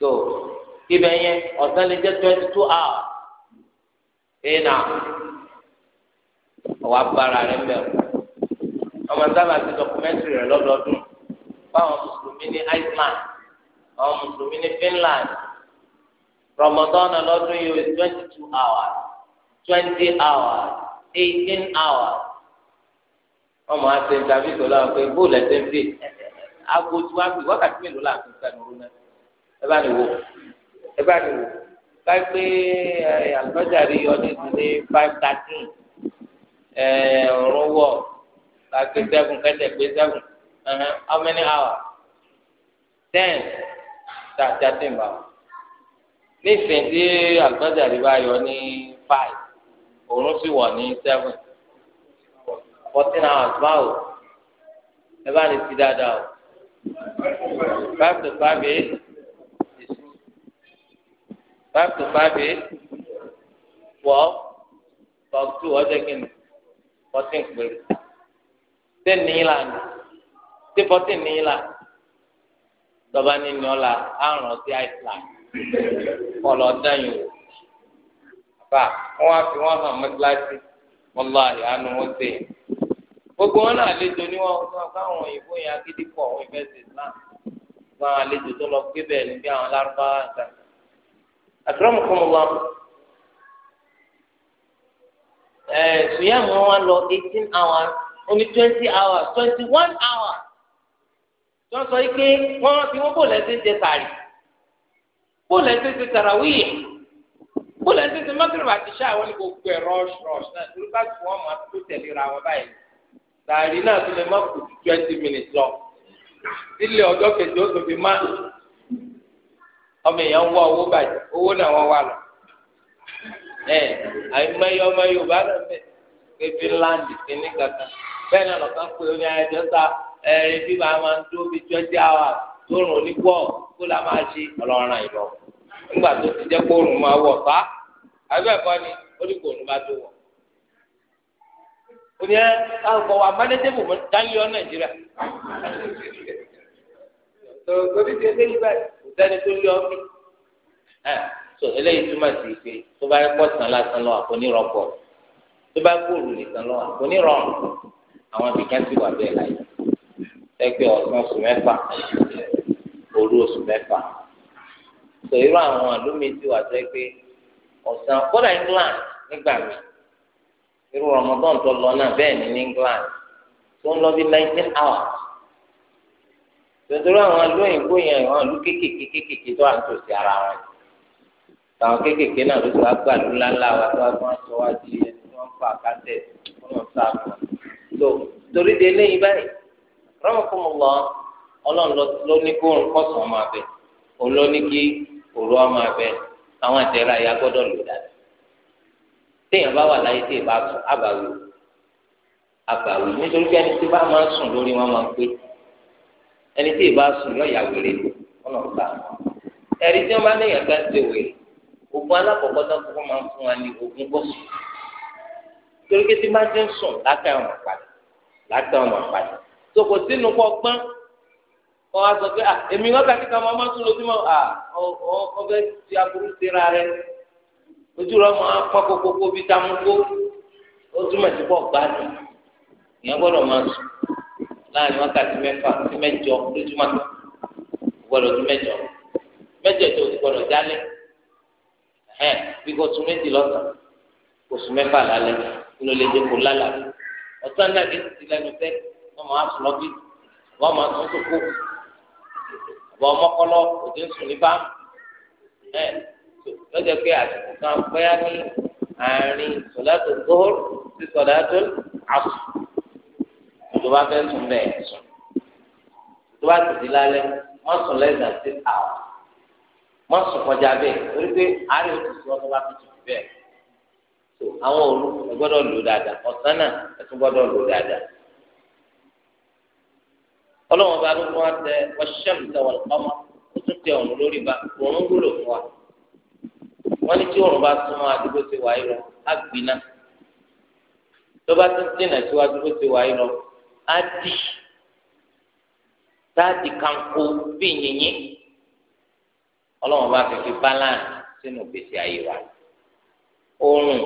tó ibẹ̀ yẹn ọ̀sán lè jẹ́ twenty two hours ẹ̀yìn náà ọ̀wá bára rẹ̀ mẹ́rin ọmọ sábà ti dọkumẹ́ntìrì rẹ̀ lọ́dọọdún fáwọn mùsùlùmí ní Iceland àwọn mùsùlùmí ní Finland rọmọdọ́nà lọ́dún yìí is twenty two hours twenty hours eighteen hours ọmọ àti ìdàbí tó lọ́wọ́ pé bóòlù ẹ̀sẹ̀ ń bè aago tí wàá fi wákàtí mélòó là ń fi sẹ́nu rú náà ẹ bá ní wo ẹ bá ní wo báyìí pé àlùbọ́sà rí ọdún ti ní five thirteen ọ̀rọ̀ wọ̀ láti seven kẹsẹ̀ pé seven how many hours ten tá a ti nísìnyí tí àgbọ̀njàdì bá yọ ní five òun sì wọ̀ ní seven fourteen hours báwo ẹ bá lè ti dáadáa o five to five eight five to five eight twelve twelve two ọjọ́ kìíní fourteen péré Ten nìyí la ní ṣé fourteen nìyí la tọ́ba ní ní ọ́ la àìsàn kọlọ dáyìn wò bá wọn á fi wọn hàn mọ́tíláṣí wọn lọ àyè àánú wọn sè é gbogbo wọn náà àlejò ni wọn sọ káwọn òyìnbó yẹn agídí pọ̀ àwọn ìfẹsẹ islam gbogbo àwọn àlejò tó lọ gbé bẹ́ẹ̀ níbi àwọn lárúbáwá nǹkan àtúrọmù kọmọ wọn ẹ sùyàmù wọn lọ eighteen hours oní twenty hours twenty one hours tí wọn sọ yìí pé wọn fi wọn bò lẹsẹ jẹ sàárì bóòlù ẹsẹ ti tarawih bóòlù ẹsẹ ti mọtìrìbà ti ṣá àwọn ìkó gbẹ rush rush náà torí ká tún wọn máa tó tẹ̀léra wọn báyìí sàárì náà tó lè má kù ju twenty minutes lọ sílẹ̀ ọjọ́ kejì ó tó fi má ọmọ èèyàn wá owó bàjẹ́ owó náà wọ́n wà lọ ẹ àìmọye ọmọ Yorùbá náà bẹ pépé láǹdì kínní kankan bẹ́ẹ̀ náà lọ́kàn pé ó ní ayẹyẹ sá ẹ ibi máa máa ń dúró bíi twenty hours tó rùn ní pọ́ọ̀. kó la máa ṣe ọlọ́run ìbọn nígbà tó ti jẹ́ kó oòrùn máa wọ̀ àbẹ́ ẹ̀kọ́ ni ó ní kó oòrùn bá tó wọ̀. òní ẹ káàkó wa mánẹ́tẹ́bù mọ́ dánilọ́ nàìjíríà. tó báyìí sẹ́ni tó lé ẹ tó eléyìí túmọ̀ sí pé tó bá pọ̀ tán lásán lọ́wọ́ kò ní tó bá lọ́wọ́ kò ní rọrùn àwọn wà bẹ́ẹ̀ láyé ẹgbẹ́ ọ̀sán òru oṣù mẹ́fà sọ irú àwọn àlómìí tí wà sẹ́ pé ọ̀sán kódà England nígbà mi irú Ramadan tó lọ náà bẹ́ẹ̀ ni ní England tó ń lọ bí nineteen hours tòtòrò àwọn yẹn àwọn àlú kéékèèké kéékèèké tó à ń tòsí ara wọn àwọn kéékèèké náà ló ti wá gbà wa tó wá fún aṣọ ọlọ́run ló ní kó òrùn kọ̀sán máa bẹ òun ló ní kí òru ọmọ abẹ àwọn àtẹ̀rà ya gbọ́dọ̀ lò dáadáa téèyàn bá wà láyé tí ìbá sùn àbàwí àbàwí nítorí pé ẹni tí bá máa sùn lórí wọn máa pé ẹni tí ìbá sùn yọ ìyàwó rẹ ọ̀nà ọ̀gbà ẹ̀rí tí wọ́n bá léèyàn gbá ti wèrè ogun alákọ̀ọ́kọ́ tó kọ́kọ́ máa ń fún wa ní ogun bọ́sùn torí pé tí bá ti ń sùn lákàá ọ̀nà padà lákàá ọ̀nà padà tó kò sínú kọ́ gbọ́n kọ́ wa sọ pé à ah, èmi wákàtí kan máa tún lọ sí mọ́ à ah, ọ bẹ ti aburú síra rẹ ojú rẹ máa pọ́ kókókó bíi tamukó ó túmọ̀ sí pọ̀ gbádùn ìyẹn gbọ́dọ̀ máa sùn láàrin wákàtí mẹ́fà sí mẹ́jọ lójúmọ́ gbọ́dọ̀ tún mẹ́jọ mẹ́jọ tó ti gbọ́dọ̀ jálẹ̀ ẹ̀hẹ́n bí kò tún méjì lọ́sàn-án kò sùn mẹ́fà lálẹ́ kí ló lè dé kó lálàá ọ̀sán náà kì í ti lẹ́nu tẹ́ wọ́n máa sùn lọ́bí wọ́n máa sùn sókó wọ́n mọ́kọ́lọ́ òde sùn ní bámu ẹ̀ lọ́jọ́ pé àsìkò kan pẹ́yà ní àárín sọ̀dátò tóhùr sí sọ̀dátò àsù tó bá fẹ́ sùn bẹ́ẹ̀ sùn tó bá tètè lálẹ́ wọ́n sùn lẹ́sà sí àwọn wọ́n sùn kọjá bẹ́ẹ̀ torí pé àárẹ̀ òtún sí wọn tó bá fi sùn bẹ́ẹ̀ àwọn òru ẹ gbọ́dọ̀ lò dáadáa ọ̀sán náà ẹ tún gbọ́dọ̀ lò dáadáa ọlọ́wọ́n bá ló fún wa tẹ ọṣẹ́mi tẹwọ̀ ọmọ ó tún tẹ ọ̀run lórí ba òun wúlò fún wa wọ́n ní tí òrùn bá súnmọ́ àdúgbò ti wáyé lọ á gbiná tó bá tún dènà síwájú bó ti wáyé lọ á dì táàdì kanko bí yìnyín ọlọ́wọ́n bá fífi balance sínú gbèsè ayé wa oorun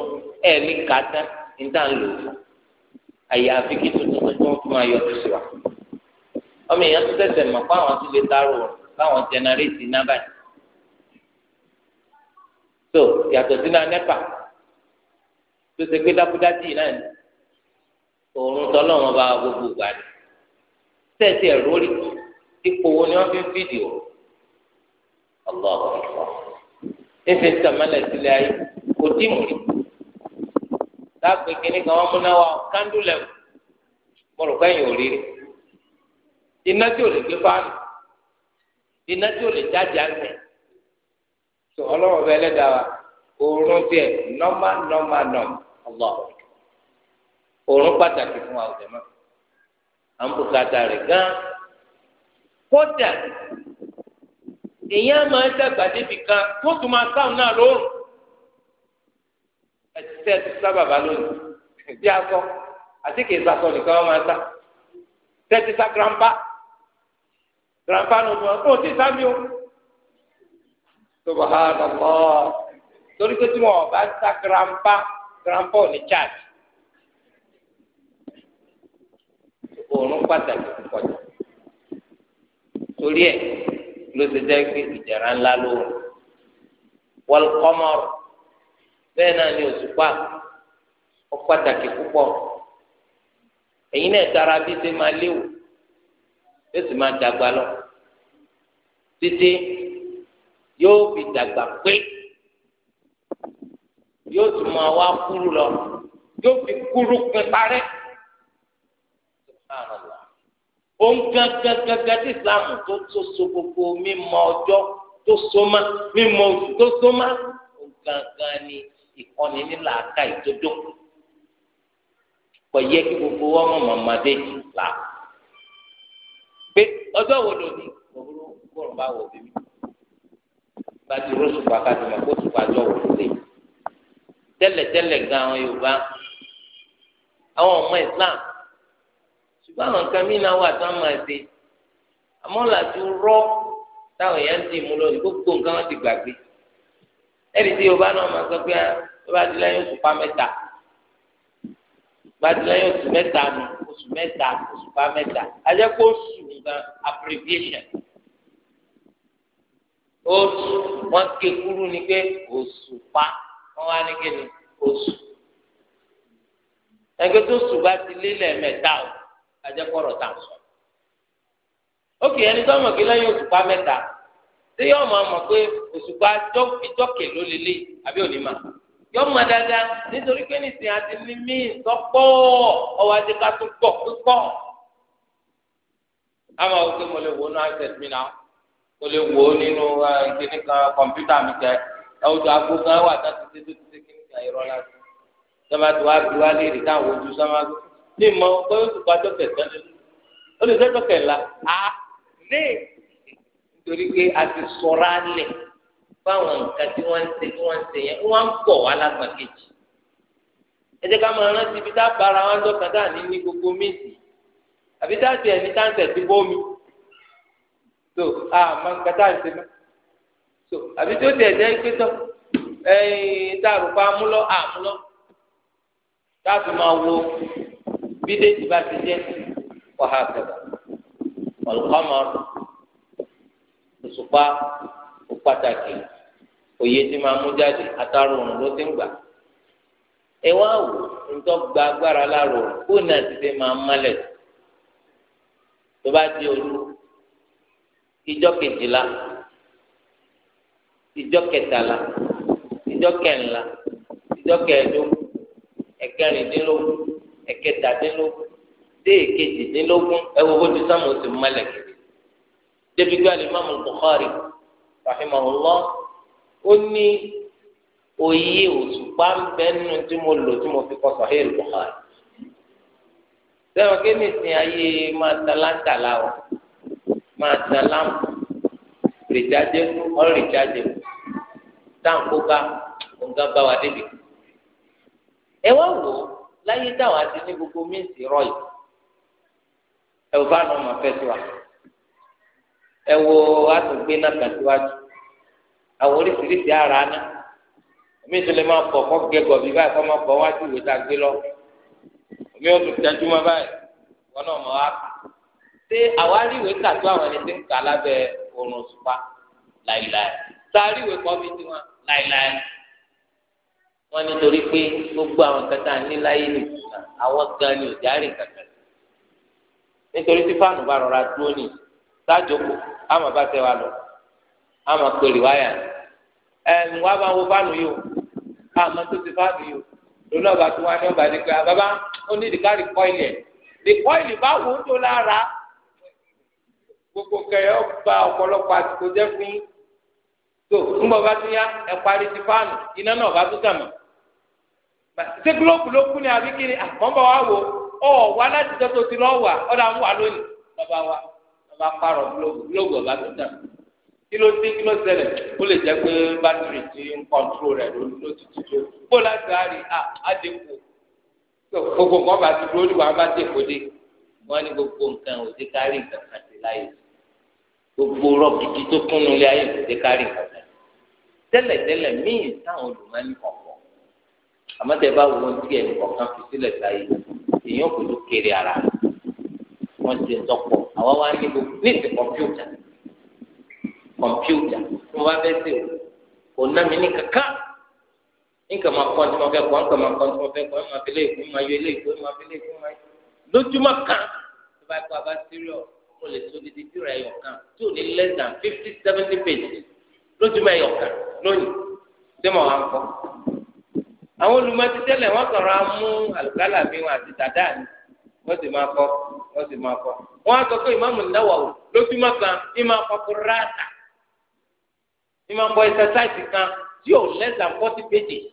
ẹ̀ẹ́mí kàtá ní tá ń lò fún àyàfi kí tuntun tuntun fún ayọ̀ tó sí wa ọmọ èèyàn tó tẹ̀sẹ̀ mọ̀ fún àwọn tó lè dárò fáwọn jẹnẹrétì náà báyìí so yàtọ̀ sínú anẹ́pà tó ṣe pé dákúdájì náà ni òórùn tọ́lọ́ wọn bá gbogbo gbà ní tẹ̀sí ẹ̀rọ rí ipò wo ni wọ́n fi ń fídíò ọlọ́ọ̀kọ̀ ẹ̀fẹ̀ ń tàmálẹ̀ sílẹ̀ ayé kò dín mú rí dáàbò kínní kan wọ́n múná wa kándú mo rò pé ẹ̀yìn ò rí rí iná tí ò lè gbé fáànù iná tí ò lè jáde àgbẹ̀ tó ọlọ́wọ́ bẹ lẹ́dàá wa òórùn tiẹ̀ nọ́mà nọ́mà nọ́m ọlọ́ òórùn pàtàkì fún wa ọ̀dẹ̀ à ń bùkátà rẹ̀ gan kódà èèyàn máa ń dàgbà débi kan tó tún máa sáwọn náà lóòrùn ẹtìtẹ́ ti sábà bá lónìí bí akọ àti kìí sakọ nìkan wọn máa sá tẹ́tí sá grandpa ràǹfààní òtún wọn kò tí ì sábì o tó bá ha lọ mọ torí pé tí wọn bá ń ta grandpa grandpa ò ní charge òórùn pàtàkì púpọ̀ jù torí ẹ̀ ló ti jẹ́ pé ìjàrá ńlá lóorùn wal qamar bẹ́ẹ̀ náà ni òṣùpá ó pàtàkì púpọ̀ èyí náà dára bí ṣe máa léwu yóò sì máa dàgbà lọ títí yóò fi dàgbà pé yóò tún máa wá kúrú lọ yóò fi kúrú pin parẹ́ ohun gangan tí islam tó tó so gbogbo mímọ̀ ọjọ́ tó so má mímọ̀ oṣù tó so má ohun ni ìkọ́ni nílà aka ìdodo kò yẹ kí gbogbo ọmọ màmá dé ìlà ọjọ́ wo ló ní òwúrò gbọ́dọ̀ bá wọ bíbí bá ti rọ́ọ̀sù pàkàtì mọ̀ kó tù pàjọ́ wò ló lè tẹ́lẹ̀tẹ́lẹ̀ gan àwọn Yorùbá àwọn ọmọ Islam ṣùgbọ́n àwọn nǹkan mìíràn wà tó máa ṣe àmọ́ làtú rọ́ táwọn èèyàn ti mú lónìí gbogbo nǹkan wọn ti gbàgbé ẹni tí Yorùbá náà máa sọ pé ah, ó bá ti lẹ́yìn oṣù pa mẹ́ta gbadilẹyìn oṣù mẹ́ta nù oṣù mẹ́ta oṣù bá mẹ́ta ajẹpọ oṣù nìkan abbreviation oṣù wọn ké kúrú ni pé oṣù pa wọn wá ní kíni oṣù ẹgbẹ tó oṣù bá ti lélẹ̀ mẹ́ta o ajẹpọ ọ̀rọ̀ tà sọ ókè ẹni tó mọ̀ kí lẹ́yìn oṣù pa mẹ́ta tí yóò mọ̀ ọmọ pé oṣù pa ìjọkè ló lélẹ̀ àbí òní mà yọ mọ dada nítorí pé nìsín àti ní míì sọpọ ọwọ àti ká tó gbọ pípọ. àmọ́ o kí mo lè wo ní asset mi náà mo lè wo nínú kíní kan kọ̀mpútà mi kẹ ọdún aago kan wà láti ṣe tó ti ṣe kíní kan irọ́ láti sọba tó wá bí wá lè rí táwọn ojú sọma ní ìmọ̀ pé o sì kọ́ ọjọ́ kẹsàn-án lónìí o lè sọ́jọ́ kẹ̀la a lè nítorí pé a ti sọ̀rọ̀ alẹ̀. fáwọn nǹkan tí wọ́n ń ṣe tí wọ́n ń ṣe yẹn wọ́n ń pọ̀ wá lágbà kejì ẹ jẹ́ ká máa rántí ibi tá a bára wọn gbogbo méjì àbí tá a ti ẹ̀mí tá a ń tẹ̀ sí bómi tó a máa ń kẹta ń ṣe mọ́ tó àbí tó tiẹ̀ jẹ́ pé tọ́ ẹ̀yìn tá a rò pa amúlọ́ àmúlọ́ tá a fi máa wo bí déjì bá ti jẹ́ òye tí máa mú jáde àtàrò òrùn ló ti ń gbà ẹ wá wò ntọ́ gba agbára láàrò òrùn kó náà ti fi máa mọ́lẹ̀ tó bá di olú ìjọ kejìlá ìjọ kẹtàlá ìjọ kẹńlá ìjọ kẹẹ̀ẹ́dógún ẹ̀kẹrìndínlógún ẹ̀kẹtàdínlógún déè kejìdínlógún ẹwọ bó ti sọmọ sí mọ́lẹ̀ débi gbé alimami Bukhari rahimahullah ó ní òye òṣùpá ń bẹ nínú tí mo lò tí mo fi kọ sọ hẹ́ẹ̀lì Bukhari sẹ́wọ̀n kí ni ìsìn ayé máa ta láńtàlá o máa ta láǹpù rìjáde ọ̀rọ̀ rìjáde táǹkóká nǹkan bá wa débi. ẹ wá wò ó láyé táwọn àti ní gbogbo míǹsì rọ yìí wò bá nà ọmọ fẹ́ tiwa ẹ wò àtúgbé náà kà àwọn oríṣiríṣi ara ná omi tó lè máa pọ̀ kọ́ gẹ́gọ̀ bí báyìí kọ́ máa wá sí ìwé tá a gbé lọ omi ó tún tẹ́jú mọ́ báyìí wọn náà mọ̀ wá kà ṣé àwa rí ìwé kà tó àwọn ẹni tí ń kà lábẹ́ oorun ṣùpá láìláì sáré ìwé kọ́ bí tiwọn láìláì wọn nítorí pé gbogbo àwọn kẹta níláyé nìkan àwọn gan ni ò járe kankan nítorí tí fáànù bá rọra dúró nì sáàjòkó ama pé rìwáyà ẹ ǹwá bá wo fáànù yo o tó ti fáànù yo lónà ọba tó wá ní ọba ní pé àbábá ó ní ìdíkárì kọ́ìlì ẹ̀ ìkọ́ìlì bá wò ó tó lára gbogbo kẹyọ gba ọ̀pọ̀lọpọ̀ fún yín tó ti fáànù iná náà bá sàmà ṣé ló kú ni àbí kí ni wò ó láti ti ọ̀dà ń wà kí ló dé kí ló ṣẹlẹ̀ ó lè jẹ́ pé bátìrì ti ń kọ́ńtró rẹ̀ ló ló ti ti tó kó láti àárín à á dé kù gbogbo nǹkan bá ti dúró nípa bá dé kó dé wọ́n ní gbogbo nǹkan ò dé kárí nǹkan kan sí láyé gbogbo rọ́ọ̀kìtì tó kúnnu lé ayé kò dé kárí nǹkan kan tẹ́lẹ̀tẹ́lẹ̀ míì táwọn olùmọ̀ọ́nì kọ̀ọ̀kan àmọ́ tẹ́ bá wo tí ẹnì kọ̀ọ̀kan fi sílẹ̀ sáyé èèyàn kò ló kéré ara wọ́n ti tọ́pọ̀ àwa wá ní gbogbo ní ìsìn kọ̀mpútà kọ̀mpútà tí mo bá fẹ́ ṣe o kò ná mi ní kankan nǹkan máa kọ́ tí mo fẹ́ kọ́ nǹkan máa kọ́ tí mo fẹ́ kọ́ ẹ̀ máa fi lé ìkú máa yọ ilé ìkú máa fi lé ìkú máa yọ lójúmọ́ kan tó bá kọ́ abá síríọ̀ mo lè so didi tíra ẹ̀yọ̀ kan tí ò ní less than fifty seventy pages lójúmọ́ ẹ̀yọ̀ kan lónìí tí mo wá ń kọ́ àwọn olùmọ̀tí tẹ́lẹ̀ wọ́n sọ̀rọ̀ amú àlùkálà mi wọn àti dàdá mi wọ́n sì máa kọ́ wọ́n sì máa kọ́ wọ́n á sọ pé ìmáàmù Nawawi kan ìmáa kọ́ kó ní máa ń bọ ẹsẹsáìsì kan tí ò less than forty pages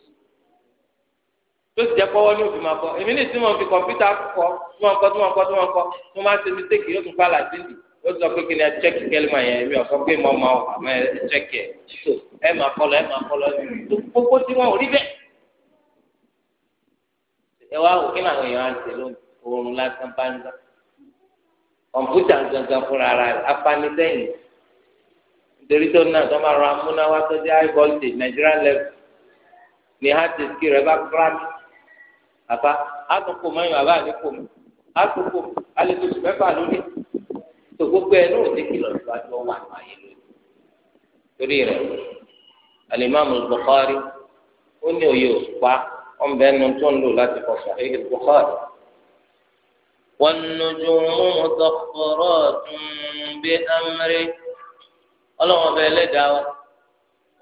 tó sì jẹ́ pọ́wọ́ ní òfin máa kọ́ èmi ní ìtumọ̀ fi kọ̀mpútà kọ́ tí wọ́n kọ́ tí wọ́n kọ́ tí wọ́n kọ́ tí wọ́n máa ń ṣe mistake yóò tún fàlà síndì ó sọ pé kí ni check kẹ́lìmọ̀ yẹn èmi ọ̀sọ́ pé mo máa ọ̀hún ẹ check ẹ̀ so ẹ máa kọ́lọ̀ ẹ máa kọ́lọ̀ gbogbo tí wọ́n ò rí bẹ́ẹ̀. ẹ wá òkè làwọn èèyàn á ń tẹ̀lé oorun lásán bá ń gbà kọ̀mpútà gangan fúnra rẹ̀ apanisẹ́yìn torí tó náà tó máa ra amúnáwá tó jẹ́ high voltage Nigerian level ní hard disk rẹ̀ bá crack àbá àtúnkò mọ́yìn àbá àlékò mọ́ àtúnkò àlejò oṣù mẹ́fà lónìí tó gbogbo ẹ̀ náà ní kìlọ̀ ìgbàjọ wà ní ayé lónìí torí rẹ̀ alimami Bukhari ó ní òye òṣùpá ọ̀nbẹ nu tó ń lò láti kọ Sahih Bukhari. والنجوم مسخرات بأمره ọlọ́wọ́n ọba ẹlẹ́dàá o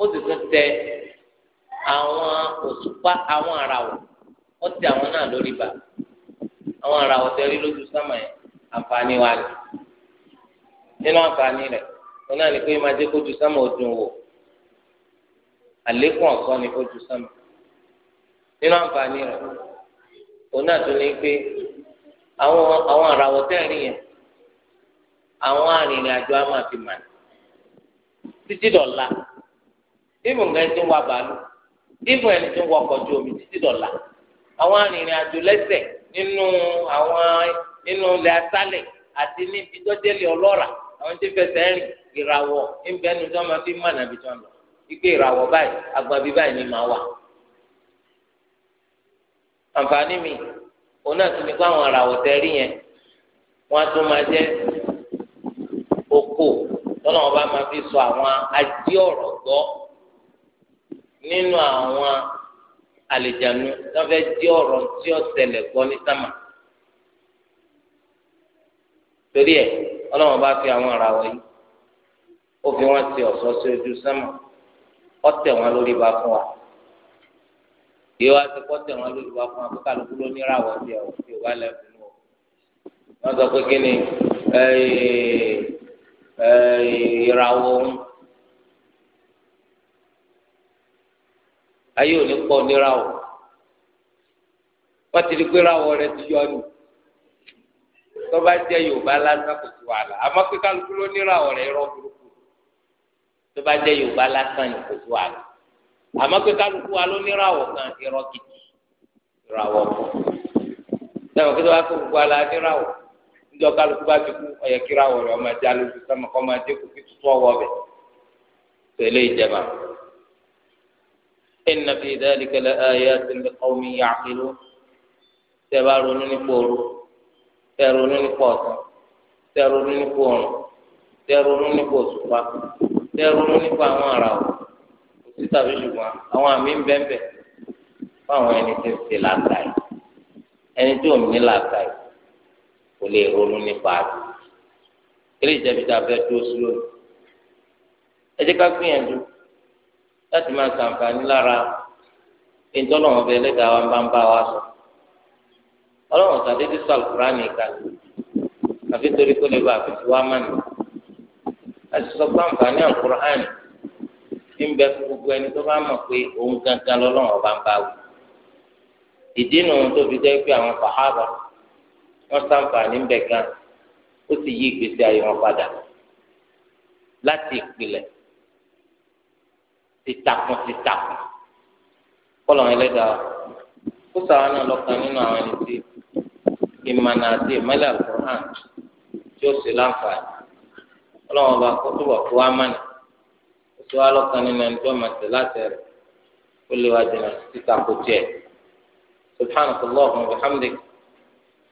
ó sì tún tẹ àwọn òṣùpá àwọn àràwọ̀ ó tẹ àwọn náà lórí bá àwọn àràwọ̀ tẹ lójú sámà yẹn àǹfààní wa rẹ̀ nínú àǹfààní rẹ̀ wọn náà ní pé jẹ́ ni kójú sámà nínú àǹfààní rẹ̀ wọn náà tún ní pé àwọn àràwọ̀ tẹ̀ yẹn àwọn arìnrìn àjò títí dọ̀la ìmọ̀ nǹkan ẹni tó ń wa bàálù ìmọ̀ ẹni tó ń ju omi títí dọ̀la àwọn arìnrìn àjò lẹ́sẹ̀ nínú àwọn nínú ilẹ̀ asálẹ̀ àti níbi tọ́jẹ́lẹ̀ ọlọ́ra àwọn tí fẹsẹ̀ rìn ìràwọ̀ ní kó àwọn tọ́lọ́ wọn bá máa fi sọ àwọn adé ọ̀rọ̀ gbọ́ nínú àwọn àlejànú tó fẹ́ dé ọ̀rọ̀ tí ó ṣẹlẹ̀ gbọ́ ní sámà torí ẹ̀ ọlọ́wọ́n bá fi àwọn ara wọ̀nyí ó fi wọ́n ti ọ̀ṣọ́ sí ojú sámà ọ̀tẹ̀ wọn lórí bá fún wa yìí wá sí kọ́tẹ̀ wọn lórí bá fún wa kó kálukú ló ní ìràwọ̀ tiẹ̀ ò fi wá lẹ́kùn náà wọ́n sọ pé kí ni Eh, ìràwọ̀ òun ayé òní pọ̀ níràwọ̀ wọ́n ti di pé ráwọ̀ rẹ ti yọ ni tọ́ba jẹ́ yorùbá lásán kò sí wàhálà àmọ́ pé kálukú ló níràwọ̀ rẹ irọ́ burúkú tọ́ba jẹ́ yorùbá lásán ni kò sí wàhálà àmọ́ pé kálukú wa ló níràwọ̀ kan irọ́ gidi ìràwọ̀ pọ̀ sẹ́wọ̀n kí ló wá kó gbogbo ala níràwọ̀ ìjọ kálukú bá ti kú ọyẹ kíra wọlé ọmọ ẹja lójú sọmọ kọ máa dé kó fi tuntun ọwọ bẹ tẹ́lẹ̀ ìjẹba. inna fi dhalika la ayatin li qawmin ya'qilun tẹ́ bá ronú nípa òru tẹ́ ronú nípa ọ̀sán tẹ́ ronú nípa òrùn tẹ́ nípa òṣùpá tẹ́ nípa àwọn ará o òsì tàbí ṣùgbọ́n àwọn àmì ń bẹ́ẹ̀ bẹ́ẹ̀ fún ẹni tí ń ṣe làákàyè ẹni tí ò kò lè ronú nípa rẹ̀ kílè ìjẹbi tá a fẹ́ dúró sí lónìí ẹ jẹ́ ká gbìyànjú láti máa ṣàǹfààní lára ìjọba àwọn ọbẹ ẹlẹ́dàá wa bá ń bá wa sọ Ọlọ́run sàdédé sàlùkùránì ìkàlẹ àfi torí kó lè bá àfihàn wa mánì láti sọ pé àǹfààní àǹkùránì ti ń bẹ fún gbogbo ẹni tó bá mọ̀ pé òun gangan lọ́lọ́run ọba ń bá wù ìdí nu tó jẹ́ pé àwọn fàhábà wọn sàǹfààní ń bẹ gan ó sì yí ìgbésí ayé wọn padà láti ìpìlẹ̀ tìtakùn tìtakùn kọlọ wọn Ẹlẹ́dàá kó sàwọn náà lọ́kàn nínú àwọn ẹni tí ìmọ̀nà àti ìmọ̀lẹ̀ àkùrán tí ó sì láǹfààní ọlọ́wọ́n bá kó túbọ̀ fún wa mọ́nà ó sì wá lọ́kàn nínú ẹni tó máa tẹ̀ láti rẹ̀ ó lè wá jìnnà títà subhanahu wa ta'ala wa bihamdihi.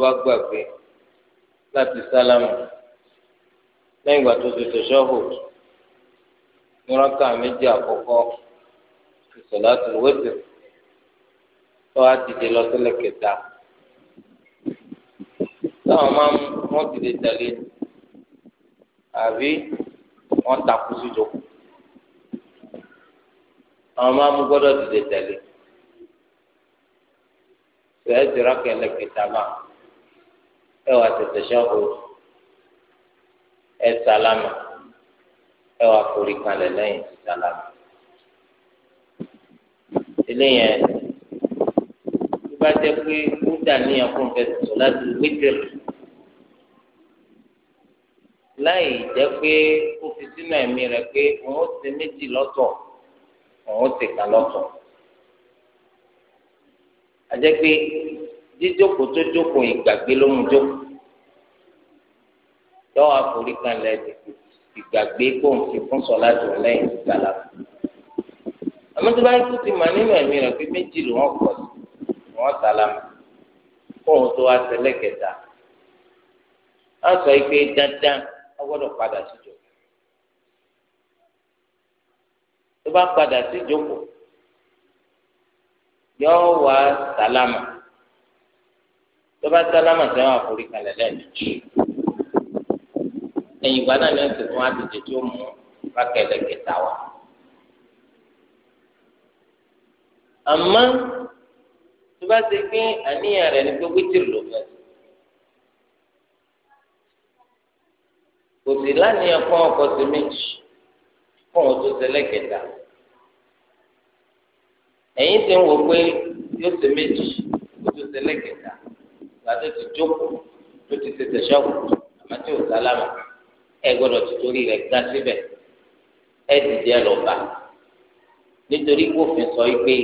bá gbàgbé láti sálámù lẹ́yìn ìgbà tó ti tẹ̀sọ́hù nírọ́kà méjì àkọ́kọ́ ìsọ̀láàtì wẹ́tẹ̀ tó a dìde lọ sílẹ̀ kẹta táwọn máa ń wọ́n dìde tẹ̀lé àbí wọ́n takú síjọ àwọn máa ń gbọ́dọ̀ dìde tẹ̀lé tẹ̀sí rákẹ́lẹ̀ kẹta náà ẹ wà tètè ṣọ́ọ̀bù ẹ sálámà ẹ wà forí kalẹ̀ lẹ́yìn tí sálámà. eléyẹn tó bá jẹ́ pé ó dà níyàn fún fẹsẹ̀ sọ láti wítìrì láì jẹ́ pé ó fi sínú ẹ̀mí rẹ̀ pé òun ó ti méjì lọ́tọ̀ òun ó ti kà lọ́tọ̀. àjẹ́ pé jíjókòó tó jókòó ìgbàgbé ló mú jókòó tọ́wọ́ àforí kan lẹ̀ ìgbàgbé kó ń fi fún sọ láti wọn lẹ́yìn ìgbàlá. àmọ́ tó bá yẹ kó ti mà nínú ẹ̀mí rẹ̀ pé méjì ló wọ́n pọ̀ sí wọ́n sálámà kó òun tó wá sẹlẹ̀ kẹta. wọ́n sọ pé dandan wọ́n gbọ́dọ̀ padà síjọ. tó bá padà síjọ kù yọ wá sálámà tó bá sálámà sẹ́wọ̀n àforí kan lẹ́yìn ìgbàlá lẹ́yìn ìgbà náà ni wọ́n ti fún àtẹ̀jẹ tí ó mú bákẹ́lẹ̀ kẹta wá. àmọ́ tó bá ti pín àníyàn rẹ̀ ní pé wítìrì ló fẹ́. kò sí lánìyàn fún ọkọ̀ sí méjì fún òun tó ṣẹlẹ̀ kẹta. ẹ̀yin ti ń wò pé yóò ṣe méjì kó tó ṣẹlẹ̀ kẹta. ìgbà tó ti jókòó tó ti ṣe tẹ̀sán àmọ́ tí ò sálámà ẹ gbọ́dọ̀ tìtorí rẹ̀ gbá síbẹ̀ ẹ dìde ẹ lọ bá nítorí kófin sọ yìí pé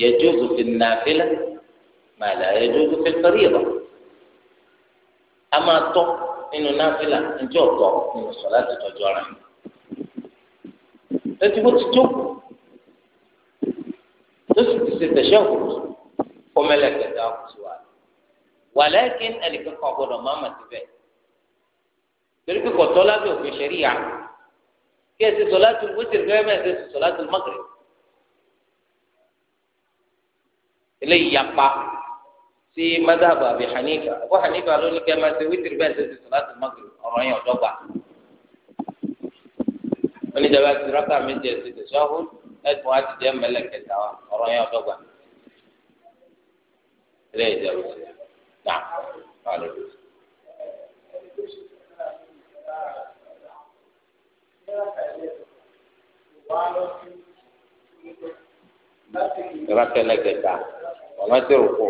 yajuzu fi nafila ma la yajuzu fi fariida a máa tọ́ nínú nafila njẹ́ ọ̀tọ̀ nínú sọ láti tọ́jú ara ẹtí wọ́n ti jókòó tó sì ti ṣe tẹ̀sẹ̀ òkúrò kọ́mẹ́lẹ̀ kẹta ọkùnrin wa wàlẹ́kìn ẹnìkan kan gbọ́dọ̀ máa mà síbẹ̀. torí pé kọ̀tọ́ lábẹ́ òfin ṣẹ̀ríyà kí ẹ ṣe sọ̀láàtù wítìrì gẹ́gẹ́ bẹ́ẹ̀ ṣe sọ̀láàtù mágírì eléyìí yapa sí madhab àbí hanifa àbú hanifa ló ní kí ẹ máa ṣe wítìrì bẹ́ẹ̀ ṣe sọ̀láàtù mágírì ọ̀rọ̀ yẹn ọ̀dọ́gba oníjàmbá ti rákà méjì ẹ̀sìn tẹ̀síwájú ẹ̀dùn àti jẹ́ mẹ́lẹ̀ kẹta wa ọ̀rọ̀ yẹn ọ̀dọ́gba eléyìí jẹ́ òṣèlú náà wà lórí òṣèlú. ìrákẹ́lẹ́ kẹta ọ̀nà tí ò kọ́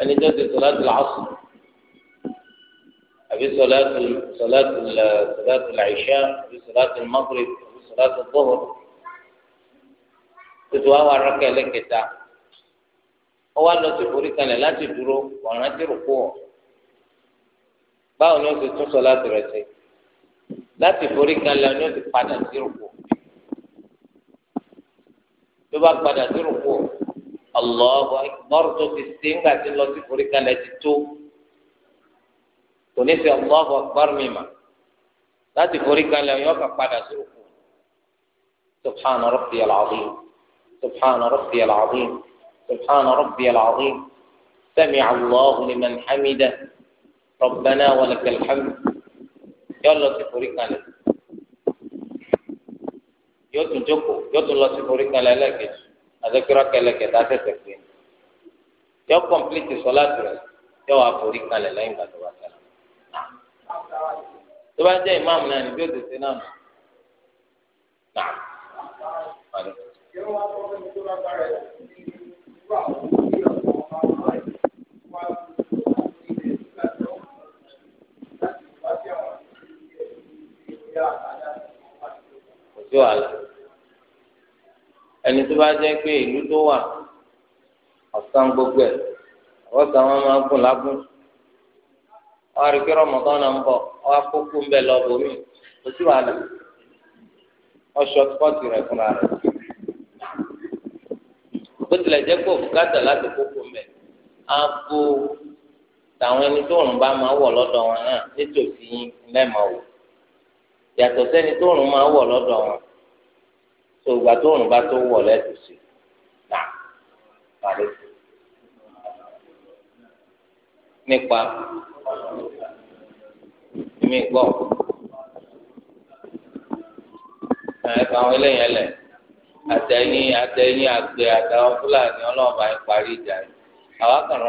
ẹni tó ti sọlá tó làásù àbí sọlá tó sọlá tó sọlá tó làìṣá àbí sọlá tó mọ́kúrẹ́ àbí sọlá tó gbọ́họ́ tètè wá wà rákẹ́lẹ́ kẹta ọwọ́ àlọ́ ti forí kalẹ̀ láti dúró ọ̀nà tí ò kọ́ báwo ni ó ti tún sọ láti rẹ̀ sí láti forí kanlẹ̀ ni ó ti padà sí rúkú tó bá padà sí rúkú Allahu Akbar tó ti ṣe ńgbà tí lọ sí forí kanlẹ̀ ti tó kò ní sẹ Allahu Akbar mi mà láti forí kanlẹ̀ yóò kà padà sí rúkú subhana rabbiyal azim subhana rabbiyal azim subhana rabbiyal azim sami'a Allahu liman hamidah. Rabbana wa lakal hamd yóò lọ sí forí kalẹ̀ yóò tún jókòó yóò tún lọ sí forí kalẹ̀ lẹ́ẹ̀kejì àdékúrọ́ kẹlẹ́kẹ̀ tá a tẹ̀sẹ̀ pé yóò kọ́mpìlìtì sọlá tirẹ̀ yóò wá forí kalẹ̀ lẹ́yìn ìgbà tó wá sẹ́la tó bá jẹ́ ìmáàmù náà ni bí ó ti ṣe náà nà. Yóò wá fọ́ fún mi tó bá bá rẹ̀ ní ìlú àwọn. kò sí wàhálà ẹni tó bá jẹ́ pé ìlú tó wà ọ̀sán gbogbo ẹ̀ ọ̀sán wọn máa gùn lágùn wọn àrí pé rọmọdán náà ń bọ̀ wọn akókó ń bẹ lọ bòmí kò sí wàhálà wọn ṣọt pọ́ọ̀tì rẹ̀ fúnra rẹ̀ bó tilẹ̀ jẹ́ pé òfúkàtà láti kókó ń bẹ aago tàwọn ẹni tó rùn bá máa wọ̀ lọ́dọ̀ wọn náà nítòsí lẹ́ẹ̀mọ́ wò. yàtọ̀ sẹ́ni tóòrùn máa wọ̀ lọ́dọ̀ wọn tó ìgbà tóòrùn bá tó wọ̀ lẹ́tù sí nà parí nípa mi gbọ́ ẹ̀ka àwọn eléyìí ẹlẹ̀ àtẹ̀yìn àtẹ̀yìn àgbẹ̀ àtàwọn fúlàní ọlọ́ọ̀bá ń parí ìjà yìí àwọn akànnà